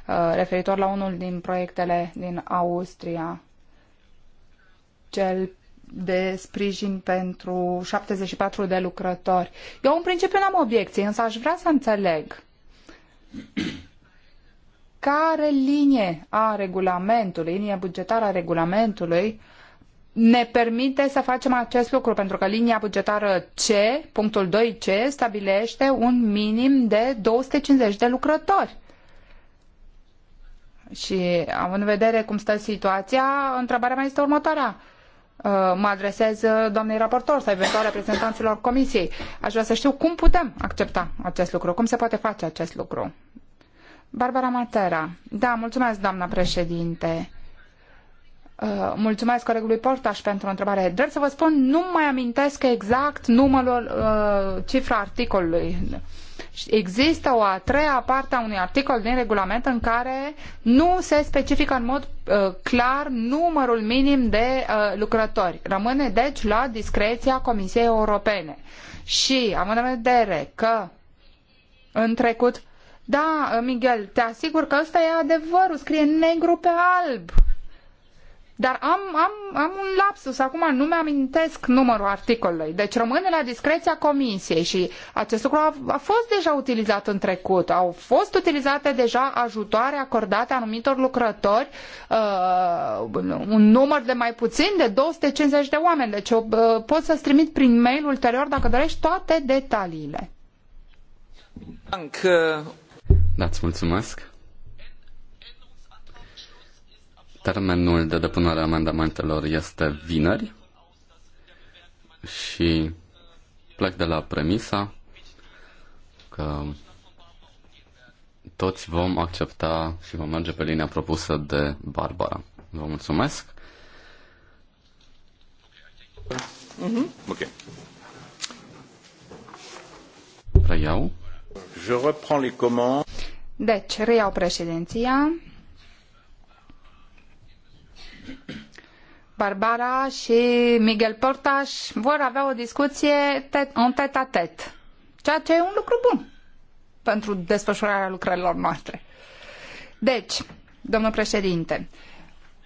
uh, referitor la unul din proiectele din Austria, cel de sprijin pentru 74 de lucrători. Eu în principiu n-am obiecții, însă aș vrea să înțeleg care linie a regulamentului, linie bugetară a regulamentului, ne permite să facem acest lucru, pentru că linia bugetară C, punctul 2C, stabilește un minim de 250 de lucrători. Și având în vedere cum stă situația, întrebarea mea este următoarea. Uh, mă adresez uh, doamnei raportor sau eventual reprezentanților comisiei. Aș vrea să știu cum putem accepta acest lucru, cum se poate face acest lucru. Barbara Matera. Da, mulțumesc, doamna președinte. Uh, mulțumesc colegului Portaș pentru întrebare. Drept să vă spun, nu mai amintesc exact numărul, uh, cifra articolului. Există o a treia parte a unui articol din regulament în care nu se specifică în mod uh, clar numărul minim de uh, lucrători. Rămâne deci la discreția Comisiei Europene. Și am în vedere că în trecut, da, Miguel, te asigur că ăsta e adevărul, scrie negru pe alb dar am, am, am un lapsus, acum nu mi-amintesc numărul articolului. Deci rămâne la discreția comisiei și acest lucru a, a fost deja utilizat în trecut. Au fost utilizate deja ajutoare acordate anumitor lucrători, uh, un număr de mai puțin de 250 de oameni. Deci uh, pot să-ți trimit prin mail ulterior, dacă dorești, toate detaliile. Încă... Da, mulțumesc. Termenul de depunere a amendamentelor este vineri și plec de la premisa că toți vom accepta și vom merge pe linia propusă de Barbara. Vă mulțumesc. Mm-hmm. Ok. Reiau. Je reprends les commandes. Deci, reiau președinția. Barbara și Miguel Portaș vor avea o discuție în tet a -tet, ceea ce e un lucru bun pentru desfășurarea lucrărilor noastre. Deci, domnul președinte,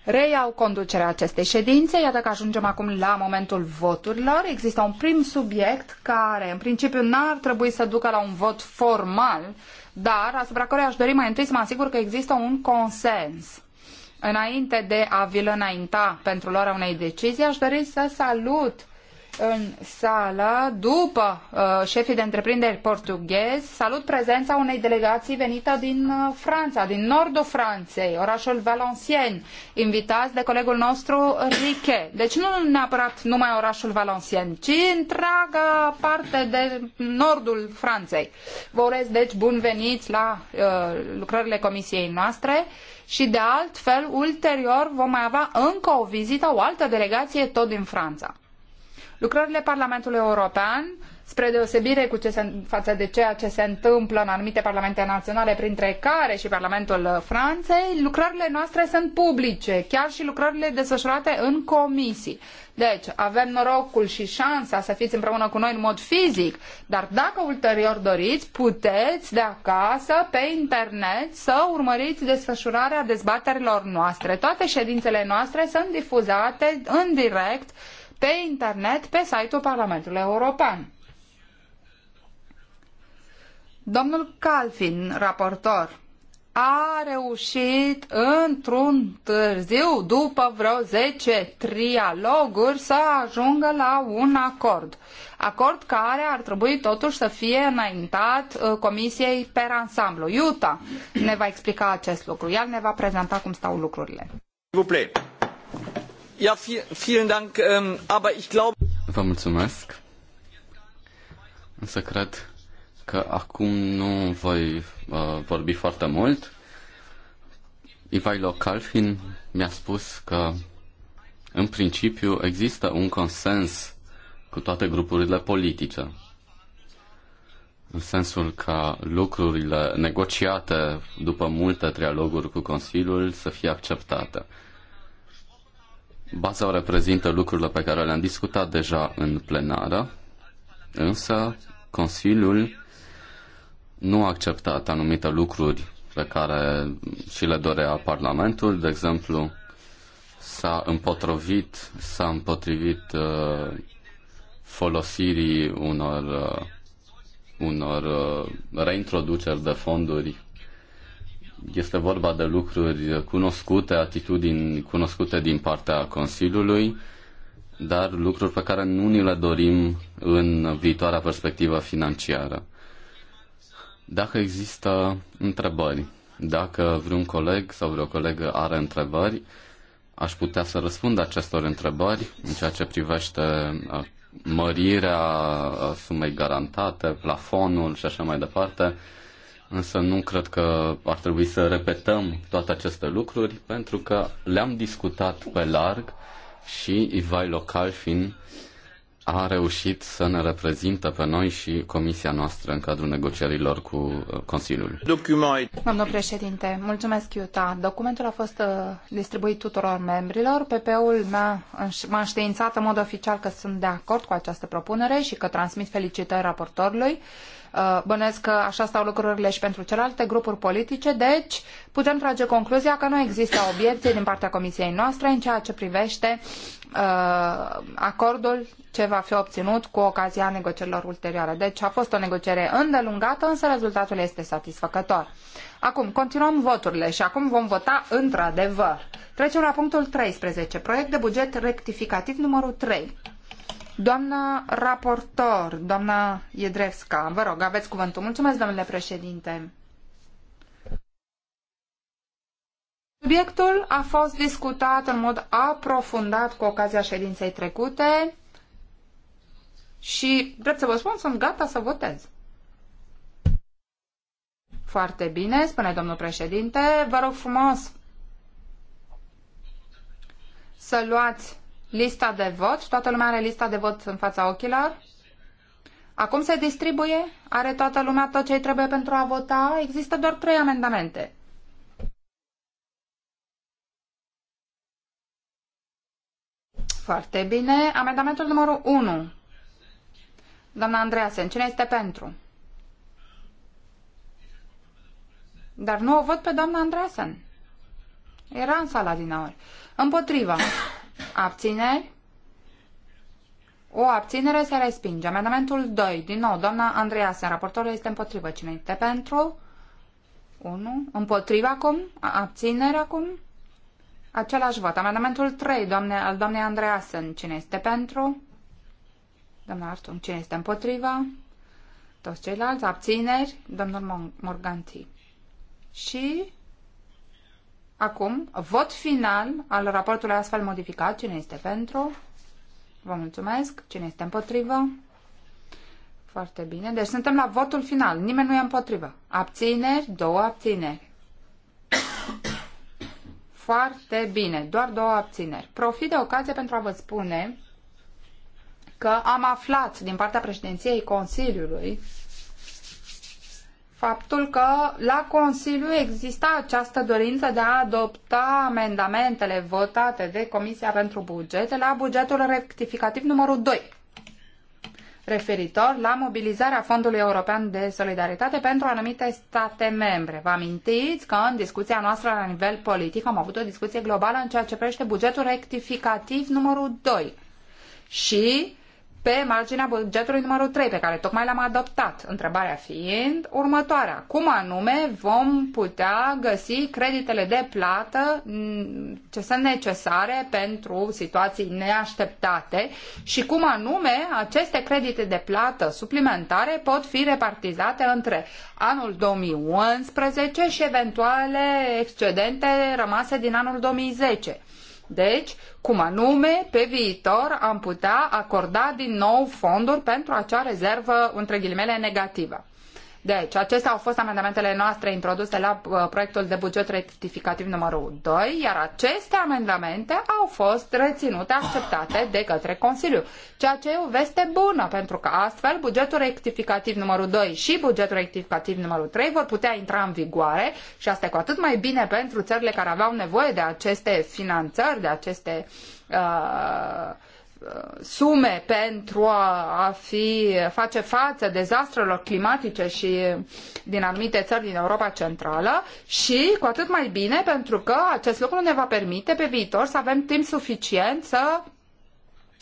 reiau conducerea acestei ședințe. Iată că ajungem acum la momentul voturilor. Există un prim subiect care, în principiu, n-ar trebui să ducă la un vot formal, dar asupra căruia aș dori mai întâi să mă asigur că există un consens. Înainte de a vi-l înainta pentru luarea unei decizii, aș dori să salut în sală, după uh, șefii de întreprinderi portughezi, salut prezența unei delegații venită din uh, Franța, din nordul Franței, orașul Valenciennes, invitați de colegul nostru Riche. Deci nu neapărat numai orașul Valenciennes, ci întreaga parte de nordul Franței. Vă urez deci bun venit la uh, lucrările comisiei noastre și de altfel, ulterior, vom mai avea încă o vizită, o altă delegație tot din Franța. Lucrările Parlamentului European spre deosebire cu ce se, față de ceea ce se întâmplă în anumite parlamente naționale, printre care și Parlamentul Franței, lucrările noastre sunt publice, chiar și lucrările desfășurate în comisii. Deci, avem norocul și șansa să fiți împreună cu noi în mod fizic, dar dacă ulterior doriți, puteți de acasă, pe internet, să urmăriți desfășurarea dezbaterilor noastre. Toate ședințele noastre sunt difuzate în direct pe internet pe site-ul Parlamentului European. Domnul Calvin, raportor, a reușit într-un târziu, după vreo 10 trialoguri, să ajungă la un acord. Acord care ar trebui totuși să fie înaintat uh, Comisiei per ansamblu. Iuta ne va explica acest lucru. El ne va prezenta cum stau lucrurile. Ähm, Vă mulțumesc. Însă cred că acum nu voi uh, vorbi foarte mult. Ivailo Calfin mi-a spus că în principiu există un consens cu toate grupurile politice. În sensul ca lucrurile negociate după multe trialoguri cu Consiliul să fie acceptate. Baza o reprezintă lucrurile pe care le-am discutat deja în plenară, însă Consiliul nu a acceptat anumite lucruri pe care și le dorea Parlamentul, de exemplu, s-a împotrivit, s-a împotrivit uh, folosirii unor, uh, unor uh, reintroduceri de fonduri. Este vorba de lucruri cunoscute, atitudini cunoscute din partea Consiliului, dar lucruri pe care nu ni le dorim în viitoarea perspectivă financiară. Dacă există întrebări, dacă vreun coleg sau vreo colegă are întrebări, aș putea să răspund acestor întrebări în ceea ce privește mărirea sumei garantate, plafonul și așa mai departe. Însă nu cred că ar trebui să repetăm toate aceste lucruri pentru că le-am discutat pe larg și Ivai Local fiind a reușit să ne reprezinte pe noi și comisia noastră în cadrul negocierilor cu uh, Consiliul. Document. Domnul președinte, mulțumesc, Iuta. Documentul a fost uh, distribuit tuturor membrilor. PP-ul m-a științat în mod oficial că sunt de acord cu această propunere și că transmit felicitări raportorului. Uh, bănuiesc că așa stau lucrurile și pentru celelalte grupuri politice, deci putem trage concluzia că nu există obiecții din partea comisiei noastre în ceea ce privește uh, acordul ce va fi obținut cu ocazia negocierilor ulterioare. Deci a fost o negociere îndelungată, însă rezultatul este satisfăcător. Acum, continuăm voturile și acum vom vota într-adevăr. Trecem la punctul 13, proiect de buget rectificativ numărul 3. Doamna raportor, doamna Iedresca, vă rog, aveți cuvântul. Mulțumesc, domnule președinte. Subiectul a fost discutat în mod aprofundat cu ocazia ședinței trecute și, vreau să vă spun, sunt gata să votez. Foarte bine, spune domnul președinte, vă rog frumos să luați lista de vot. Toată lumea are lista de vot în fața ochilor. Acum se distribuie? Are toată lumea tot ce trebuie pentru a vota? Există doar trei amendamente. Foarte bine. Amendamentul numărul 1. Doamna Andreasen, cine este pentru? Dar nu o văd pe doamna Andreasen. Era în sala din aur. Împotriva. Abțineri? O abținere se respinge. Amendamentul 2. Din nou, doamna Andreasen, raportorul este împotrivă. Cine este pentru? 1. Împotriva acum? Abținere acum? Același vot. Amendamentul 3 doamne, al doamnei Andreasen. Cine este pentru? Doamna Artum. Cine este împotriva? Toți ceilalți. Abțineri. Domnul Morganti. Și Acum, vot final al raportului astfel modificat. Cine este pentru? Vă mulțumesc. Cine este împotrivă? Foarte bine. Deci suntem la votul final. Nimeni nu e împotrivă. Abțineri, două abțineri. Foarte bine. Doar două abțineri. Profit de ocazie pentru a vă spune că am aflat din partea președinției Consiliului faptul că la Consiliu exista această dorință de a adopta amendamentele votate de Comisia pentru Bugete la bugetul rectificativ numărul 2 referitor la mobilizarea Fondului European de Solidaritate pentru anumite state membre. Vă amintiți că în discuția noastră la nivel politic am avut o discuție globală în ceea ce privește bugetul rectificativ numărul 2 și pe marginea bugetului numărul 3 pe care tocmai l-am adoptat. Întrebarea fiind următoarea. Cum anume vom putea găsi creditele de plată mm, ce sunt necesare pentru situații neașteptate și cum anume aceste credite de plată suplimentare pot fi repartizate între anul 2011 și eventuale excedente rămase din anul 2010. Deci, cum anume, pe viitor am putea acorda din nou fonduri pentru acea rezervă, între ghilimele, negativă. Deci, acestea au fost amendamentele noastre introduse la uh, proiectul de buget rectificativ numărul 2, iar aceste amendamente au fost reținute, acceptate de către Consiliu, ceea ce e o veste bună, pentru că astfel bugetul rectificativ numărul 2 și bugetul rectificativ numărul 3 vor putea intra în vigoare și asta e cu atât mai bine pentru țările care aveau nevoie de aceste finanțări, de aceste uh, sume pentru a, a fi, face față dezastrelor climatice și din anumite țări din Europa Centrală și cu atât mai bine pentru că acest lucru ne va permite pe viitor să avem timp suficient să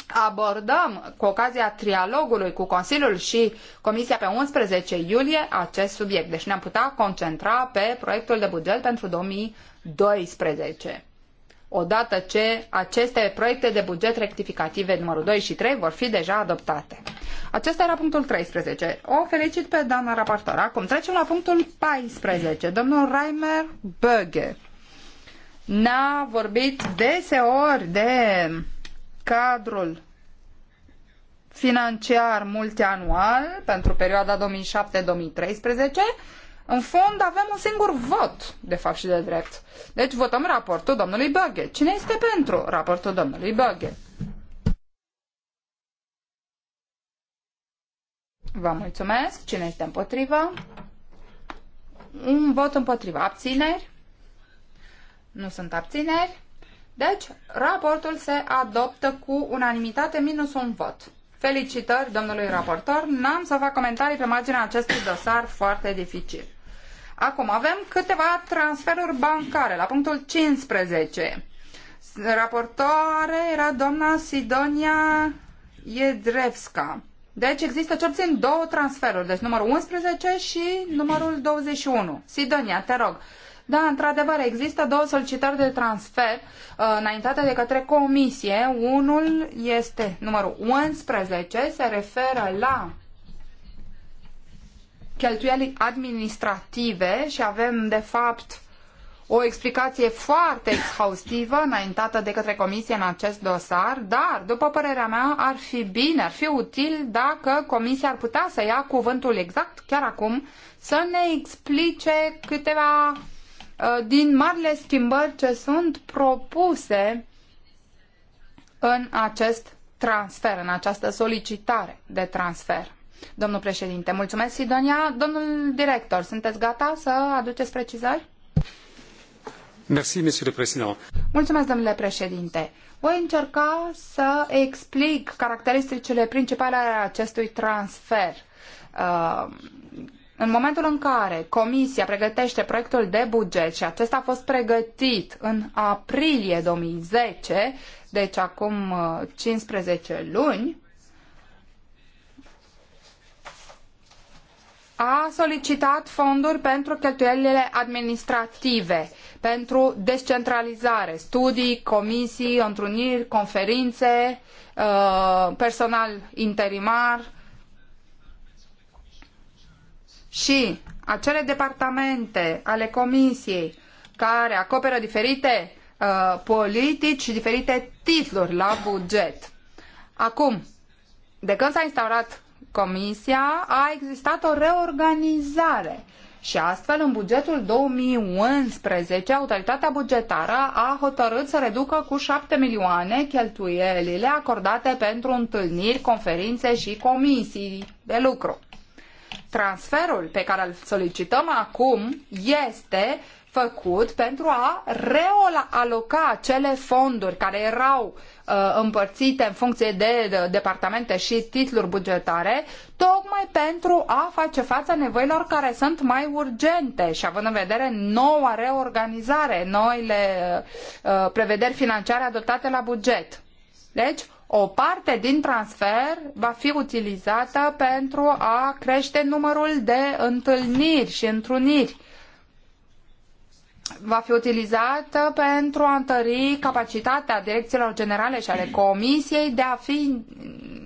abordăm cu ocazia trialogului cu Consiliul și Comisia pe 11 iulie acest subiect. Deci ne-am putea concentra pe proiectul de buget pentru 2012 odată ce aceste proiecte de buget rectificative numărul 2 și 3 vor fi deja adoptate. Acesta era punctul 13. O felicit pe doamna raportor. Acum trecem la punctul 14. Domnul Reimer Böge n-a vorbit deseori de cadrul financiar multianual pentru perioada 2007-2013 în fond, avem un singur vot, de fapt și de drept. Deci votăm raportul domnului Băghe. Cine este pentru raportul domnului Băghe? Vă mulțumesc. Cine este împotriva. Un vot împotriva. Abțineri? Nu sunt abțineri. Deci, raportul se adoptă cu unanimitate minus un vot. Felicitări domnului raportor. N-am să fac comentarii pe marginea acestui dosar foarte dificil. Acum avem câteva transferuri bancare la punctul 15. Raportoare era doamna Sidonia Iedrevska. Deci există cel puțin două transferuri, deci numărul 11 și numărul 21. Sidonia, te rog. Da, într-adevăr, există două solicitări de transfer uh, înaintate de către comisie. Unul este numărul 11, se referă la cheltuieli administrative și avem, de fapt, o explicație foarte exhaustivă înaintată de către Comisie în acest dosar, dar, după părerea mea, ar fi bine, ar fi util dacă Comisia ar putea să ia cuvântul exact chiar acum, să ne explice câteva uh, din marile schimbări ce sunt propuse în acest transfer, în această solicitare de transfer. Domnul președinte, mulțumesc, Sidonia. Domnul director, sunteți gata să aduceți precizări? Mulțumesc, domnule președinte. Voi încerca să explic caracteristicile principale ale acestui transfer. Uh, în momentul în care Comisia pregătește proiectul de buget și acesta a fost pregătit în aprilie 2010, deci acum 15 uh, luni, a solicitat fonduri pentru cheltuielile administrative, pentru descentralizare, studii, comisii, întruniri, conferințe, uh, personal interimar și acele departamente ale comisiei care acoperă diferite uh, politici și diferite titluri la buget. Acum, de când s-a instaurat Comisia a existat o reorganizare și astfel în bugetul 2011 autoritatea bugetară a hotărât să reducă cu 7 milioane cheltuielile acordate pentru întâlniri, conferințe și comisii de lucru. Transferul pe care îl solicităm acum este făcut pentru a realoca acele fonduri care erau uh, Uh, împărțite în funcție de departamente și titluri bugetare, tocmai pentru a face față nevoilor care sunt mai urgente și având în vedere noua reorganizare, noile uh, uh, prevederi financiare adoptate la buget. Deci, o parte din transfer va fi utilizată pentru a crește numărul de întâlniri și întruniri va fi utilizată pentru a întări capacitatea direcțiilor generale și ale comisiei de a fi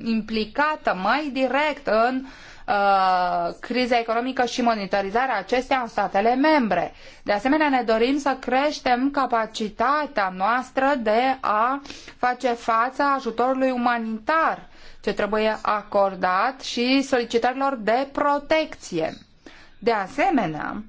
implicată mai direct în uh, criza economică și monitorizarea acesteia în statele membre. De asemenea, ne dorim să creștem capacitatea noastră de a face față ajutorului umanitar ce trebuie acordat și solicitărilor de protecție. De asemenea,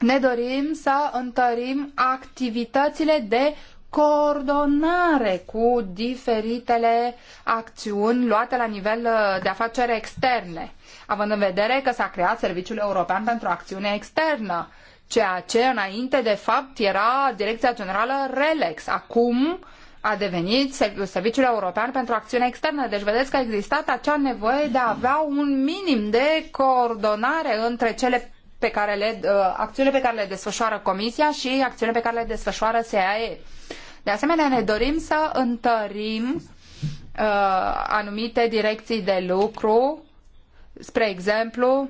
ne dorim să întărim activitățile de coordonare cu diferitele acțiuni luate la nivel uh, de afaceri externe, având în vedere că s-a creat Serviciul European pentru Acțiune Externă, ceea ce înainte de fapt era Direcția Generală Relex. Acum a devenit Serviciul European pentru Acțiune Externă. Deci vedeți că a existat acea nevoie de a avea un minim de coordonare între cele pe care le, uh, acțiunile pe care le desfășoară Comisia și acțiunile pe care le desfășoară SAE. De asemenea, ne dorim să întărim uh, anumite direcții de lucru, spre exemplu,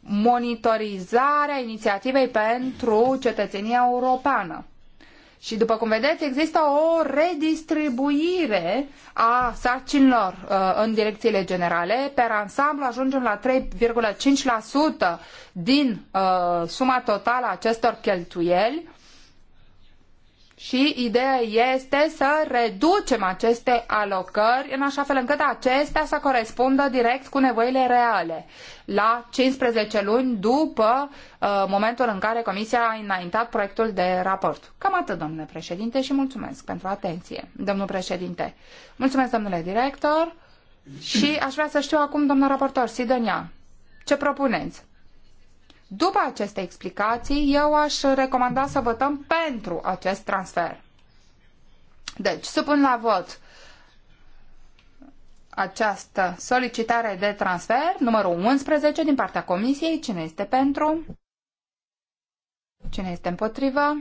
monitorizarea inițiativei pentru cetățenia europeană. Și după cum vedeți, există o redistribuire a sarcinilor uh, în direcțiile generale. Per ansamblu ajungem la 3,5% din uh, suma totală a acestor cheltuieli și ideea este să reducem aceste alocări în așa fel încât acestea să corespundă direct cu nevoile reale la 15 luni după uh, momentul în care Comisia a înaintat proiectul de raport. Cam atât, domnule președinte, și mulțumesc pentru atenție, domnul președinte. Mulțumesc, domnule director, și aș vrea să știu acum, domnul raportor Sidonia, ce propuneți? După aceste explicații, eu aș recomanda să votăm pentru acest transfer. Deci, supun la vot această solicitare de transfer, numărul 11 din partea Comisiei. Cine este pentru? Cine este împotrivă?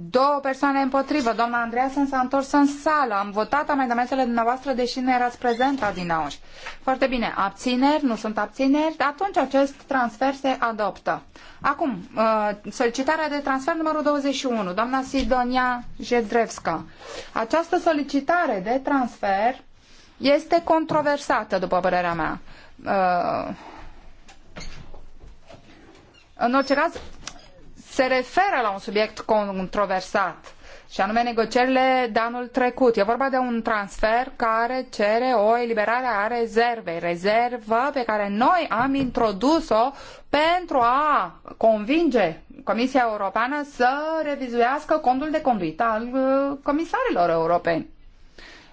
Două persoane împotrivă. Doamna Andreasen s-a întors în sală. Am votat amendamentele dumneavoastră, deși nu erați prezent, Adinaoș. Foarte bine. Abțineri? Nu sunt abțineri? Atunci acest transfer se adoptă. Acum, uh, solicitarea de transfer numărul 21. Doamna Sidonia Jedrevska. Această solicitare de transfer este controversată, după părerea mea. Uh, în orice caz, se referă la un subiect controversat și anume negocierile de anul trecut. E vorba de un transfer care cere o eliberare a rezervei, rezervă pe care noi am introdus-o pentru a convinge Comisia Europeană să revizuiască contul de conduită al uh, comisarilor europeni.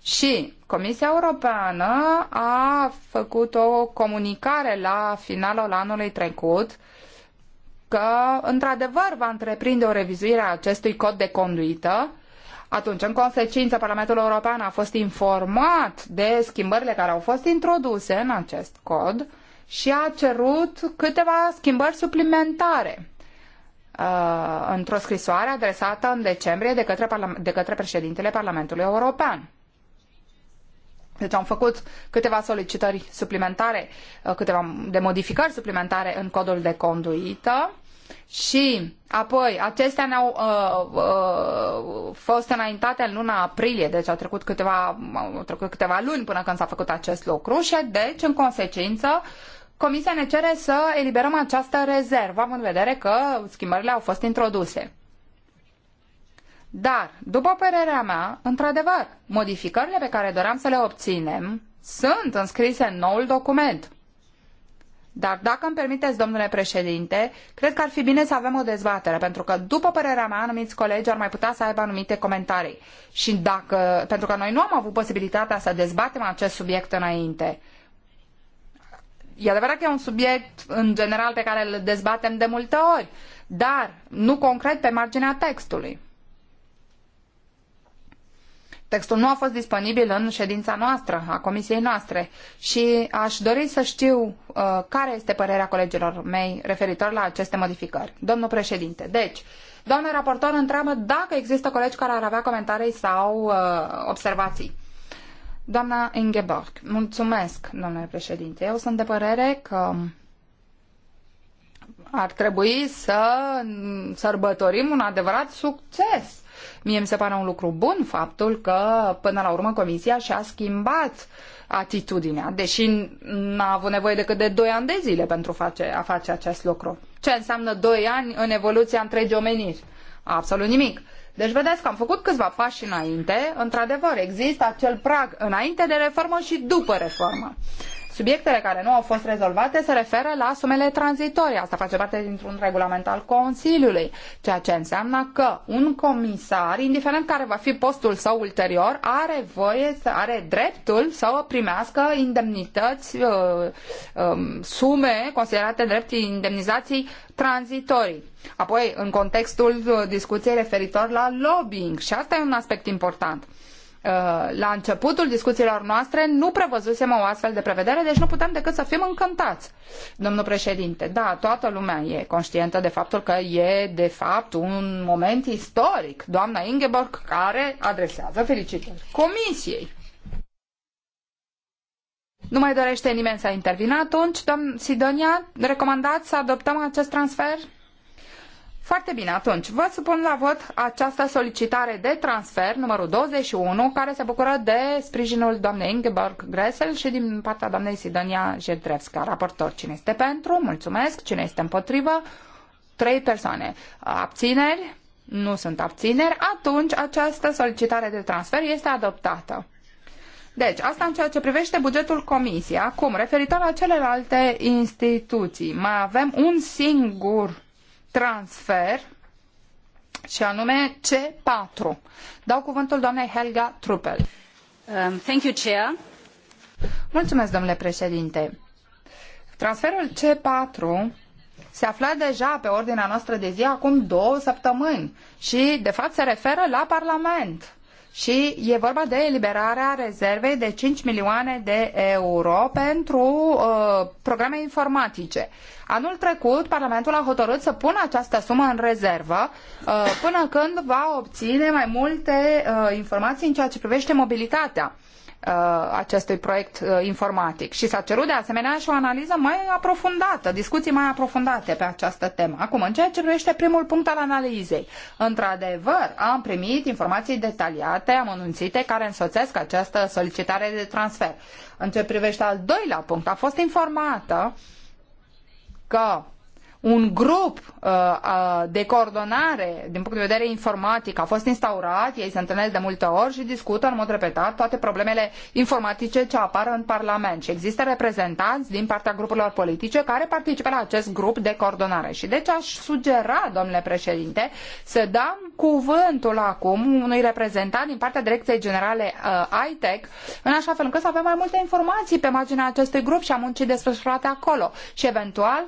Și Comisia Europeană a făcut o comunicare la finalul anului trecut uh, că, într-adevăr, va întreprinde o revizuire a acestui cod de conduită. Atunci, în consecință, Parlamentul European a fost informat de schimbările care au fost introduse în acest cod și a cerut câteva schimbări suplimentare uh, într-o scrisoare adresată în decembrie de către, de către președintele Parlamentului European. Deci am făcut câteva solicitări suplimentare, uh, câteva de modificări suplimentare în codul de conduită și apoi acestea ne-au uh, uh, fost înaintate în luna aprilie, deci au trecut câteva, au trecut câteva luni până când s-a făcut acest lucru și deci, în consecință, Comisia ne cere să eliberăm această rezervă, având în vedere că schimbările au fost introduse. Dar, după părerea mea, într-adevăr, modificările pe care doream să le obținem sunt înscrise în noul document. Dar dacă îmi permiteți, domnule președinte, cred că ar fi bine să avem o dezbatere, pentru că, după părerea mea, anumiți colegi ar mai putea să aibă anumite comentarii. Și dacă, pentru că noi nu am avut posibilitatea să dezbatem acest subiect înainte. E adevărat că e un subiect, în general, pe care îl dezbatem de multe ori, dar nu concret pe marginea textului. Textul nu a fost disponibil în ședința noastră, a comisiei noastre și aș dori să știu uh, care este părerea colegilor mei referitor la aceste modificări. Domnul președinte, deci, doamna raportor întreabă dacă există colegi care ar avea comentarii sau uh, observații. Doamna Ingeborg, mulțumesc, domnule președinte. Eu sunt de părere că ar trebui să sărbătorim un adevărat succes Mie mi se pare un lucru bun faptul că, până la urmă, Comisia și-a schimbat atitudinea, deși n-a avut nevoie decât de 2 ani de zile pentru face, a face acest lucru. Ce înseamnă 2 ani în evoluția întregii omeniri? Absolut nimic. Deci vedeți că am făcut câțiva pași înainte, într-adevăr există acel prag înainte de reformă și după reformă. Subiectele care nu au fost rezolvate se referă la sumele tranzitorii. Asta face parte dintr-un regulament al Consiliului, ceea ce înseamnă că un comisar, indiferent care va fi postul său ulterior, are voie, are dreptul să primească indemnități, uh, um, sume considerate drept indemnizații tranzitorii. Apoi, în contextul uh, discuției referitor la lobbying, și asta e un aspect important. Uh, la începutul discuțiilor noastre nu prevăzusem o astfel de prevedere, deci nu putem decât să fim încântați. Domnul președinte, da, toată lumea e conștientă de faptul că e, de fapt, un moment istoric. Doamna Ingeborg care adresează felicitări comisiei. Nu mai dorește nimeni să intervină atunci, domn Sidonia? Recomandați să adoptăm acest transfer? Foarte bine, atunci vă supun la vot această solicitare de transfer numărul 21, care se bucură de sprijinul doamnei Ingeborg Gressel și din partea doamnei Sidonia Jedrevska. Raportor, cine este pentru? Mulțumesc. Cine este împotrivă? Trei persoane. Abțineri? Nu sunt abțineri. Atunci această solicitare de transfer este adoptată. Deci, asta în ceea ce privește bugetul comisiei. Acum, referitor la celelalte instituții, mai avem un singur transfer și anume C4. Dau cuvântul doamnei Helga Truppel. Um, thank you, Chair. Mulțumesc, domnule președinte. Transferul C4 se afla deja pe ordinea noastră de zi acum două săptămâni și, de fapt, se referă la Parlament și e vorba de eliberarea rezervei de 5 milioane de euro pentru uh, programe informatice. Anul trecut, Parlamentul a hotărât să pună această sumă în rezervă uh, până când va obține mai multe uh, informații în ceea ce privește mobilitatea. Uh, Uh, acestui proiect uh, informatic. Și s-a cerut de asemenea și o analiză mai aprofundată, discuții mai aprofundate pe această temă. Acum, în ceea ce privește primul punct al analizei, într-adevăr, am primit informații detaliate, amănunțite, care însoțesc această solicitare de transfer. În ceea ce privește al doilea punct, a fost informată că un grup uh, de coordonare din punct de vedere informatic a fost instaurat, ei se întâlnesc de multe ori și discută în mod repetat toate problemele informatice ce apar în Parlament și există reprezentanți din partea grupurilor politice care participă la acest grup de coordonare. Și deci aș sugera, domnule președinte, să dăm cuvântul acum unui reprezentant din partea Direcției Generale uh, ITEC, în așa fel încât să avem mai multe informații pe marginea acestui grup și a muncii desfășurate acolo și eventual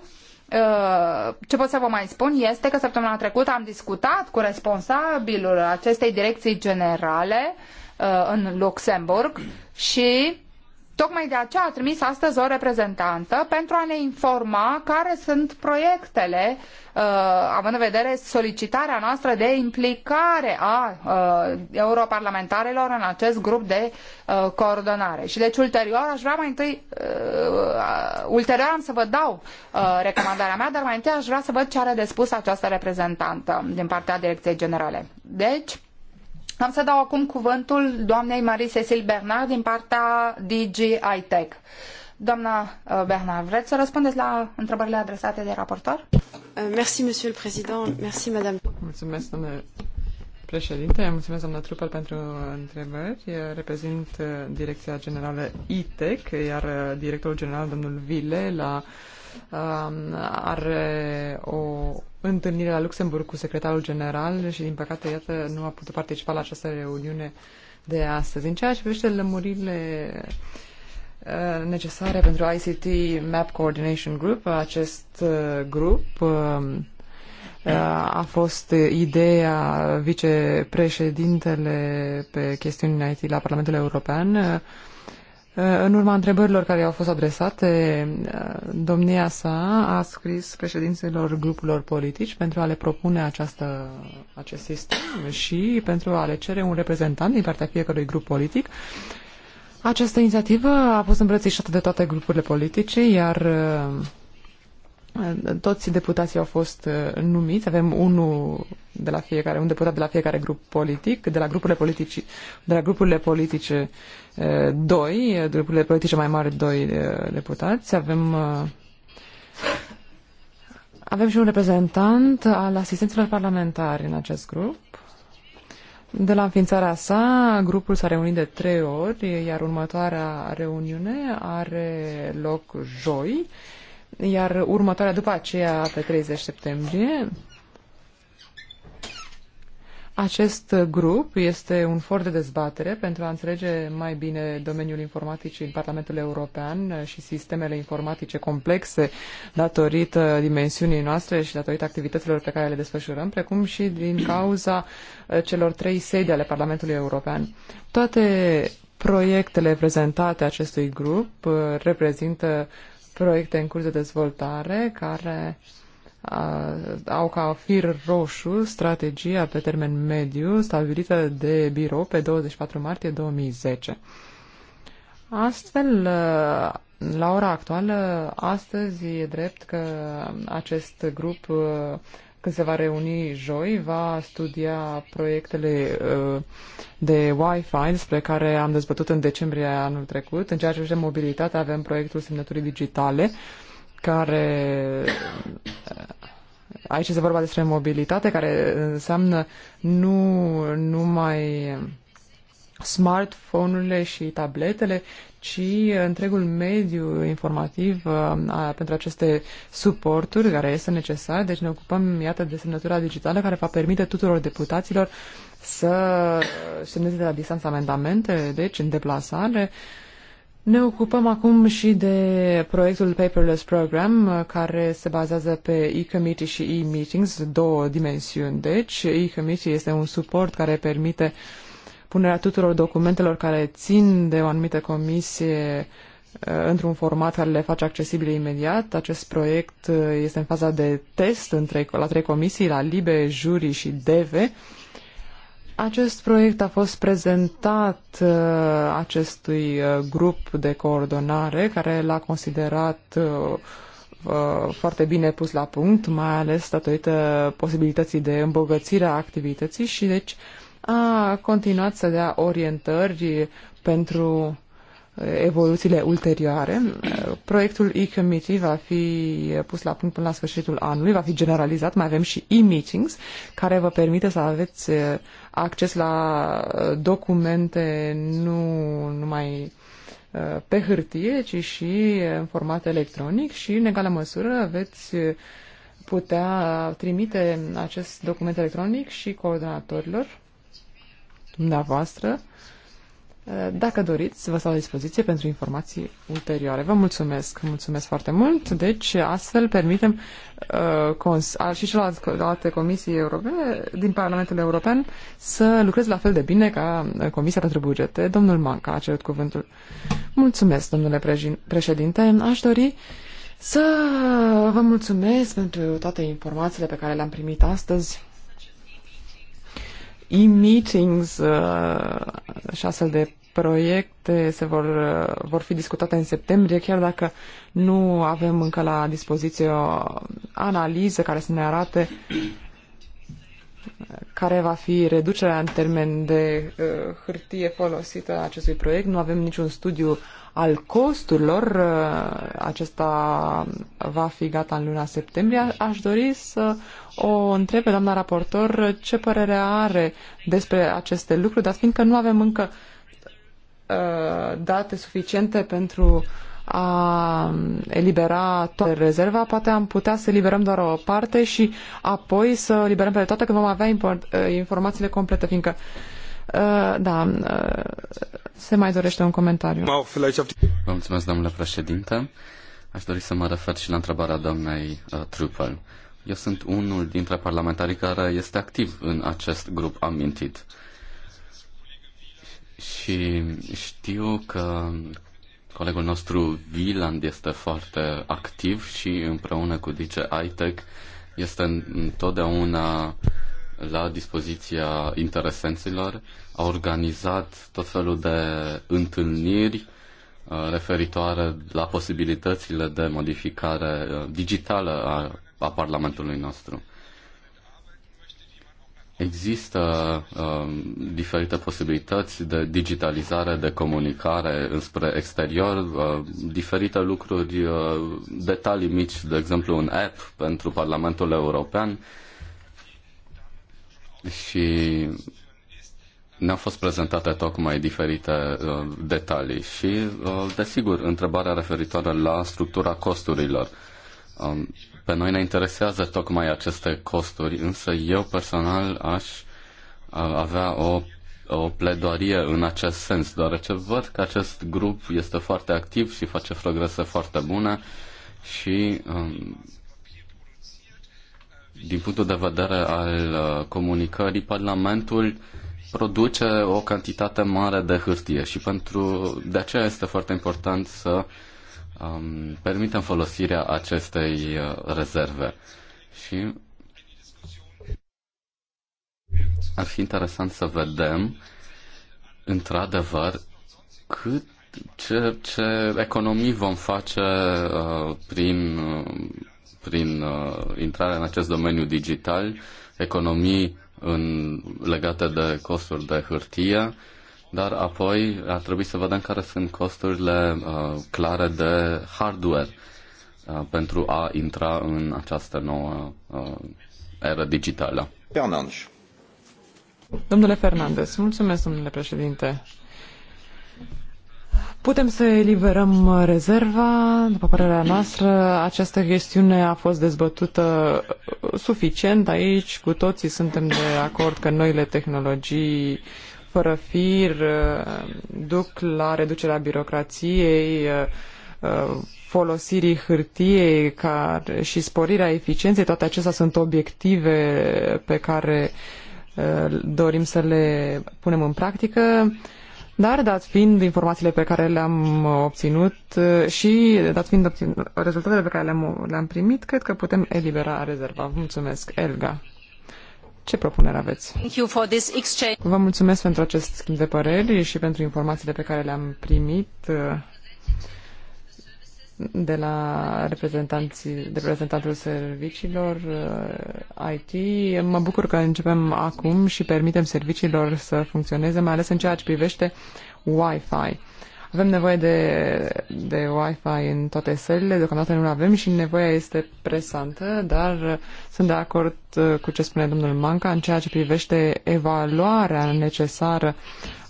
Uh, ce pot să vă mai spun este că săptămâna trecută am discutat cu responsabilul acestei direcții generale uh, în Luxemburg și Tocmai de aceea a trimis astăzi o reprezentantă pentru a ne informa care sunt proiectele, uh, având în vedere solicitarea noastră de implicare a uh, europarlamentarilor în acest grup de uh, coordonare. Și deci ulterior aș vrea mai întâi, uh, ulterior am să vă dau uh, recomandarea mea, dar mai întâi aș vrea să văd ce are de spus această reprezentantă din partea Direcției Generale. Deci, am să dau acum cuvântul doamnei Marie-Cécile Bernard din partea DG iTech. Doamna uh, Bernard, vreți să răspundeți la întrebările adresate de raportor? Uh, merci, monsieur le président. Merci, madame. Mulțumesc, domnule președinte. Mulțumesc, doamna Trupel, pentru întrebări. Eu reprezint uh, Direcția Generală ITEC, iar directorul general, domnul Vile, la uh, Um, are uh, o întâlnire la Luxemburg cu secretarul general și, din păcate, iată, nu a putut participa la această reuniune de astăzi. În ceea ce privește lămurile uh, necesare pentru ICT Map Coordination Group, acest uh, grup um, a fost ideea vicepreședintele pe chestiuni IT la Parlamentul European Eh, în urma întrebărilor care au fost adresate, eh, domnia sa a scris președinților grupurilor politici pentru a le propune această, acest sistem și pentru a le cere un reprezentant din partea fiecărui grup politic. Această inițiativă a fost îmbrățișată de toate grupurile politice, iar eh, toți deputații au fost uh, numiți, avem unul de la fiecare, un deputat de la fiecare grup politic, de la grupurile politice, de la grupurile politice uh, doi, uh, grupurile politice mai mari doi deputați, avem avem și un reprezentant al asistenților parlamentari în acest grup. De la înființarea sa, grupul s-a reunit de trei ori, iar următoarea reuniune are loc joi, iar următoarea după aceea, pe 30 septembrie, acest grup este un for de dezbatere pentru a înțelege mai bine domeniul informaticii în Parlamentul European și sistemele informatice complexe datorită dimensiunii noastre și datorită activităților pe care le desfășurăm, precum și din cauza celor trei sedi ale Parlamentului European. Toate proiectele prezentate acestui grup reprezintă proiecte în curs de dezvoltare care uh, au ca fir roșu strategia pe termen mediu stabilită de birou pe 24 martie 2010. Astfel, la ora actuală, astăzi e drept că acest grup când se va reuni joi, va studia proiectele uh, de Wi-Fi despre care am dezbătut în decembrie anul trecut. În ceea ce privește mobilitatea, avem proiectul semnăturii digitale, care uh, aici se vorba despre mobilitate, care înseamnă nu numai smartphone-urile și tabletele, ci uh, întregul mediu informativ uh, a, pentru aceste suporturi care este necesar. Deci ne ocupăm, iată, de semnătura digitală care va permite tuturor deputaților să uh, semneze de la distanță amendamente, deci în deplasare. Ne ocupăm acum și de proiectul Paperless Program, care se bazează pe e-committee și e-meetings, două dimensiuni. Deci, e-committee este un suport care permite uh, punerea tuturor documentelor care țin de o anumită comisie uh, într-un format care le face accesibile imediat. Acest proiect uh, este în faza de test între, la trei comisii, la LIBE, Juri și DEVE. Acest proiect a fost prezentat uh, acestui grup de coordonare care l-a considerat foarte bine pus la punct, mai ales datorită posibilității de îmbogățire a activității și deci a continuat să dea orientări pentru evoluțiile ulterioare. Proiectul e-committee va fi pus la punct până la sfârșitul anului, va fi generalizat, mai avem și e-meetings care vă permite să aveți acces la documente nu numai uh, pe hârtie, ci și în format electronic și, în egală măsură, veți putea trimite acest document electronic și coordonatorilor dumneavoastră. Dacă doriți, vă stau la dispoziție pentru informații ulterioare. Vă mulțumesc, mulțumesc foarte mult. Deci, astfel permitem uh, și celelalte comisii europene din Parlamentul European să lucreze la fel de bine ca uh, Comisia pentru Bugete. Domnul Manca a cerut cuvântul. Mulțumesc, domnule președinte. Aș dori să vă mulțumesc pentru toate informațiile pe care le-am primit astăzi e-meetings uh, și astfel de proiecte se vor, uh, vor fi discutate în septembrie, chiar dacă nu avem încă la dispoziție o analiză care să ne arate care va fi reducerea în termen de uh, hârtie folosită a acestui proiect. Nu avem niciun studiu al costurilor. Uh, acesta va fi gata în luna septembrie. Aș dori să o întreb pe doamna raportor ce părere are despre aceste lucruri, dar fiindcă nu avem încă uh, date suficiente pentru a um, elibera toată rezerva, poate am putea să eliberăm doar o parte și apoi să eliberăm pe toate când vom avea uh, informațiile complete, fiindcă uh, da, uh, se mai dorește un comentariu. Vă mulțumesc, domnule președinte. Aș dori să mă refer și la întrebarea doamnei uh, Trupel. Eu sunt unul dintre parlamentarii care este activ în acest grup amintit. Și știu că colegul nostru Viland este foarte activ și împreună cu Dice ITEC este întotdeauna la dispoziția interesenților. A organizat tot felul de întâlniri uh, referitoare la posibilitățile de modificare uh, digitală a a Parlamentului nostru. Există uh, diferite posibilități de digitalizare, de comunicare înspre exterior, uh, diferite lucruri, uh, detalii mici, de exemplu un app pentru Parlamentul European și ne-au fost prezentate tocmai diferite uh, detalii și, uh, desigur, întrebarea referitoare la structura costurilor. Um, pe noi ne interesează tocmai aceste costuri, însă eu personal aș avea o, o pledoarie în acest sens, deoarece văd că acest grup este foarte activ și face progrese foarte bune și um, din punctul de vedere al uh, comunicării, Parlamentul produce o cantitate mare de hârtie și pentru de aceea este foarte important să um, permitem folosirea acestei uh, rezerve. Și ar fi interesant să vedem, într-adevăr, cât ce, ce economii vom face uh, prin, uh, prin uh, intrarea în acest domeniu digital, economii în, legate de costuri de hârtie, dar apoi ar trebui să vedem care sunt costurile uh, clare de hardware uh, pentru a intra în această nouă uh, digitală. Fernandes. Domnule Fernandez, mulțumesc, domnule președinte. Putem să eliberăm rezerva, după părerea noastră. Această chestiune a fost dezbătută suficient aici. Cu toții suntem de acord că noile tehnologii uh, fără fir uh, duc la reducerea birocrației, uh, uh, folosirii hârtiei ca și sporirea eficienței, toate acestea sunt obiective pe care dorim să le punem în practică. Dar, dat fiind informațiile pe care le-am obținut și dat fiind rezultatele pe care le-am, le-am primit, cred că putem elibera rezerva. Mulțumesc, Elga. Ce propunere aveți? Vă mulțumesc pentru acest schimb de păreri și pentru informațiile pe care le-am primit uh, de la reprezentanții, reprezentantul serviciilor uh, IT. Mă bucur că începem acum și permitem serviciilor să funcționeze, mai ales în ceea ce privește Wi-Fi. Avem nevoie de, de Wi-Fi în toate sălile, deocamdată nu avem și nevoia este presantă, dar uh, sunt de acord uh, cu ce spune domnul Manca în ceea ce privește evaluarea necesară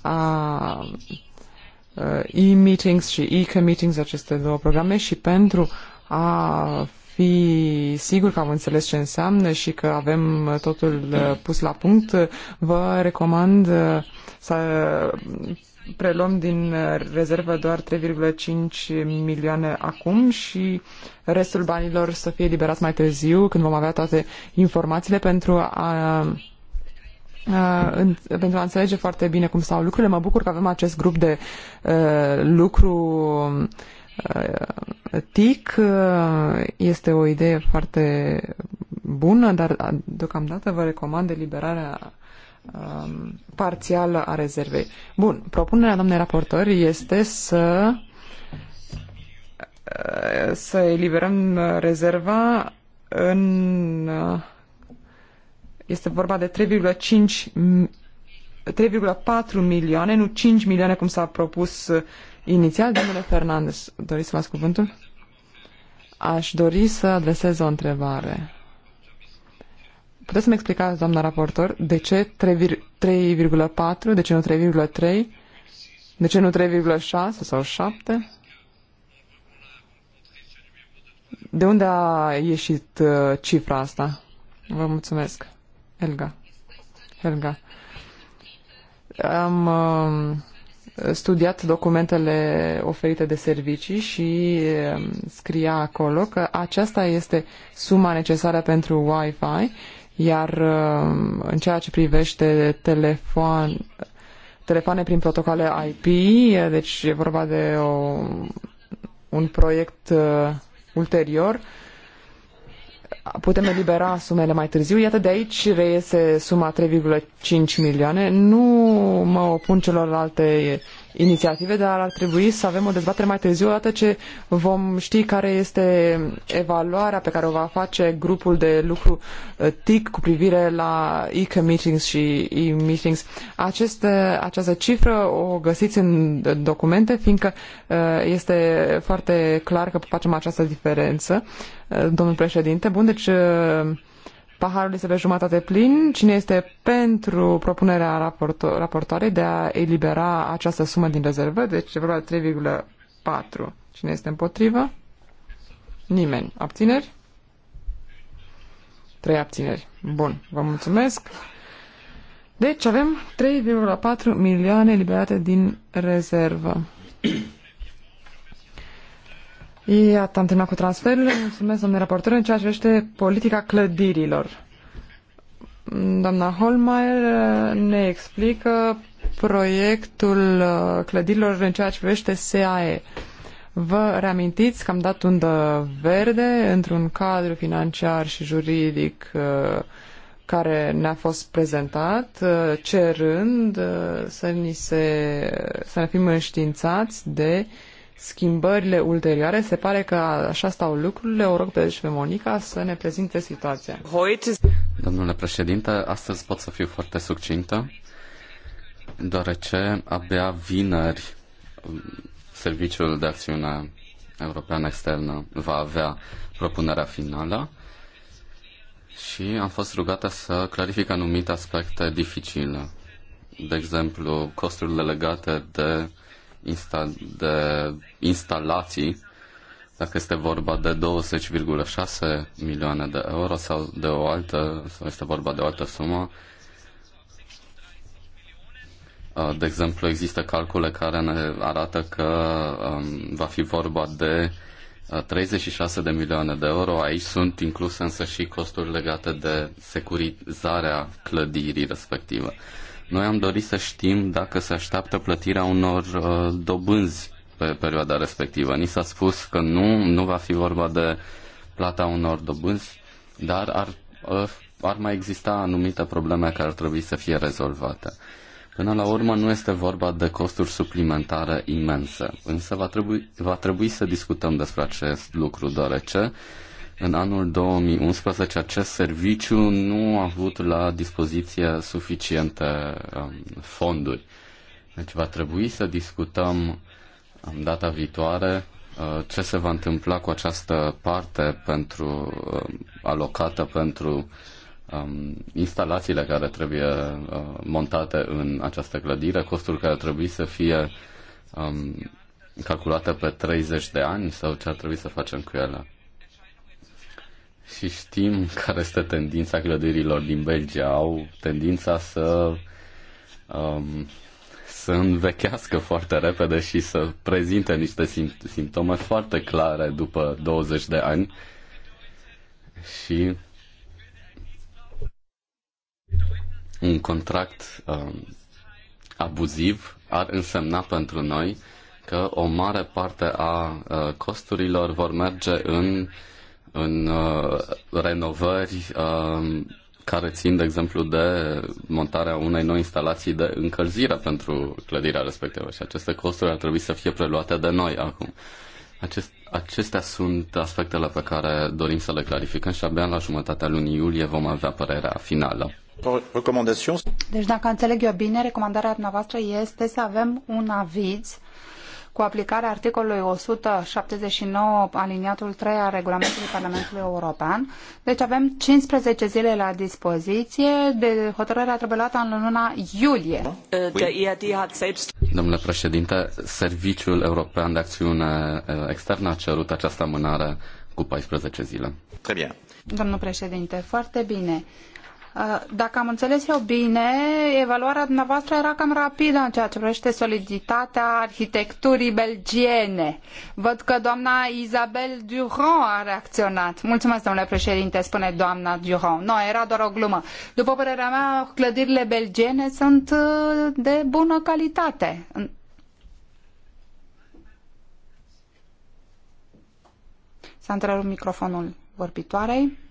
a uh, e-meetings și e-committings, aceste două programe, și pentru a fi sigur că am înțeles ce înseamnă și că avem totul pus la punct, vă recomand să preluăm din uh, rezervă doar 3,5 milioane acum și restul banilor să fie liberați mai târziu, când vom avea toate informațiile pentru a pentru a înțelege foarte bine cum stau lucrurile. Mă bucur că avem acest grup de uh, lucru uh, TIC. Uh, este o idee foarte bună, dar deocamdată vă recomand eliberarea um, parțială a rezervei. Bun, propunerea doamnei raportor este să uh, să eliberăm rezerva în uh, este vorba de 3,5 3,4 milioane, nu 5 milioane cum s-a propus uh, inițial. Domnule Fernandez, doriți să luați cuvântul? Aș dori să adresez o întrebare. Puteți să-mi explicați, doamna raportor, de ce 3,4, de ce nu 3,3, de ce nu 3,6 sau 7? De unde a ieșit uh, cifra asta? Vă mulțumesc. Helga. Helga. Am uh, studiat documentele oferite de servicii și uh, scria acolo că aceasta este suma necesară pentru Wi-Fi iar uh, în ceea ce privește telefon, telefoane prin protocoale IP, uh, deci e vorba de o, un proiect uh, ulterior, putem elibera sumele mai târziu. Iată de aici reiese suma 3,5 milioane. Nu mă opun celorlalte inițiative, dar ar trebui să avem o dezbatere mai târziu, odată ce vom ști care este evaluarea pe care o va face grupul de lucru uh, TIC cu privire la e-meetings și e-meetings. Aceste, această cifră o găsiți în documente, fiindcă uh, este foarte clar că facem această diferență, uh, domnul președinte. Bun, deci Paharul este pe jumătate plin. Cine este pentru propunerea raporto- raportoarei de a elibera această sumă din rezervă? Deci e vorba de 3,4. Cine este împotrivă? Nimeni. Abțineri? Trei abțineri. Bun, vă mulțumesc. Deci avem 3,4 milioane eliberate din rezervă. Iată, am terminat cu transferurile. Mulțumesc, domnule raportor, în ceea ce este politica clădirilor. Doamna Holmeier ne explică proiectul uh, clădirilor în ceea ce privește SAE. Vă reamintiți că am dat undă verde într-un cadru financiar și juridic uh, care ne-a fost prezentat, uh, cerând să, ni se, să ne fim înștiințați de uh, schimbările ulterioare. Se pare că așa stau lucrurile. O rog pe deci pe Monica să ne prezinte situația. Domnule președinte, astăzi pot să fiu foarte succintă, deoarece abia vineri um, Serviciul de Acțiune Europeană Externă va avea propunerea finală și am fost rugată să clarific anumite aspecte dificile. De exemplu, costurile legate de insta- de instalații, dacă este vorba de 20,6 milioane de euro sau de o altă, sau este vorba de o altă sumă, de exemplu, există calcule care ne arată că um, va fi vorba de 36 de milioane de euro. Aici sunt incluse însă și costuri legate de securizarea clădirii respective. Noi am dorit să știm dacă se așteaptă plătirea unor uh, dobânzi pe perioada respectivă. Ni s-a spus că nu, nu va fi vorba de plata unor dobânzi, dar ar, uh, ar mai exista anumite probleme care ar trebui să fie rezolvate. Până la urmă nu este vorba de costuri suplimentare imense, însă va trebui, va trebui să discutăm despre acest lucru, deoarece uh, în anul 2011 acest serviciu nu a avut la dispoziție suficiente um, fonduri. Deci va trebui să discutăm în um, data viitoare uh, ce se va întâmpla cu această parte pentru um, alocată pentru um, instalațiile care trebuie uh, montate în această clădire, costul care trebuie să fie um, calculate pe 30 de ani sau ce ar trebui să facem cu ele? și știm care este tendința clădirilor din Belgia. Au tendința să, um, să învechească foarte repede și să prezinte niște sim- simptome foarte clare după 20 de ani. Și un contract um, abuziv ar însemna pentru noi că o mare parte a uh, costurilor vor merge în uh, în uh, renovări uh, care țin, de exemplu, de montarea unei noi instalații de încălzire pentru clădirea respectivă și aceste costuri ar trebui să fie preluate de noi acum. Acest, acestea sunt aspectele pe care dorim să le clarificăm și abia la jumătatea lunii iulie vom avea părerea finală. Deci, dacă înțeleg eu bine, recomandarea noastră este să avem un aviz cu aplicarea articolului 179 aliniatul 3 al regulamentului Parlamentului European. Deci avem 15 zile la dispoziție. De hotărârea trebuie luată în luna iulie. Domnule președinte, Serviciul European de Acțiune eh, Externă a cerut această amânare cu 14 zile. Très bien. Domnul președinte, foarte bine. Uh, dacă am înțeles eu bine, evaluarea dumneavoastră era cam rapidă în ceea ce privește soliditatea arhitecturii belgiene. Văd că doamna Isabel Durand a reacționat. Mulțumesc, domnule președinte, spune doamna Durand. Nu, era doar o glumă. După părerea mea, clădirile belgiene sunt uh, de bună calitate. S-a întrerupt microfonul vorbitoarei.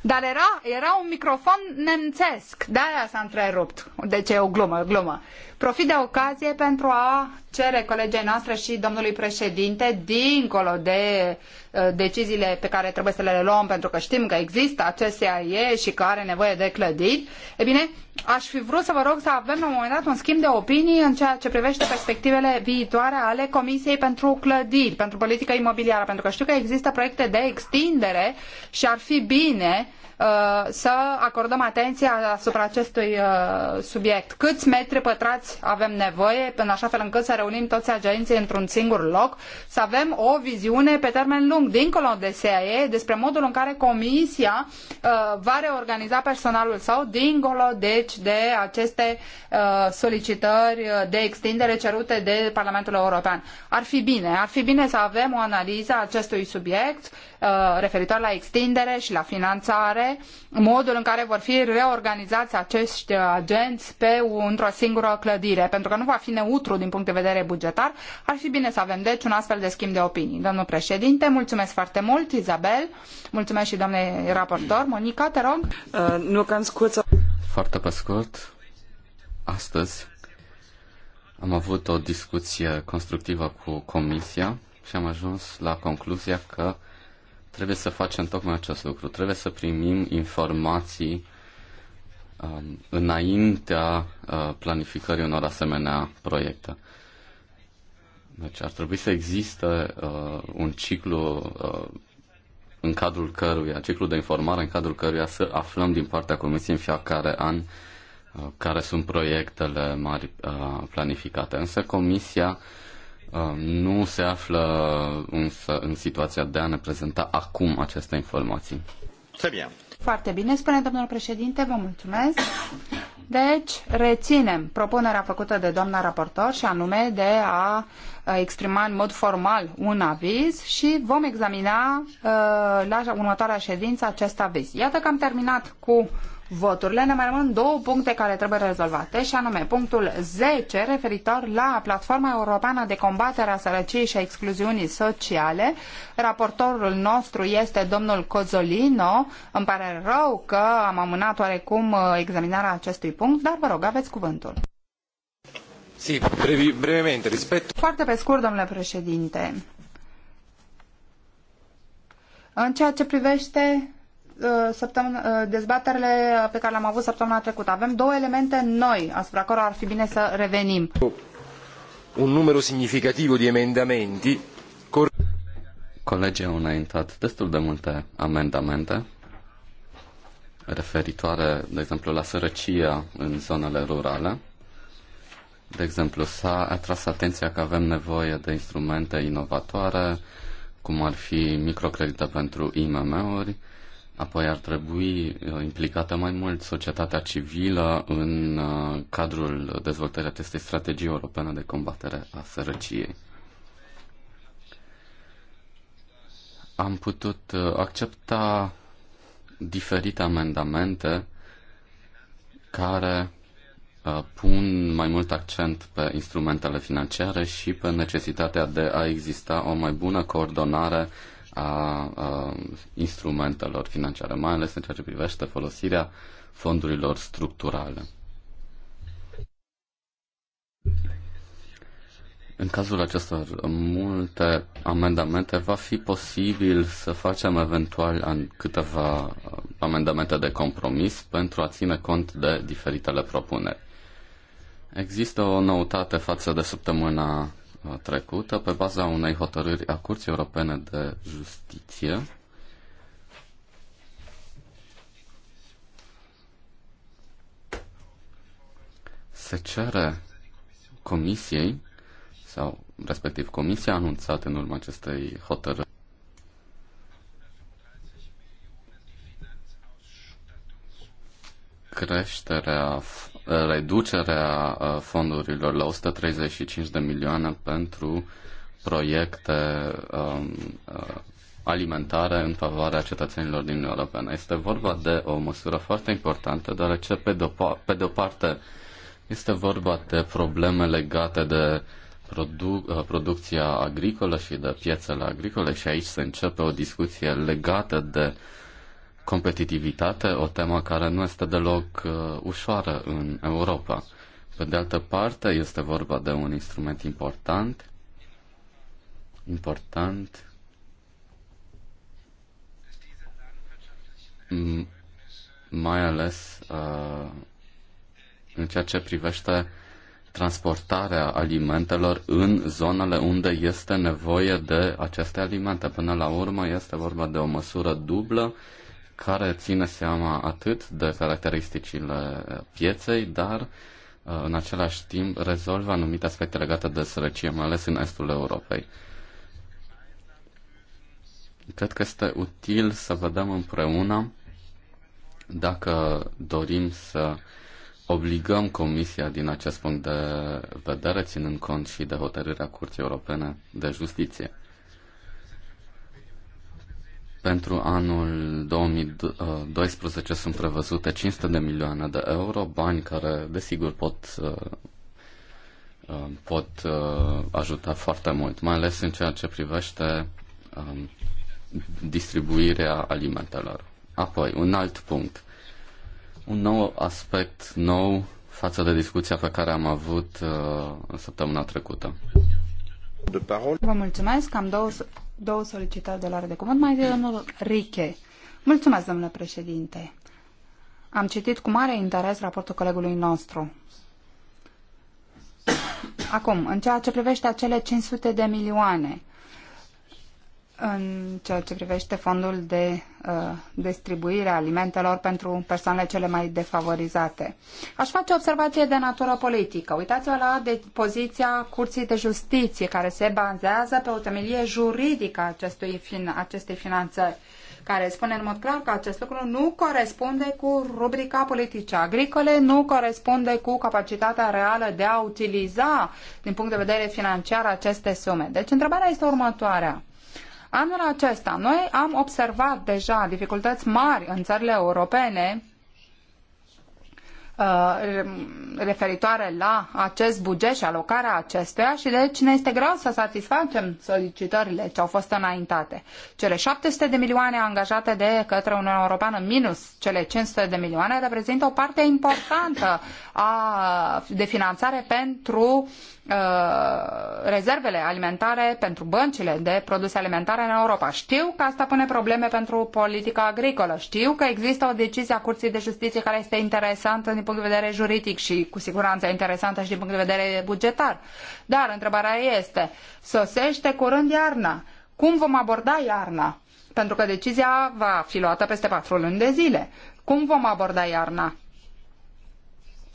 Dar era, era un microfon nemțesc, de-aia s-a întrerupt. Deci e o glumă, glumă. Profit de ocazie pentru a cere colegei noastre și domnului președinte, dincolo de uh, deciziile pe care trebuie să le luăm, pentru că știm că există acest CIA și că are nevoie de clădiri, e bine, aș fi vrut să vă rog să avem la un moment dat un schimb de opinii în ceea ce privește perspectivele viitoare ale Comisiei pentru Clădiri, pentru politică imobiliară, pentru că știu că există proiecte de extindere și ar fi bine uh, să acordăm atenție asupra acestui uh, subiect. Câți metri pătrați avem nevoie, în așa fel încât să reunim toți agenții într-un singur loc, să avem o viziune pe termen lung, dincolo de SAE, despre modul în care Comisia uh, va reorganiza personalul său, dincolo deci de aceste uh, solicitări de extindere cerute de Parlamentul European. Ar fi bine, ar fi bine să avem o analiză a acestui subiect, Uh, referitor la extindere și la finanțare, modul în care vor fi reorganizați acești agenți pe într-o singură clădire, pentru că nu va fi neutru din punct de vedere bugetar, ar fi bine să avem deci un astfel de schimb de opinii. Domnul președinte, mulțumesc foarte mult, Izabel, mulțumesc și doamnei raportor. Monica, te rog. Uh, nu cam scurt. Foarte pe scurt, astăzi am avut o discuție constructivă cu Comisia și am ajuns la concluzia că Trebuie să facem tocmai acest lucru. Trebuie să primim informații um, înaintea uh, planificării unor asemenea proiecte. Deci ar trebui să existe uh, un ciclu uh, în cadrul căruia, ciclu de informare în cadrul căruia să aflăm din partea Comisiei în fiecare an uh, care sunt proiectele mari uh, planificate. Însă Comisia uh, Um, nu se află însă în situația de a ne prezenta acum aceste informații. Bine. Foarte bine, spune domnul președinte, vă mulțumesc. Deci, reținem propunerea făcută de doamna raportor și anume de a exprima în mod formal un aviz și vom examina uh, la următoarea ședință acest aviz. Iată că am terminat cu voturile, ne mai rămân două puncte care trebuie rezolvate și anume punctul 10 referitor la Platforma Europeană de Combatere a Sărăciei și a Excluziunii Sociale. Raportorul nostru este domnul Cozolino. Îmi pare rău că am amânat oarecum uh, examinarea acestui punct, dar vă rog, aveți cuvântul. Si, brevi, brevemente, respect. Foarte pe scurt, domnule președinte. În ceea ce privește Uh, săptămâna, uh, dezbaterile pe care le-am avut săptămâna trecută. Avem două elemente noi asupra cărora ar fi bine să revenim. Un număr semnificativ de emendamenti. Colegii au înaintat destul de multe amendamente referitoare, de exemplu, la sărăcia în zonele rurale. De exemplu, s-a atras atenția că avem nevoie de instrumente inovatoare, cum ar fi microcredite pentru IMM-uri, Apoi ar trebui uh, implicată mai mult societatea civilă în uh, cadrul dezvoltării acestei strategii europene de combatere a sărăciei. Am putut uh, accepta diferite amendamente care pun mai mult accent pe instrumentele financiare și pe necesitatea de a exista o mai bună coordonare a instrumentelor financiare, mai ales în ceea ce privește folosirea fondurilor structurale. În cazul acestor multe amendamente, va fi posibil să facem eventual câteva amendamente de compromis pentru a ține cont de diferitele propuneri. Există o noutate față de săptămâna trecută, pe baza unei hotărâri a Curții Europene de Justiție, se cere Comisiei, sau respectiv Comisia a anunțat în urma acestei hotărâri, creșterea Uh, reducerea uh, fondurilor la 135 de milioane pentru proiecte um, uh, alimentare în favoarea cetățenilor din Uniunea Europeană. Este vorba de o măsură foarte importantă, deoarece, pe de-o, pe de-o parte, este vorba de probleme legate de produ- producția agricolă și de piețele agricole și aici se începe o discuție legată de uh, competitivitate, o temă care nu este deloc uh, ușoară în Europa. Pe de altă parte, este vorba de un instrument important, important mai ales uh, în ceea ce privește transportarea alimentelor în zonele unde este nevoie de aceste alimente. Până la urmă este vorba de o măsură dublă uh, care ține seama atât de caracteristicile pieței, dar uh, în același timp rezolvă anumite aspecte legate de sărăcie, mai ales în estul Europei. Cred că este util să vedem împreună dacă dorim să obligăm Comisia din acest punct de vedere, ținând cont și de hotărârea Curții Europene de Justiție. Pentru anul 2012 sunt prevăzute 500 de milioane de euro, bani care, desigur, pot, uh, uh, pot uh, ajuta foarte mult, mai ales în ceea ce privește um, distribuirea alimentelor. Apoi, un alt punct. Un nou aspect nou față de discuția pe care am avut uh, săptămâna trecută. Vă mulțumesc, am două două solicitări de luare de cuvânt. Mai zi, domnul Riche. Mulțumesc, domnule președinte. Am citit cu mare interes raportul colegului nostru. Acum, în ceea ce privește acele 500 de milioane, în ceea ce privește fondul de uh, distribuire a alimentelor pentru persoanele cele mai defavorizate. Aș face o observație de natură politică. Uitați-vă la de poziția Curții de Justiție, care se bazează pe o temelie juridică a acestui fin- acestei finanțări, care spune în mod clar că acest lucru nu corespunde cu rubrica politice agricole, nu corespunde cu capacitatea reală de a utiliza, din punct de vedere financiar, aceste sume. Deci, întrebarea este următoarea Anul acesta noi am observat deja dificultăți mari în țările europene uh, referitoare la acest buget și alocarea acestuia și deci ne este greu să satisfacem solicitările ce au fost înaintate. Cele 700 de milioane angajate de către Uniunea Europeană minus cele 500 de milioane reprezintă o parte importantă a, de finanțare pentru Uh, rezervele alimentare pentru băncile de produse alimentare în Europa. Știu că asta pune probleme pentru politica agricolă. Știu că există o decizie a Curții de Justiție care este interesantă din punct de vedere juridic și cu siguranță interesantă și din punct de vedere bugetar. Dar întrebarea este, sosește curând iarna. Cum vom aborda iarna? Pentru că decizia va fi luată peste patru luni de zile. Cum vom aborda iarna?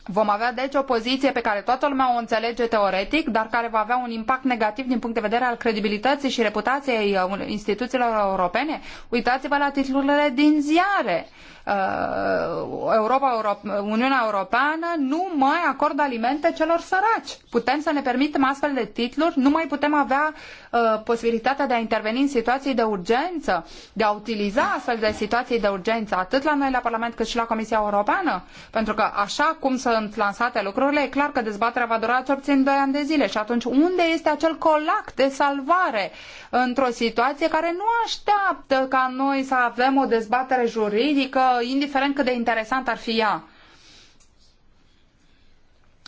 Vom avea deci o poziție pe care toată lumea o înțelege teoretic, dar care va avea un impact negativ din punct de vedere al credibilității și reputației uh, instituțiilor europene? Uitați-vă la titlurile din ziare. Uh, Europa, Uniunea Europeană nu mai acordă alimente celor săraci. Putem să ne permitem astfel de titluri? Nu mai putem avea uh, posibilitatea de a interveni în situații de urgență, de a utiliza astfel de situații de urgență, atât la noi la Parlament cât și la Comisia Europeană? Pentru că așa cum sunt lansate lucrurile, e clar că dezbaterea va dura cel puțin 2 ani de zile și atunci unde este acel colac de salvare într-o situație care nu așteaptă ca noi să avem o dezbatere juridică indiferent cât de interesant ar fi ea.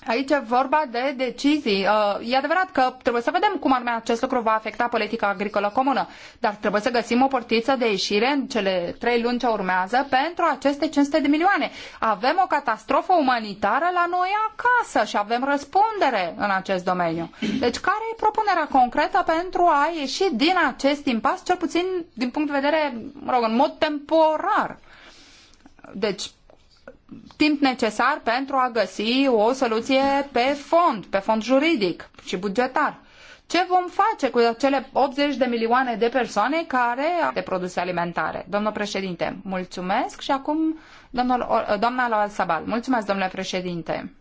Aici e vorba de decizii. Uh, e adevărat că trebuie să vedem cum anume acest lucru va afecta politica agricolă comună, dar trebuie să găsim o portiță de ieșire în cele trei luni ce urmează pentru aceste 500 de milioane. Avem o catastrofă umanitară la noi acasă și avem răspundere în acest domeniu. Deci care e propunerea concretă pentru a ieși din acest impas, cel puțin din punct de vedere, mă rog, în mod temporar? Deci, timp necesar pentru a găsi o soluție pe fond, pe fond juridic și bugetar. Ce vom face cu cele 80 de milioane de persoane care au de produse alimentare? Domnul președinte, mulțumesc și acum domnul, doamna Loal Sabal. Mulțumesc, domnule președinte.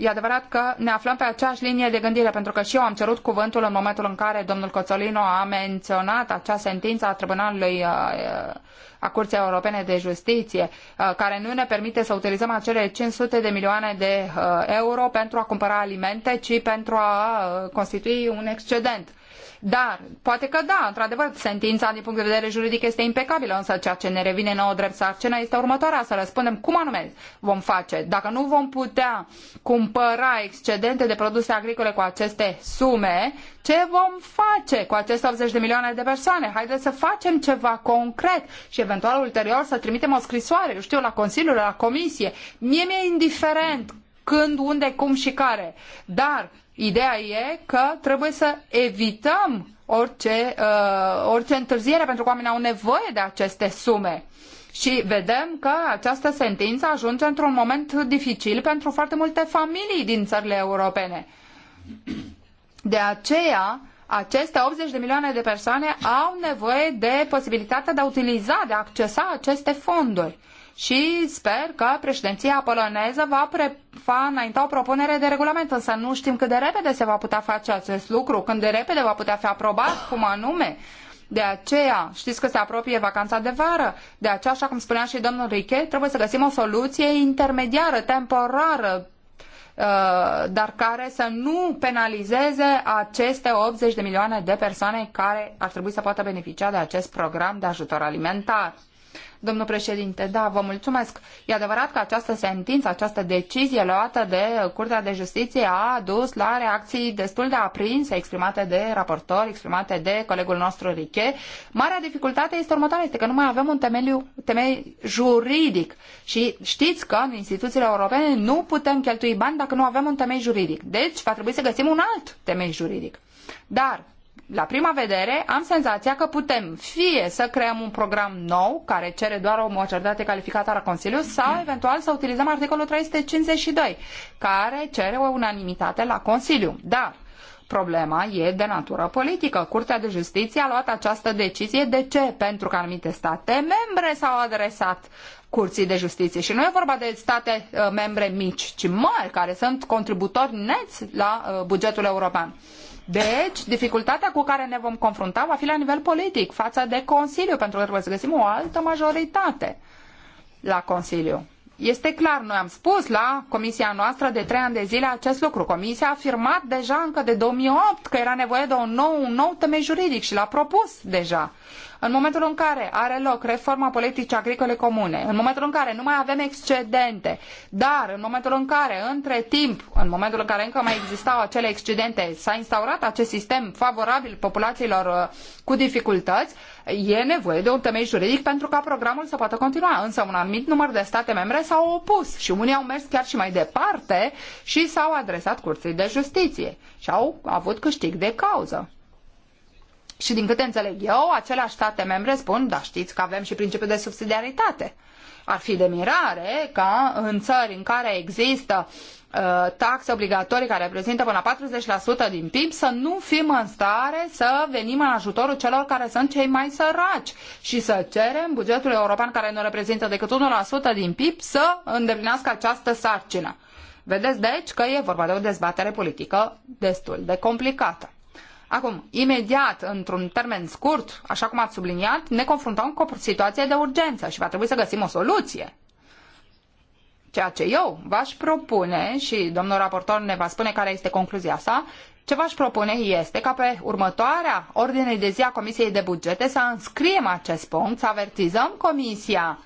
E adevărat că ne aflăm pe aceeași linie de gândire, pentru că și eu am cerut cuvântul în momentul în care domnul Coțolino a menționat acea sentință a Tribunalului uh, uh, a Curții Europene de Justiție, uh, care nu ne permite să utilizăm acele 500 de milioane de euro pentru a cumpăra alimente, ci pentru a constitui un excedent. Dar, poate că da, într-adevăr, sentința din punct de vedere juridic este impecabilă, însă ceea ce ne revine nouă drept sarcina este următoarea, să răspundem cum anume vom face. Dacă nu vom putea cumpăra excedente de produse agricole cu aceste sume, ce vom face cu aceste 80 de milioane de persoane? Haideți să facem ceva concret și eventual ulterior să trimitem o scrisoare, eu știu, la Consiliul, la Comisie. Mie mi-e indiferent când, unde, cum și care. Dar Ideea e că trebuie să evităm orice, uh, orice întârziere, pentru că oamenii au nevoie de aceste sume. Și vedem că această sentință ajunge într-un moment dificil pentru foarte multe familii din țările europene. De aceea, aceste 80 de milioane de persoane au nevoie de posibilitatea de a utiliza, de a accesa aceste fonduri și sper că președinția poloneză va prefa înainta o propunere de regulament, însă nu știm cât de repede se va putea face acest lucru, când de repede va putea fi aprobat, cum anume. De aceea, știți că se apropie vacanța de vară, de aceea, așa cum spunea și domnul Riche, trebuie să găsim o soluție intermediară, temporară, uh, dar care să nu penalizeze aceste 80 de milioane de persoane care ar trebui să poată beneficia de acest program de ajutor alimentar. Domnul președinte, da, vă mulțumesc. E adevărat că această sentință, această decizie luată de Curtea de Justiție a dus la reacții destul de aprinse exprimate de raportori, exprimate de colegul nostru Riche. Marea dificultate este următoarea, este că nu mai avem un temeliu, temei juridic și știți că în instituțiile europene nu putem cheltui bani dacă nu avem un temei juridic. Deci va trebui să găsim un alt temei juridic. Dar la prima vedere, am senzația că putem fie să creăm un program nou care cere doar o majoritate calificată la Consiliu sau eventual să utilizăm articolul 352 care cere o unanimitate la Consiliu. Dar Problema e de natură politică. Curtea de Justiție a luat această decizie. De ce? Pentru că anumite state membre s-au adresat Curții de Justiție. Și nu e vorba de state uh, membre mici, ci mari, care sunt contributori neți la uh, bugetul european. Deci, dificultatea cu care ne vom confrunta va fi la nivel politic, față de Consiliu, pentru că trebuie să găsim o altă majoritate la Consiliu. Este clar, noi am spus la comisia noastră de trei ani de zile acest lucru. Comisia a afirmat deja încă de 2008 că era nevoie de un nou, un nou temei juridic și l-a propus deja. În momentul în care are loc reforma politicii agricole comune, în momentul în care nu mai avem excedente, dar în momentul în care, între timp, în momentul în care încă mai existau acele excedente, s-a instaurat acest sistem favorabil populațiilor uh, cu dificultăți, e nevoie de un temei juridic pentru ca programul să poată continua. Însă un anumit număr de state membre s-au opus și unii au mers chiar și mai departe și s-au adresat curții de justiție și au avut câștig de cauză. Și din câte înțeleg eu, aceleași state membre spun, da știți că avem și principiul de subsidiaritate. Ar fi de mirare ca în țări în care există uh, taxe obligatorii care reprezintă până la 40% din PIB să nu fim în stare să venim în ajutorul celor care sunt cei mai săraci și să cerem bugetul european care nu reprezintă decât 1% din PIB să îndeplinească această sarcină. Vedeți deci că e vorba de o dezbatere politică destul de complicată. Acum, imediat, într-un termen scurt, așa cum ați subliniat, ne confruntăm cu o situație de urgență și va trebui să găsim o soluție. Ceea ce eu v-aș propune, și domnul raportor ne va spune care este concluzia sa, ce v-aș propune este ca pe următoarea ordine de zi a Comisiei de Bugete să înscriem acest punct, să avertizăm Comisia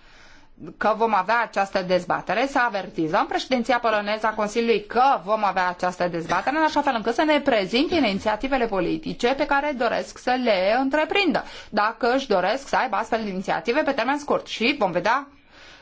că vom avea această dezbatere, să avertizăm președinția poloneză a Consiliului că vom avea această dezbatere, în așa fel încât să ne prezinte inițiativele politice pe care doresc să le întreprindă, dacă își doresc să aibă astfel de inițiative pe termen scurt. Și vom vedea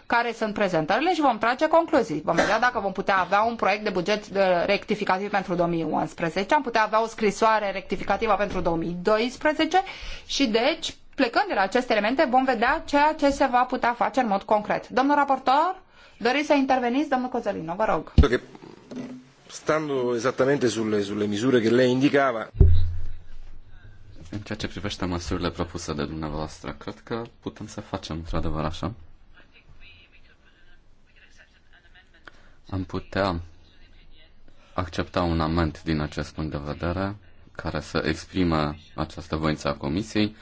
care sunt prezentările și vom trage concluzii. Vom vedea dacă vom putea avea un proiect de buget uh, rectificativ pentru 2011, am putea avea o scrisoare rectificativă pentru 2012 și deci plecând de la aceste elemente, vom vedea ceea ce se va putea face în mod concret. Domnul raportor, doriți să interveniți? Domnul Cozolino, vă rog. Stando esattamente sulle, sulle misure che lei indicava. În ceea ce privește măsurile propuse de dumneavoastră, cred că putem să facem într-adevăr așa. Am putea accepta un amend din acest punct de vedere care să exprime această voință a Comisiei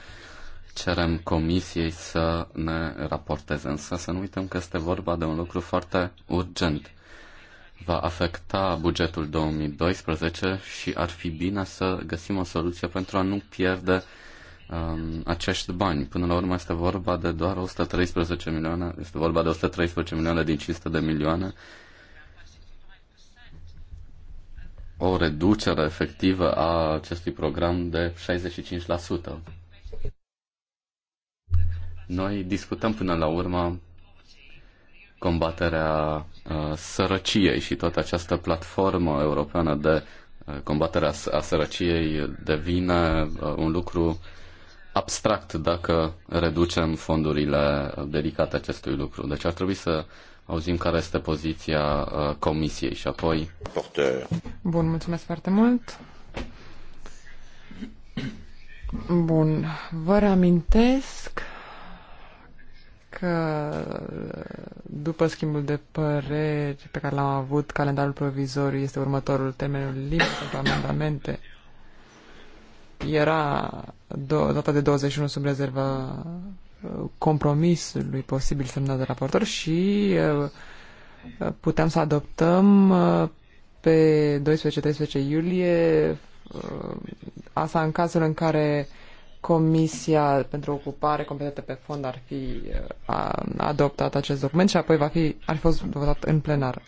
cerem comisiei să ne raporteze, însă să nu uităm că este vorba de un lucru foarte urgent. Va afecta bugetul 2012 și ar fi bine să găsim o soluție pentru a nu pierde um, acești bani. Până la urmă este vorba de doar 113 milioane, este vorba de 113 milioane din 500 de milioane. O reducere efectivă a acestui program de 65%. Noi discutăm până la urmă combaterea uh, sărăciei și toată această platformă europeană de uh, combatere a sărăciei devine uh, un lucru abstract dacă reducem fondurile dedicate acestui lucru. Deci ar trebui să auzim care este poziția uh, comisiei și apoi... Bun, mulțumesc foarte mult. Bun, vă reamintesc că după schimbul de păreri pe care l-am avut, calendarul provizoriu este următorul termenul limit pentru amendamente. Era do- data de 21 sub rezervă compromisului posibil semnat de raportor și putem să adoptăm pe 12-13 iulie asta în cazul în care Comisia pentru Ocupare competentă pe fond ar fi uh, a, adoptat acest document și apoi va fi, ar fi fost votat în plenar.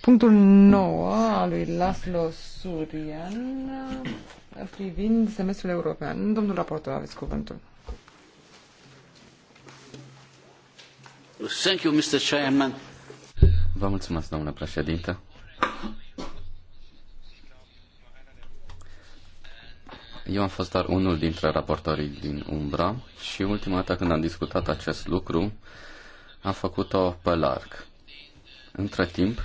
Punctul 9 al lui Laszlo Surian uh, privind semestrul european. Domnul raportor, aveți cuvântul. Thank you, Mr. Chairman. Vă mulțumesc, domnule președinte. Eu am fost doar unul dintre raportorii din Umbra și ultima dată când am discutat acest lucru, am făcut-o pe larg. Între timp,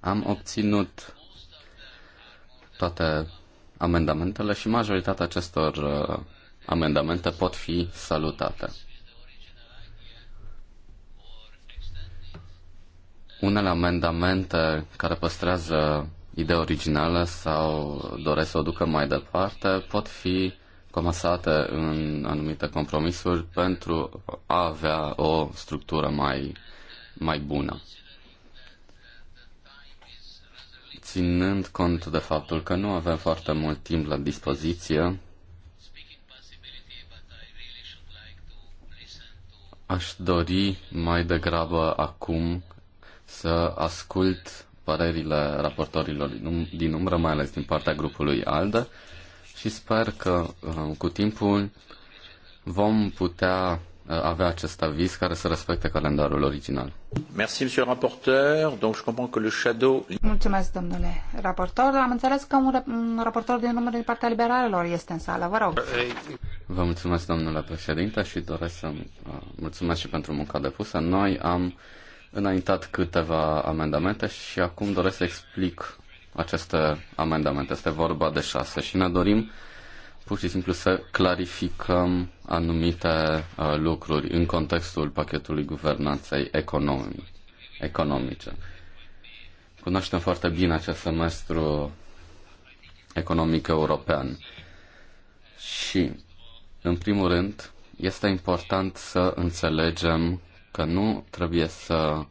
am obținut toate amendamentele și majoritatea acestor uh, amendamente pot fi salutate. Unele amendamente care păstrează Idee originale sau doresc să o ducă mai departe pot fi comasate în anumite compromisuri pentru a avea o structură mai, mai bună. Ținând cont de faptul că nu avem foarte mult timp la dispoziție, aș dori mai degrabă acum să ascult părerile raportorilor um-, din umbră, mai ales din partea grupului ALDE și sper că uh, cu timpul vom putea uh, avea acest aviz care să respecte calendarul original. Merci, monsieur Donc, je comprends que le shadow... Mulțumesc, domnule raportor. Am înțeles că un, un raportor din numărul din partea liberalelor este în sală. Vă rog. Vă mulțumesc, domnule președinte, și doresc să uh, mulțumesc și pentru munca depusă. Noi am uh, înaintat câteva amendamente și acum doresc să explic aceste amendamente. Este vorba de șase și ne dorim pur și simplu să clarificăm anumite uh, lucruri în contextul pachetului guvernanței economice. Cunoaștem foarte bine acest semestru economic european și, în primul rând, este important să înțelegem că nu trebuie să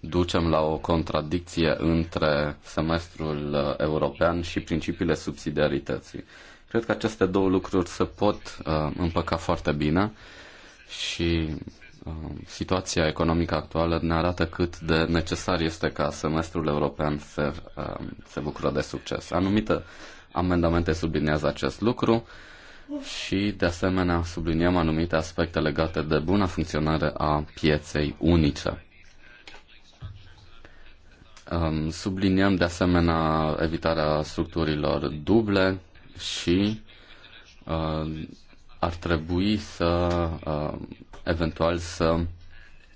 ducem la o contradicție între semestrul european și principiile subsidiarității. Cred că aceste două lucruri se pot uh, împăca foarte bine și uh, situația economică actuală ne arată cât de necesar este ca semestrul european să uh, se bucură de succes. Anumite amendamente sublinează acest lucru. Uh, și, de asemenea, subliniem anumite aspecte legate de buna funcționare a pieței unice. Um, subliniem, de asemenea, evitarea structurilor duble și uh, ar trebui să, uh, eventual, să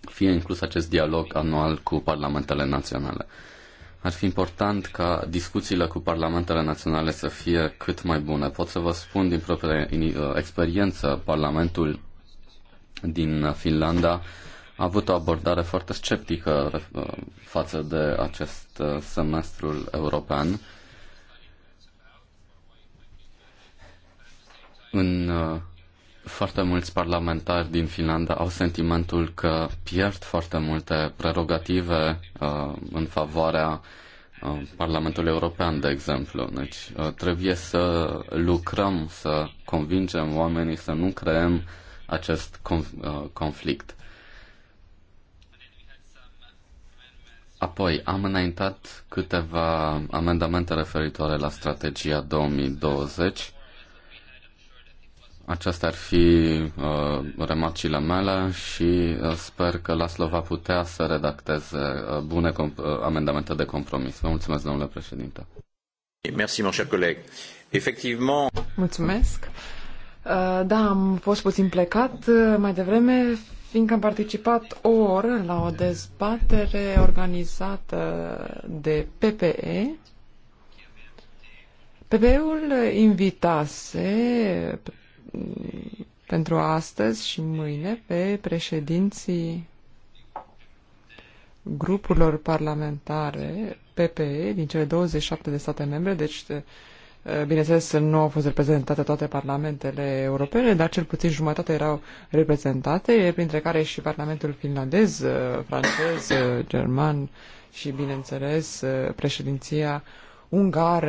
fie inclus acest dialog anual cu parlamentele naționale. Ar fi important ca discuțiile cu parlamentele naționale să fie cât mai bune. Pot să vă spun din propria uh, experiență, Parlamentul din Finlanda a avut o abordare foarte sceptică uh, față de acest uh, semestru european. În foarte mulți parlamentari din Finlanda au sentimentul că pierd foarte multe prerogative uh, în favoarea uh, Parlamentului European, de exemplu. Deci uh, trebuie să lucrăm, să convingem oamenii să nu creăm acest conf- uh, conflict. Apoi, am înaintat câteva amendamente referitoare la strategia 2020 aceasta ar fi uh, remarcile mele și uh, sper că Laslo va putea să redacteze uh, bune comp- uh, amendamente de compromis. Vă mulțumesc, domnule președinte. Merci, mon cher coleg. Effectivement... Mulțumesc. Uh, da, am fost puțin plecat uh, mai devreme, fiindcă am participat o oră la o dezbatere organizată de PPE. PPE-ul invitase pentru astăzi și mâine pe președinții grupurilor parlamentare PPE din cele 27 de state membre, deci bineînțeles nu au fost reprezentate toate parlamentele europene, dar cel puțin jumătate erau reprezentate, printre care și parlamentul finlandez, francez, german și bineînțeles președinția ungar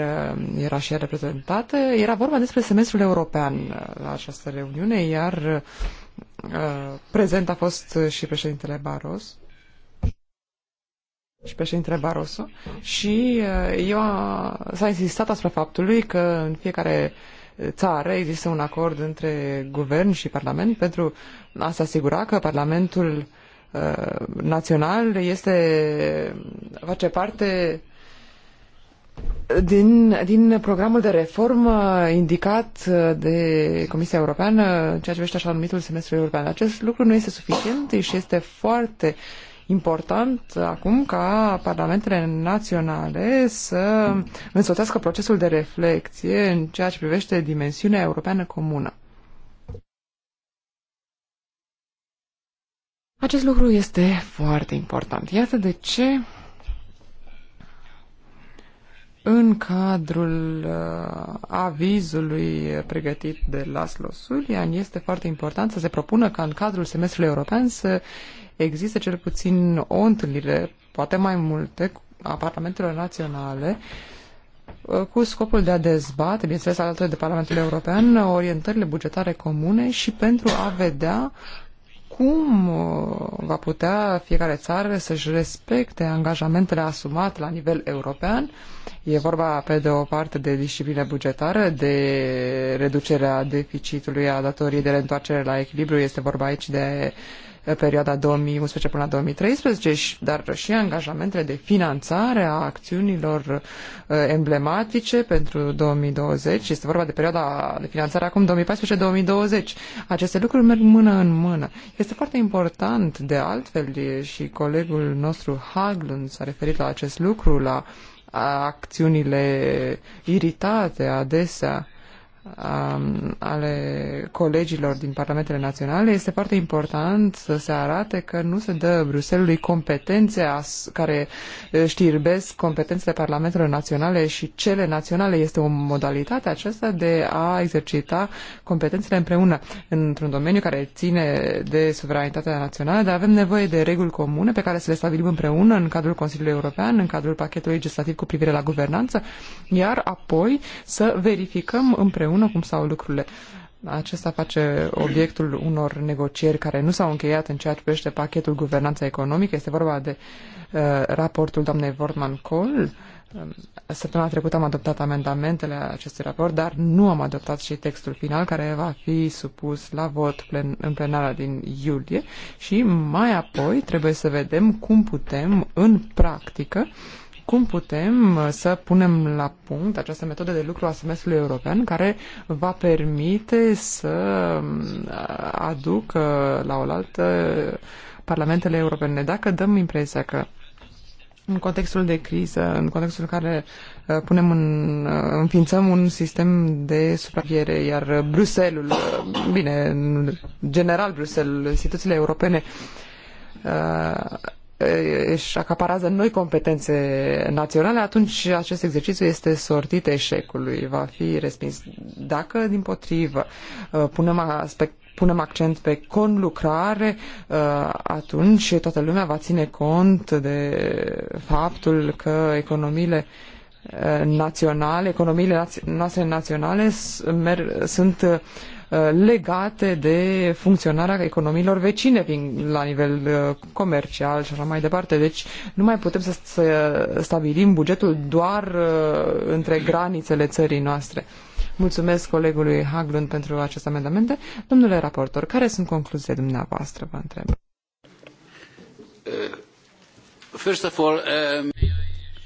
era și ea reprezentată. Era vorba despre semestrul european uh, la această reuniune, iar uh, prezent a fost și președintele Baros și președintele Barroso și uh, eu a, s-a insistat asupra faptului că în fiecare țară există un acord între guvern și parlament pentru a se asigura că parlamentul uh, național este face parte din, din programul de reformă indicat de Comisia Europeană, ceea ce vește așa numitul semestru european. Acest lucru nu este suficient și este foarte important acum ca parlamentele naționale să însoțească procesul de reflexie în ceea ce privește dimensiunea europeană comună. Acest lucru este foarte important. Iată de ce în cadrul uh, avizului pregătit de Laszlo Sulian, este foarte important să se propună ca în cadrul semestrului european să existe cel puțin o întâlnire, poate mai multe, a parlamentelor naționale uh, cu scopul de a dezbate, bineînțeles alături de Parlamentul European, orientările bugetare comune și pentru a vedea uh, cum uh, va putea fiecare țară să-și respecte angajamentele asumate la nivel european. E vorba, pe de o parte, de disciplină bugetară, de reducerea deficitului a datoriei de reîntoarcere la echilibru. Este vorba aici de perioada 2011 până la 2013, dar și angajamentele de finanțare a acțiunilor uh, emblematice pentru 2020. Este vorba de perioada de finanțare acum 2014-2020. Aceste lucruri merg mână în mână. Este foarte important, de altfel, și colegul nostru Haglund s-a referit la acest lucru, la acțiunile iritate adesea ale colegilor din parlamentele naționale, este foarte important să se arate că nu se dă Bruselului competențe care știrbesc competențele parlamentelor naționale și cele naționale. Este o modalitate aceasta de a exercita competențele împreună într-un domeniu care ține de suveranitatea națională, dar avem nevoie de reguli comune pe care să le stabilim împreună în cadrul Consiliului European, în cadrul pachetului legislativ cu privire la guvernanță, iar apoi să verificăm împreună împreună cum stau lucrurile. Acesta face obiectul unor negocieri care nu s-au încheiat în ceea ce privește pachetul guvernanța economică. Este vorba de uh, raportul doamnei Vortman Cole. Um, săptămâna trecută am adoptat amendamentele acestui raport, dar nu am adoptat și textul final care va fi supus la vot plen- în plenara din iulie și mai apoi trebuie să vedem cum putem în practică uh, cum putem uh, să punem la punct această metodă de lucru a semestrului european care va permite să um, aducă la oaltă parlamentele europene. Dacă dăm impresia că în contextul de criză, în contextul în care uh, punem în, uh, înființăm un sistem de supraveghere, iar Bruselul, bine, general Bruselul, instituțiile europene, își acaparează noi competențe naționale, atunci acest exercițiu este sortit eșecului, va fi respins. Dacă, din potrivă, punem aspect punem accent pe conlucrare, atunci toată lumea va ține cont de faptul că economiile naționale, economiile noastre naționale sunt Uh, legate de funcționarea economiilor vecine la nivel uh, comercial și așa mai departe. Deci nu mai putem să, să stabilim bugetul doar uh, între granițele țării noastre. Mulțumesc colegului Haglund pentru aceste amendamente. Domnule raportor, care sunt concluziile dumneavoastră, vă întreb? First of all, um...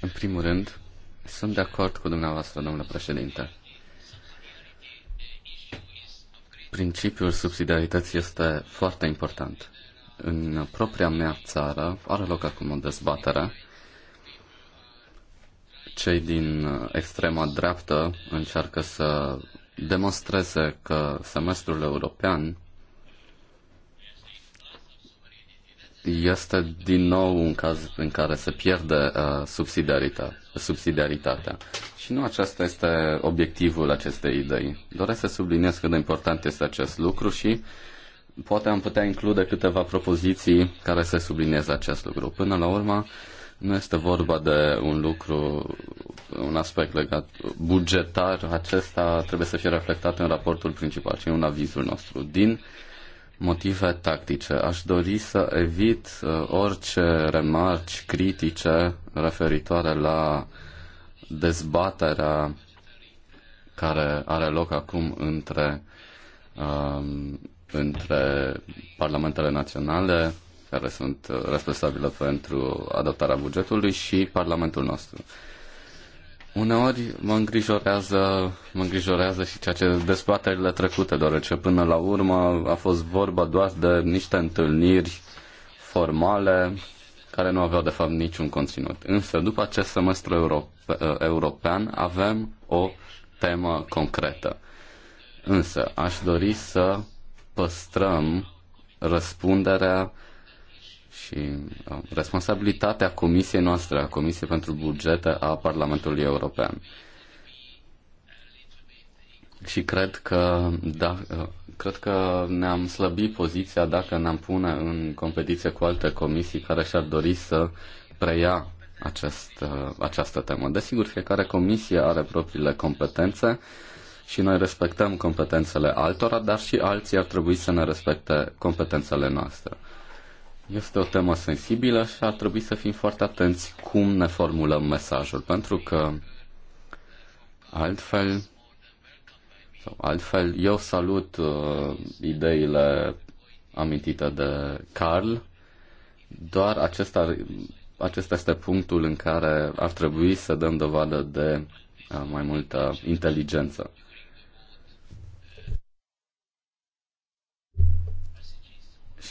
În primul rând, sunt de acord cu dumneavoastră, domnule președinte. Principiul subsidiarității este foarte important. În propria mea țară are loc acum o dezbatere. Cei din extrema dreaptă încearcă să demonstreze că semestrul european este din nou un caz în care se pierde uh, subsidiaritatea subsidiaritatea. Și nu acesta este obiectivul acestei idei. Doresc să subliniez cât de important este acest lucru și poate am putea include câteva propoziții care să sublinieze acest lucru. Până la urmă, nu este vorba de un lucru, un aspect legat bugetar, acesta trebuie să fie reflectat în raportul principal și în avizul nostru. Din uh, motive tactice. Aș dori să evit uh, orice remarci critice referitoare la dezbaterea care are loc acum între, um, între parlamentele naționale, care sunt uh, responsabile pentru adoptarea bugetului, și Parlamentul nostru. Uh, Uneori mă îngrijorează, mă îngrijorează și ceea ce dezbaterile trecute, deoarece până la urmă a fost vorba doar de niște întâlniri formale care nu aveau de fapt niciun conținut. Însă după acest semestru europe, european avem o temă concretă. Însă aș dori să păstrăm răspunderea și uh, responsabilitatea comisiei noastre, a Comisiei pentru Bugete a Parlamentului European. Și cred că, da, uh, cred că ne-am slăbit poziția dacă ne-am pune în competiție cu alte comisii care și-ar dori să preia acest, uh, această temă. Desigur, fiecare comisie are propriile competențe și noi respectăm competențele altora, dar și alții ar trebui să ne respecte competențele noastre. Este o temă sensibilă și ar trebui să fim foarte atenți cum ne formulăm mesajul, pentru că altfel, sau altfel eu salut uh, ideile amintite de Carl, doar acesta, acesta este punctul în care ar trebui să dăm dovadă de uh, mai multă inteligență.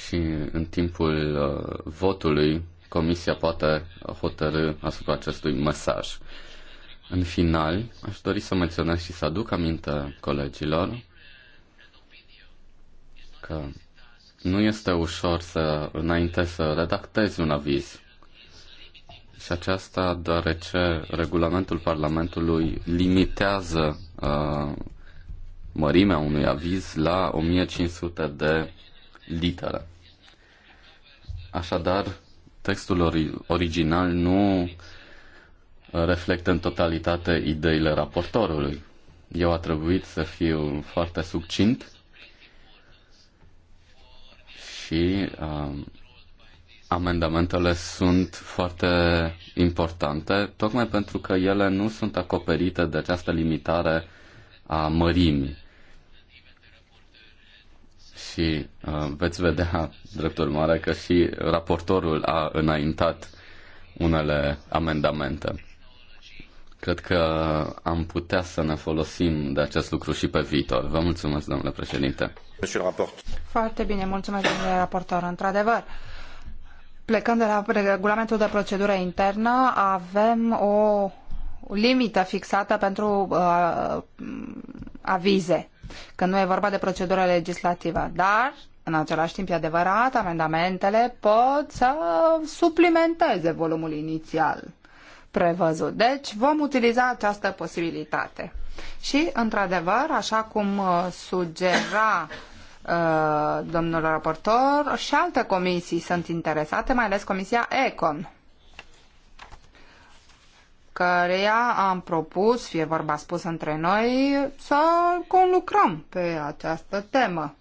și în timpul uh, votului Comisia poate hotărâ asupra acestui mesaj. În final, aș dori să menționez și să aduc aminte colegilor că nu este ușor să înainte să redactezi un aviz. Și aceasta deoarece regulamentul Parlamentului limitează uh, mărimea unui aviz la 1500 de litere. Așadar, textul ori- original nu uh, reflectă în totalitate ideile raportorului. Eu a trebuit să fiu foarte succint și uh, amendamentele sunt foarte importante, tocmai pentru că ele nu sunt acoperite de această limitare a mărimii și uh, veți vedea, drept urmare, că și raportorul a înaintat unele amendamente. Cred că am putea să ne folosim de acest lucru și pe viitor. Vă mulțumesc, domnule președinte. Foarte bine, mulțumesc, domnule raportor. Într-adevăr, plecând de la regulamentul de procedură internă, avem o limită fixată pentru uh, avize că nu e vorba de procedură legislativă, dar în același timp e adevărat, amendamentele pot să suplimenteze volumul inițial prevăzut. Deci vom utiliza această posibilitate. Și, într-adevăr, așa cum uh, sugera uh, domnul raportor, și alte comisii sunt interesate, mai ales Comisia ECON căreia am propus, fie vorba spus între noi, să conlucrăm pe această temă,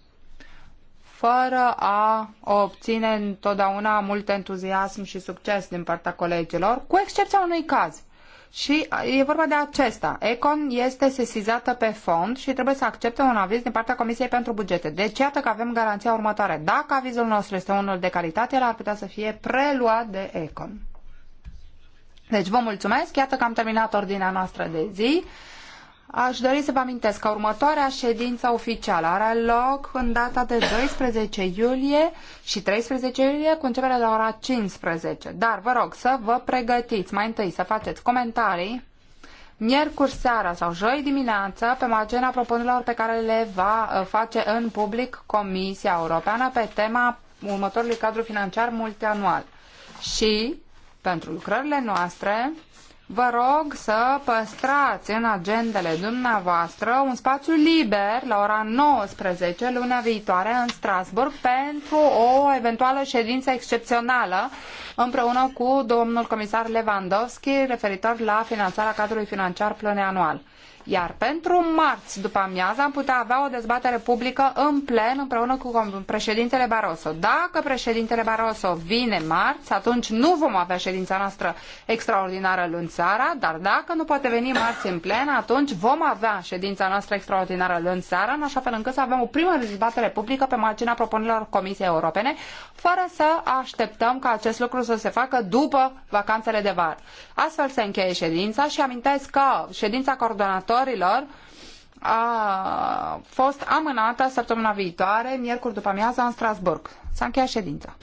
fără a obține întotdeauna mult entuziasm și succes din partea colegilor, cu excepția unui caz. Și e vorba de acesta. Econ este sesizată pe fond și trebuie să accepte un aviz din partea Comisiei pentru Bugete. Deci iată că avem garanția următoare. Dacă avizul nostru este unul de calitate, el ar putea să fie preluat de Econ. Deci vă mulțumesc, iată că am terminat ordinea noastră de zi. Aș dori să vă amintesc că următoarea ședință oficială are loc în data de 12 iulie și 13 iulie cu începere la ora 15. Dar vă rog să vă pregătiți mai întâi să faceți comentarii miercuri seara sau joi dimineață pe marginea propunerilor pe care le va uh, face în public Comisia Europeană pe tema următorului cadru financiar multianual. Și pentru lucrările noastre, vă rog să păstrați în agendele dumneavoastră un spațiu liber la ora 19 luna viitoare în Strasburg pentru o eventuală ședință excepțională împreună cu domnul comisar Lewandowski referitor la finanțarea cadrului financiar plurianual. anual. Iar pentru marți, după amiază, am putea avea o dezbatere publică în plen împreună cu președintele Barroso. Dacă președintele Barroso vine marți, atunci nu vom avea ședința noastră extraordinară luni seara, dar dacă nu poate veni marți în plen, atunci vom avea ședința noastră extraordinară luni seara, în așa fel încât să avem o primă dezbatere publică pe marginea propunerilor Comisiei Europene, fără să așteptăm ca acest lucru să se facă după vacanțele de vară. Astfel se încheie ședința și amintesc că ședința coordonatorilor lucrătorilor a fost amânată săptămâna viitoare, miercuri după amiaza, în Strasbourg. S-a încheiat ședința.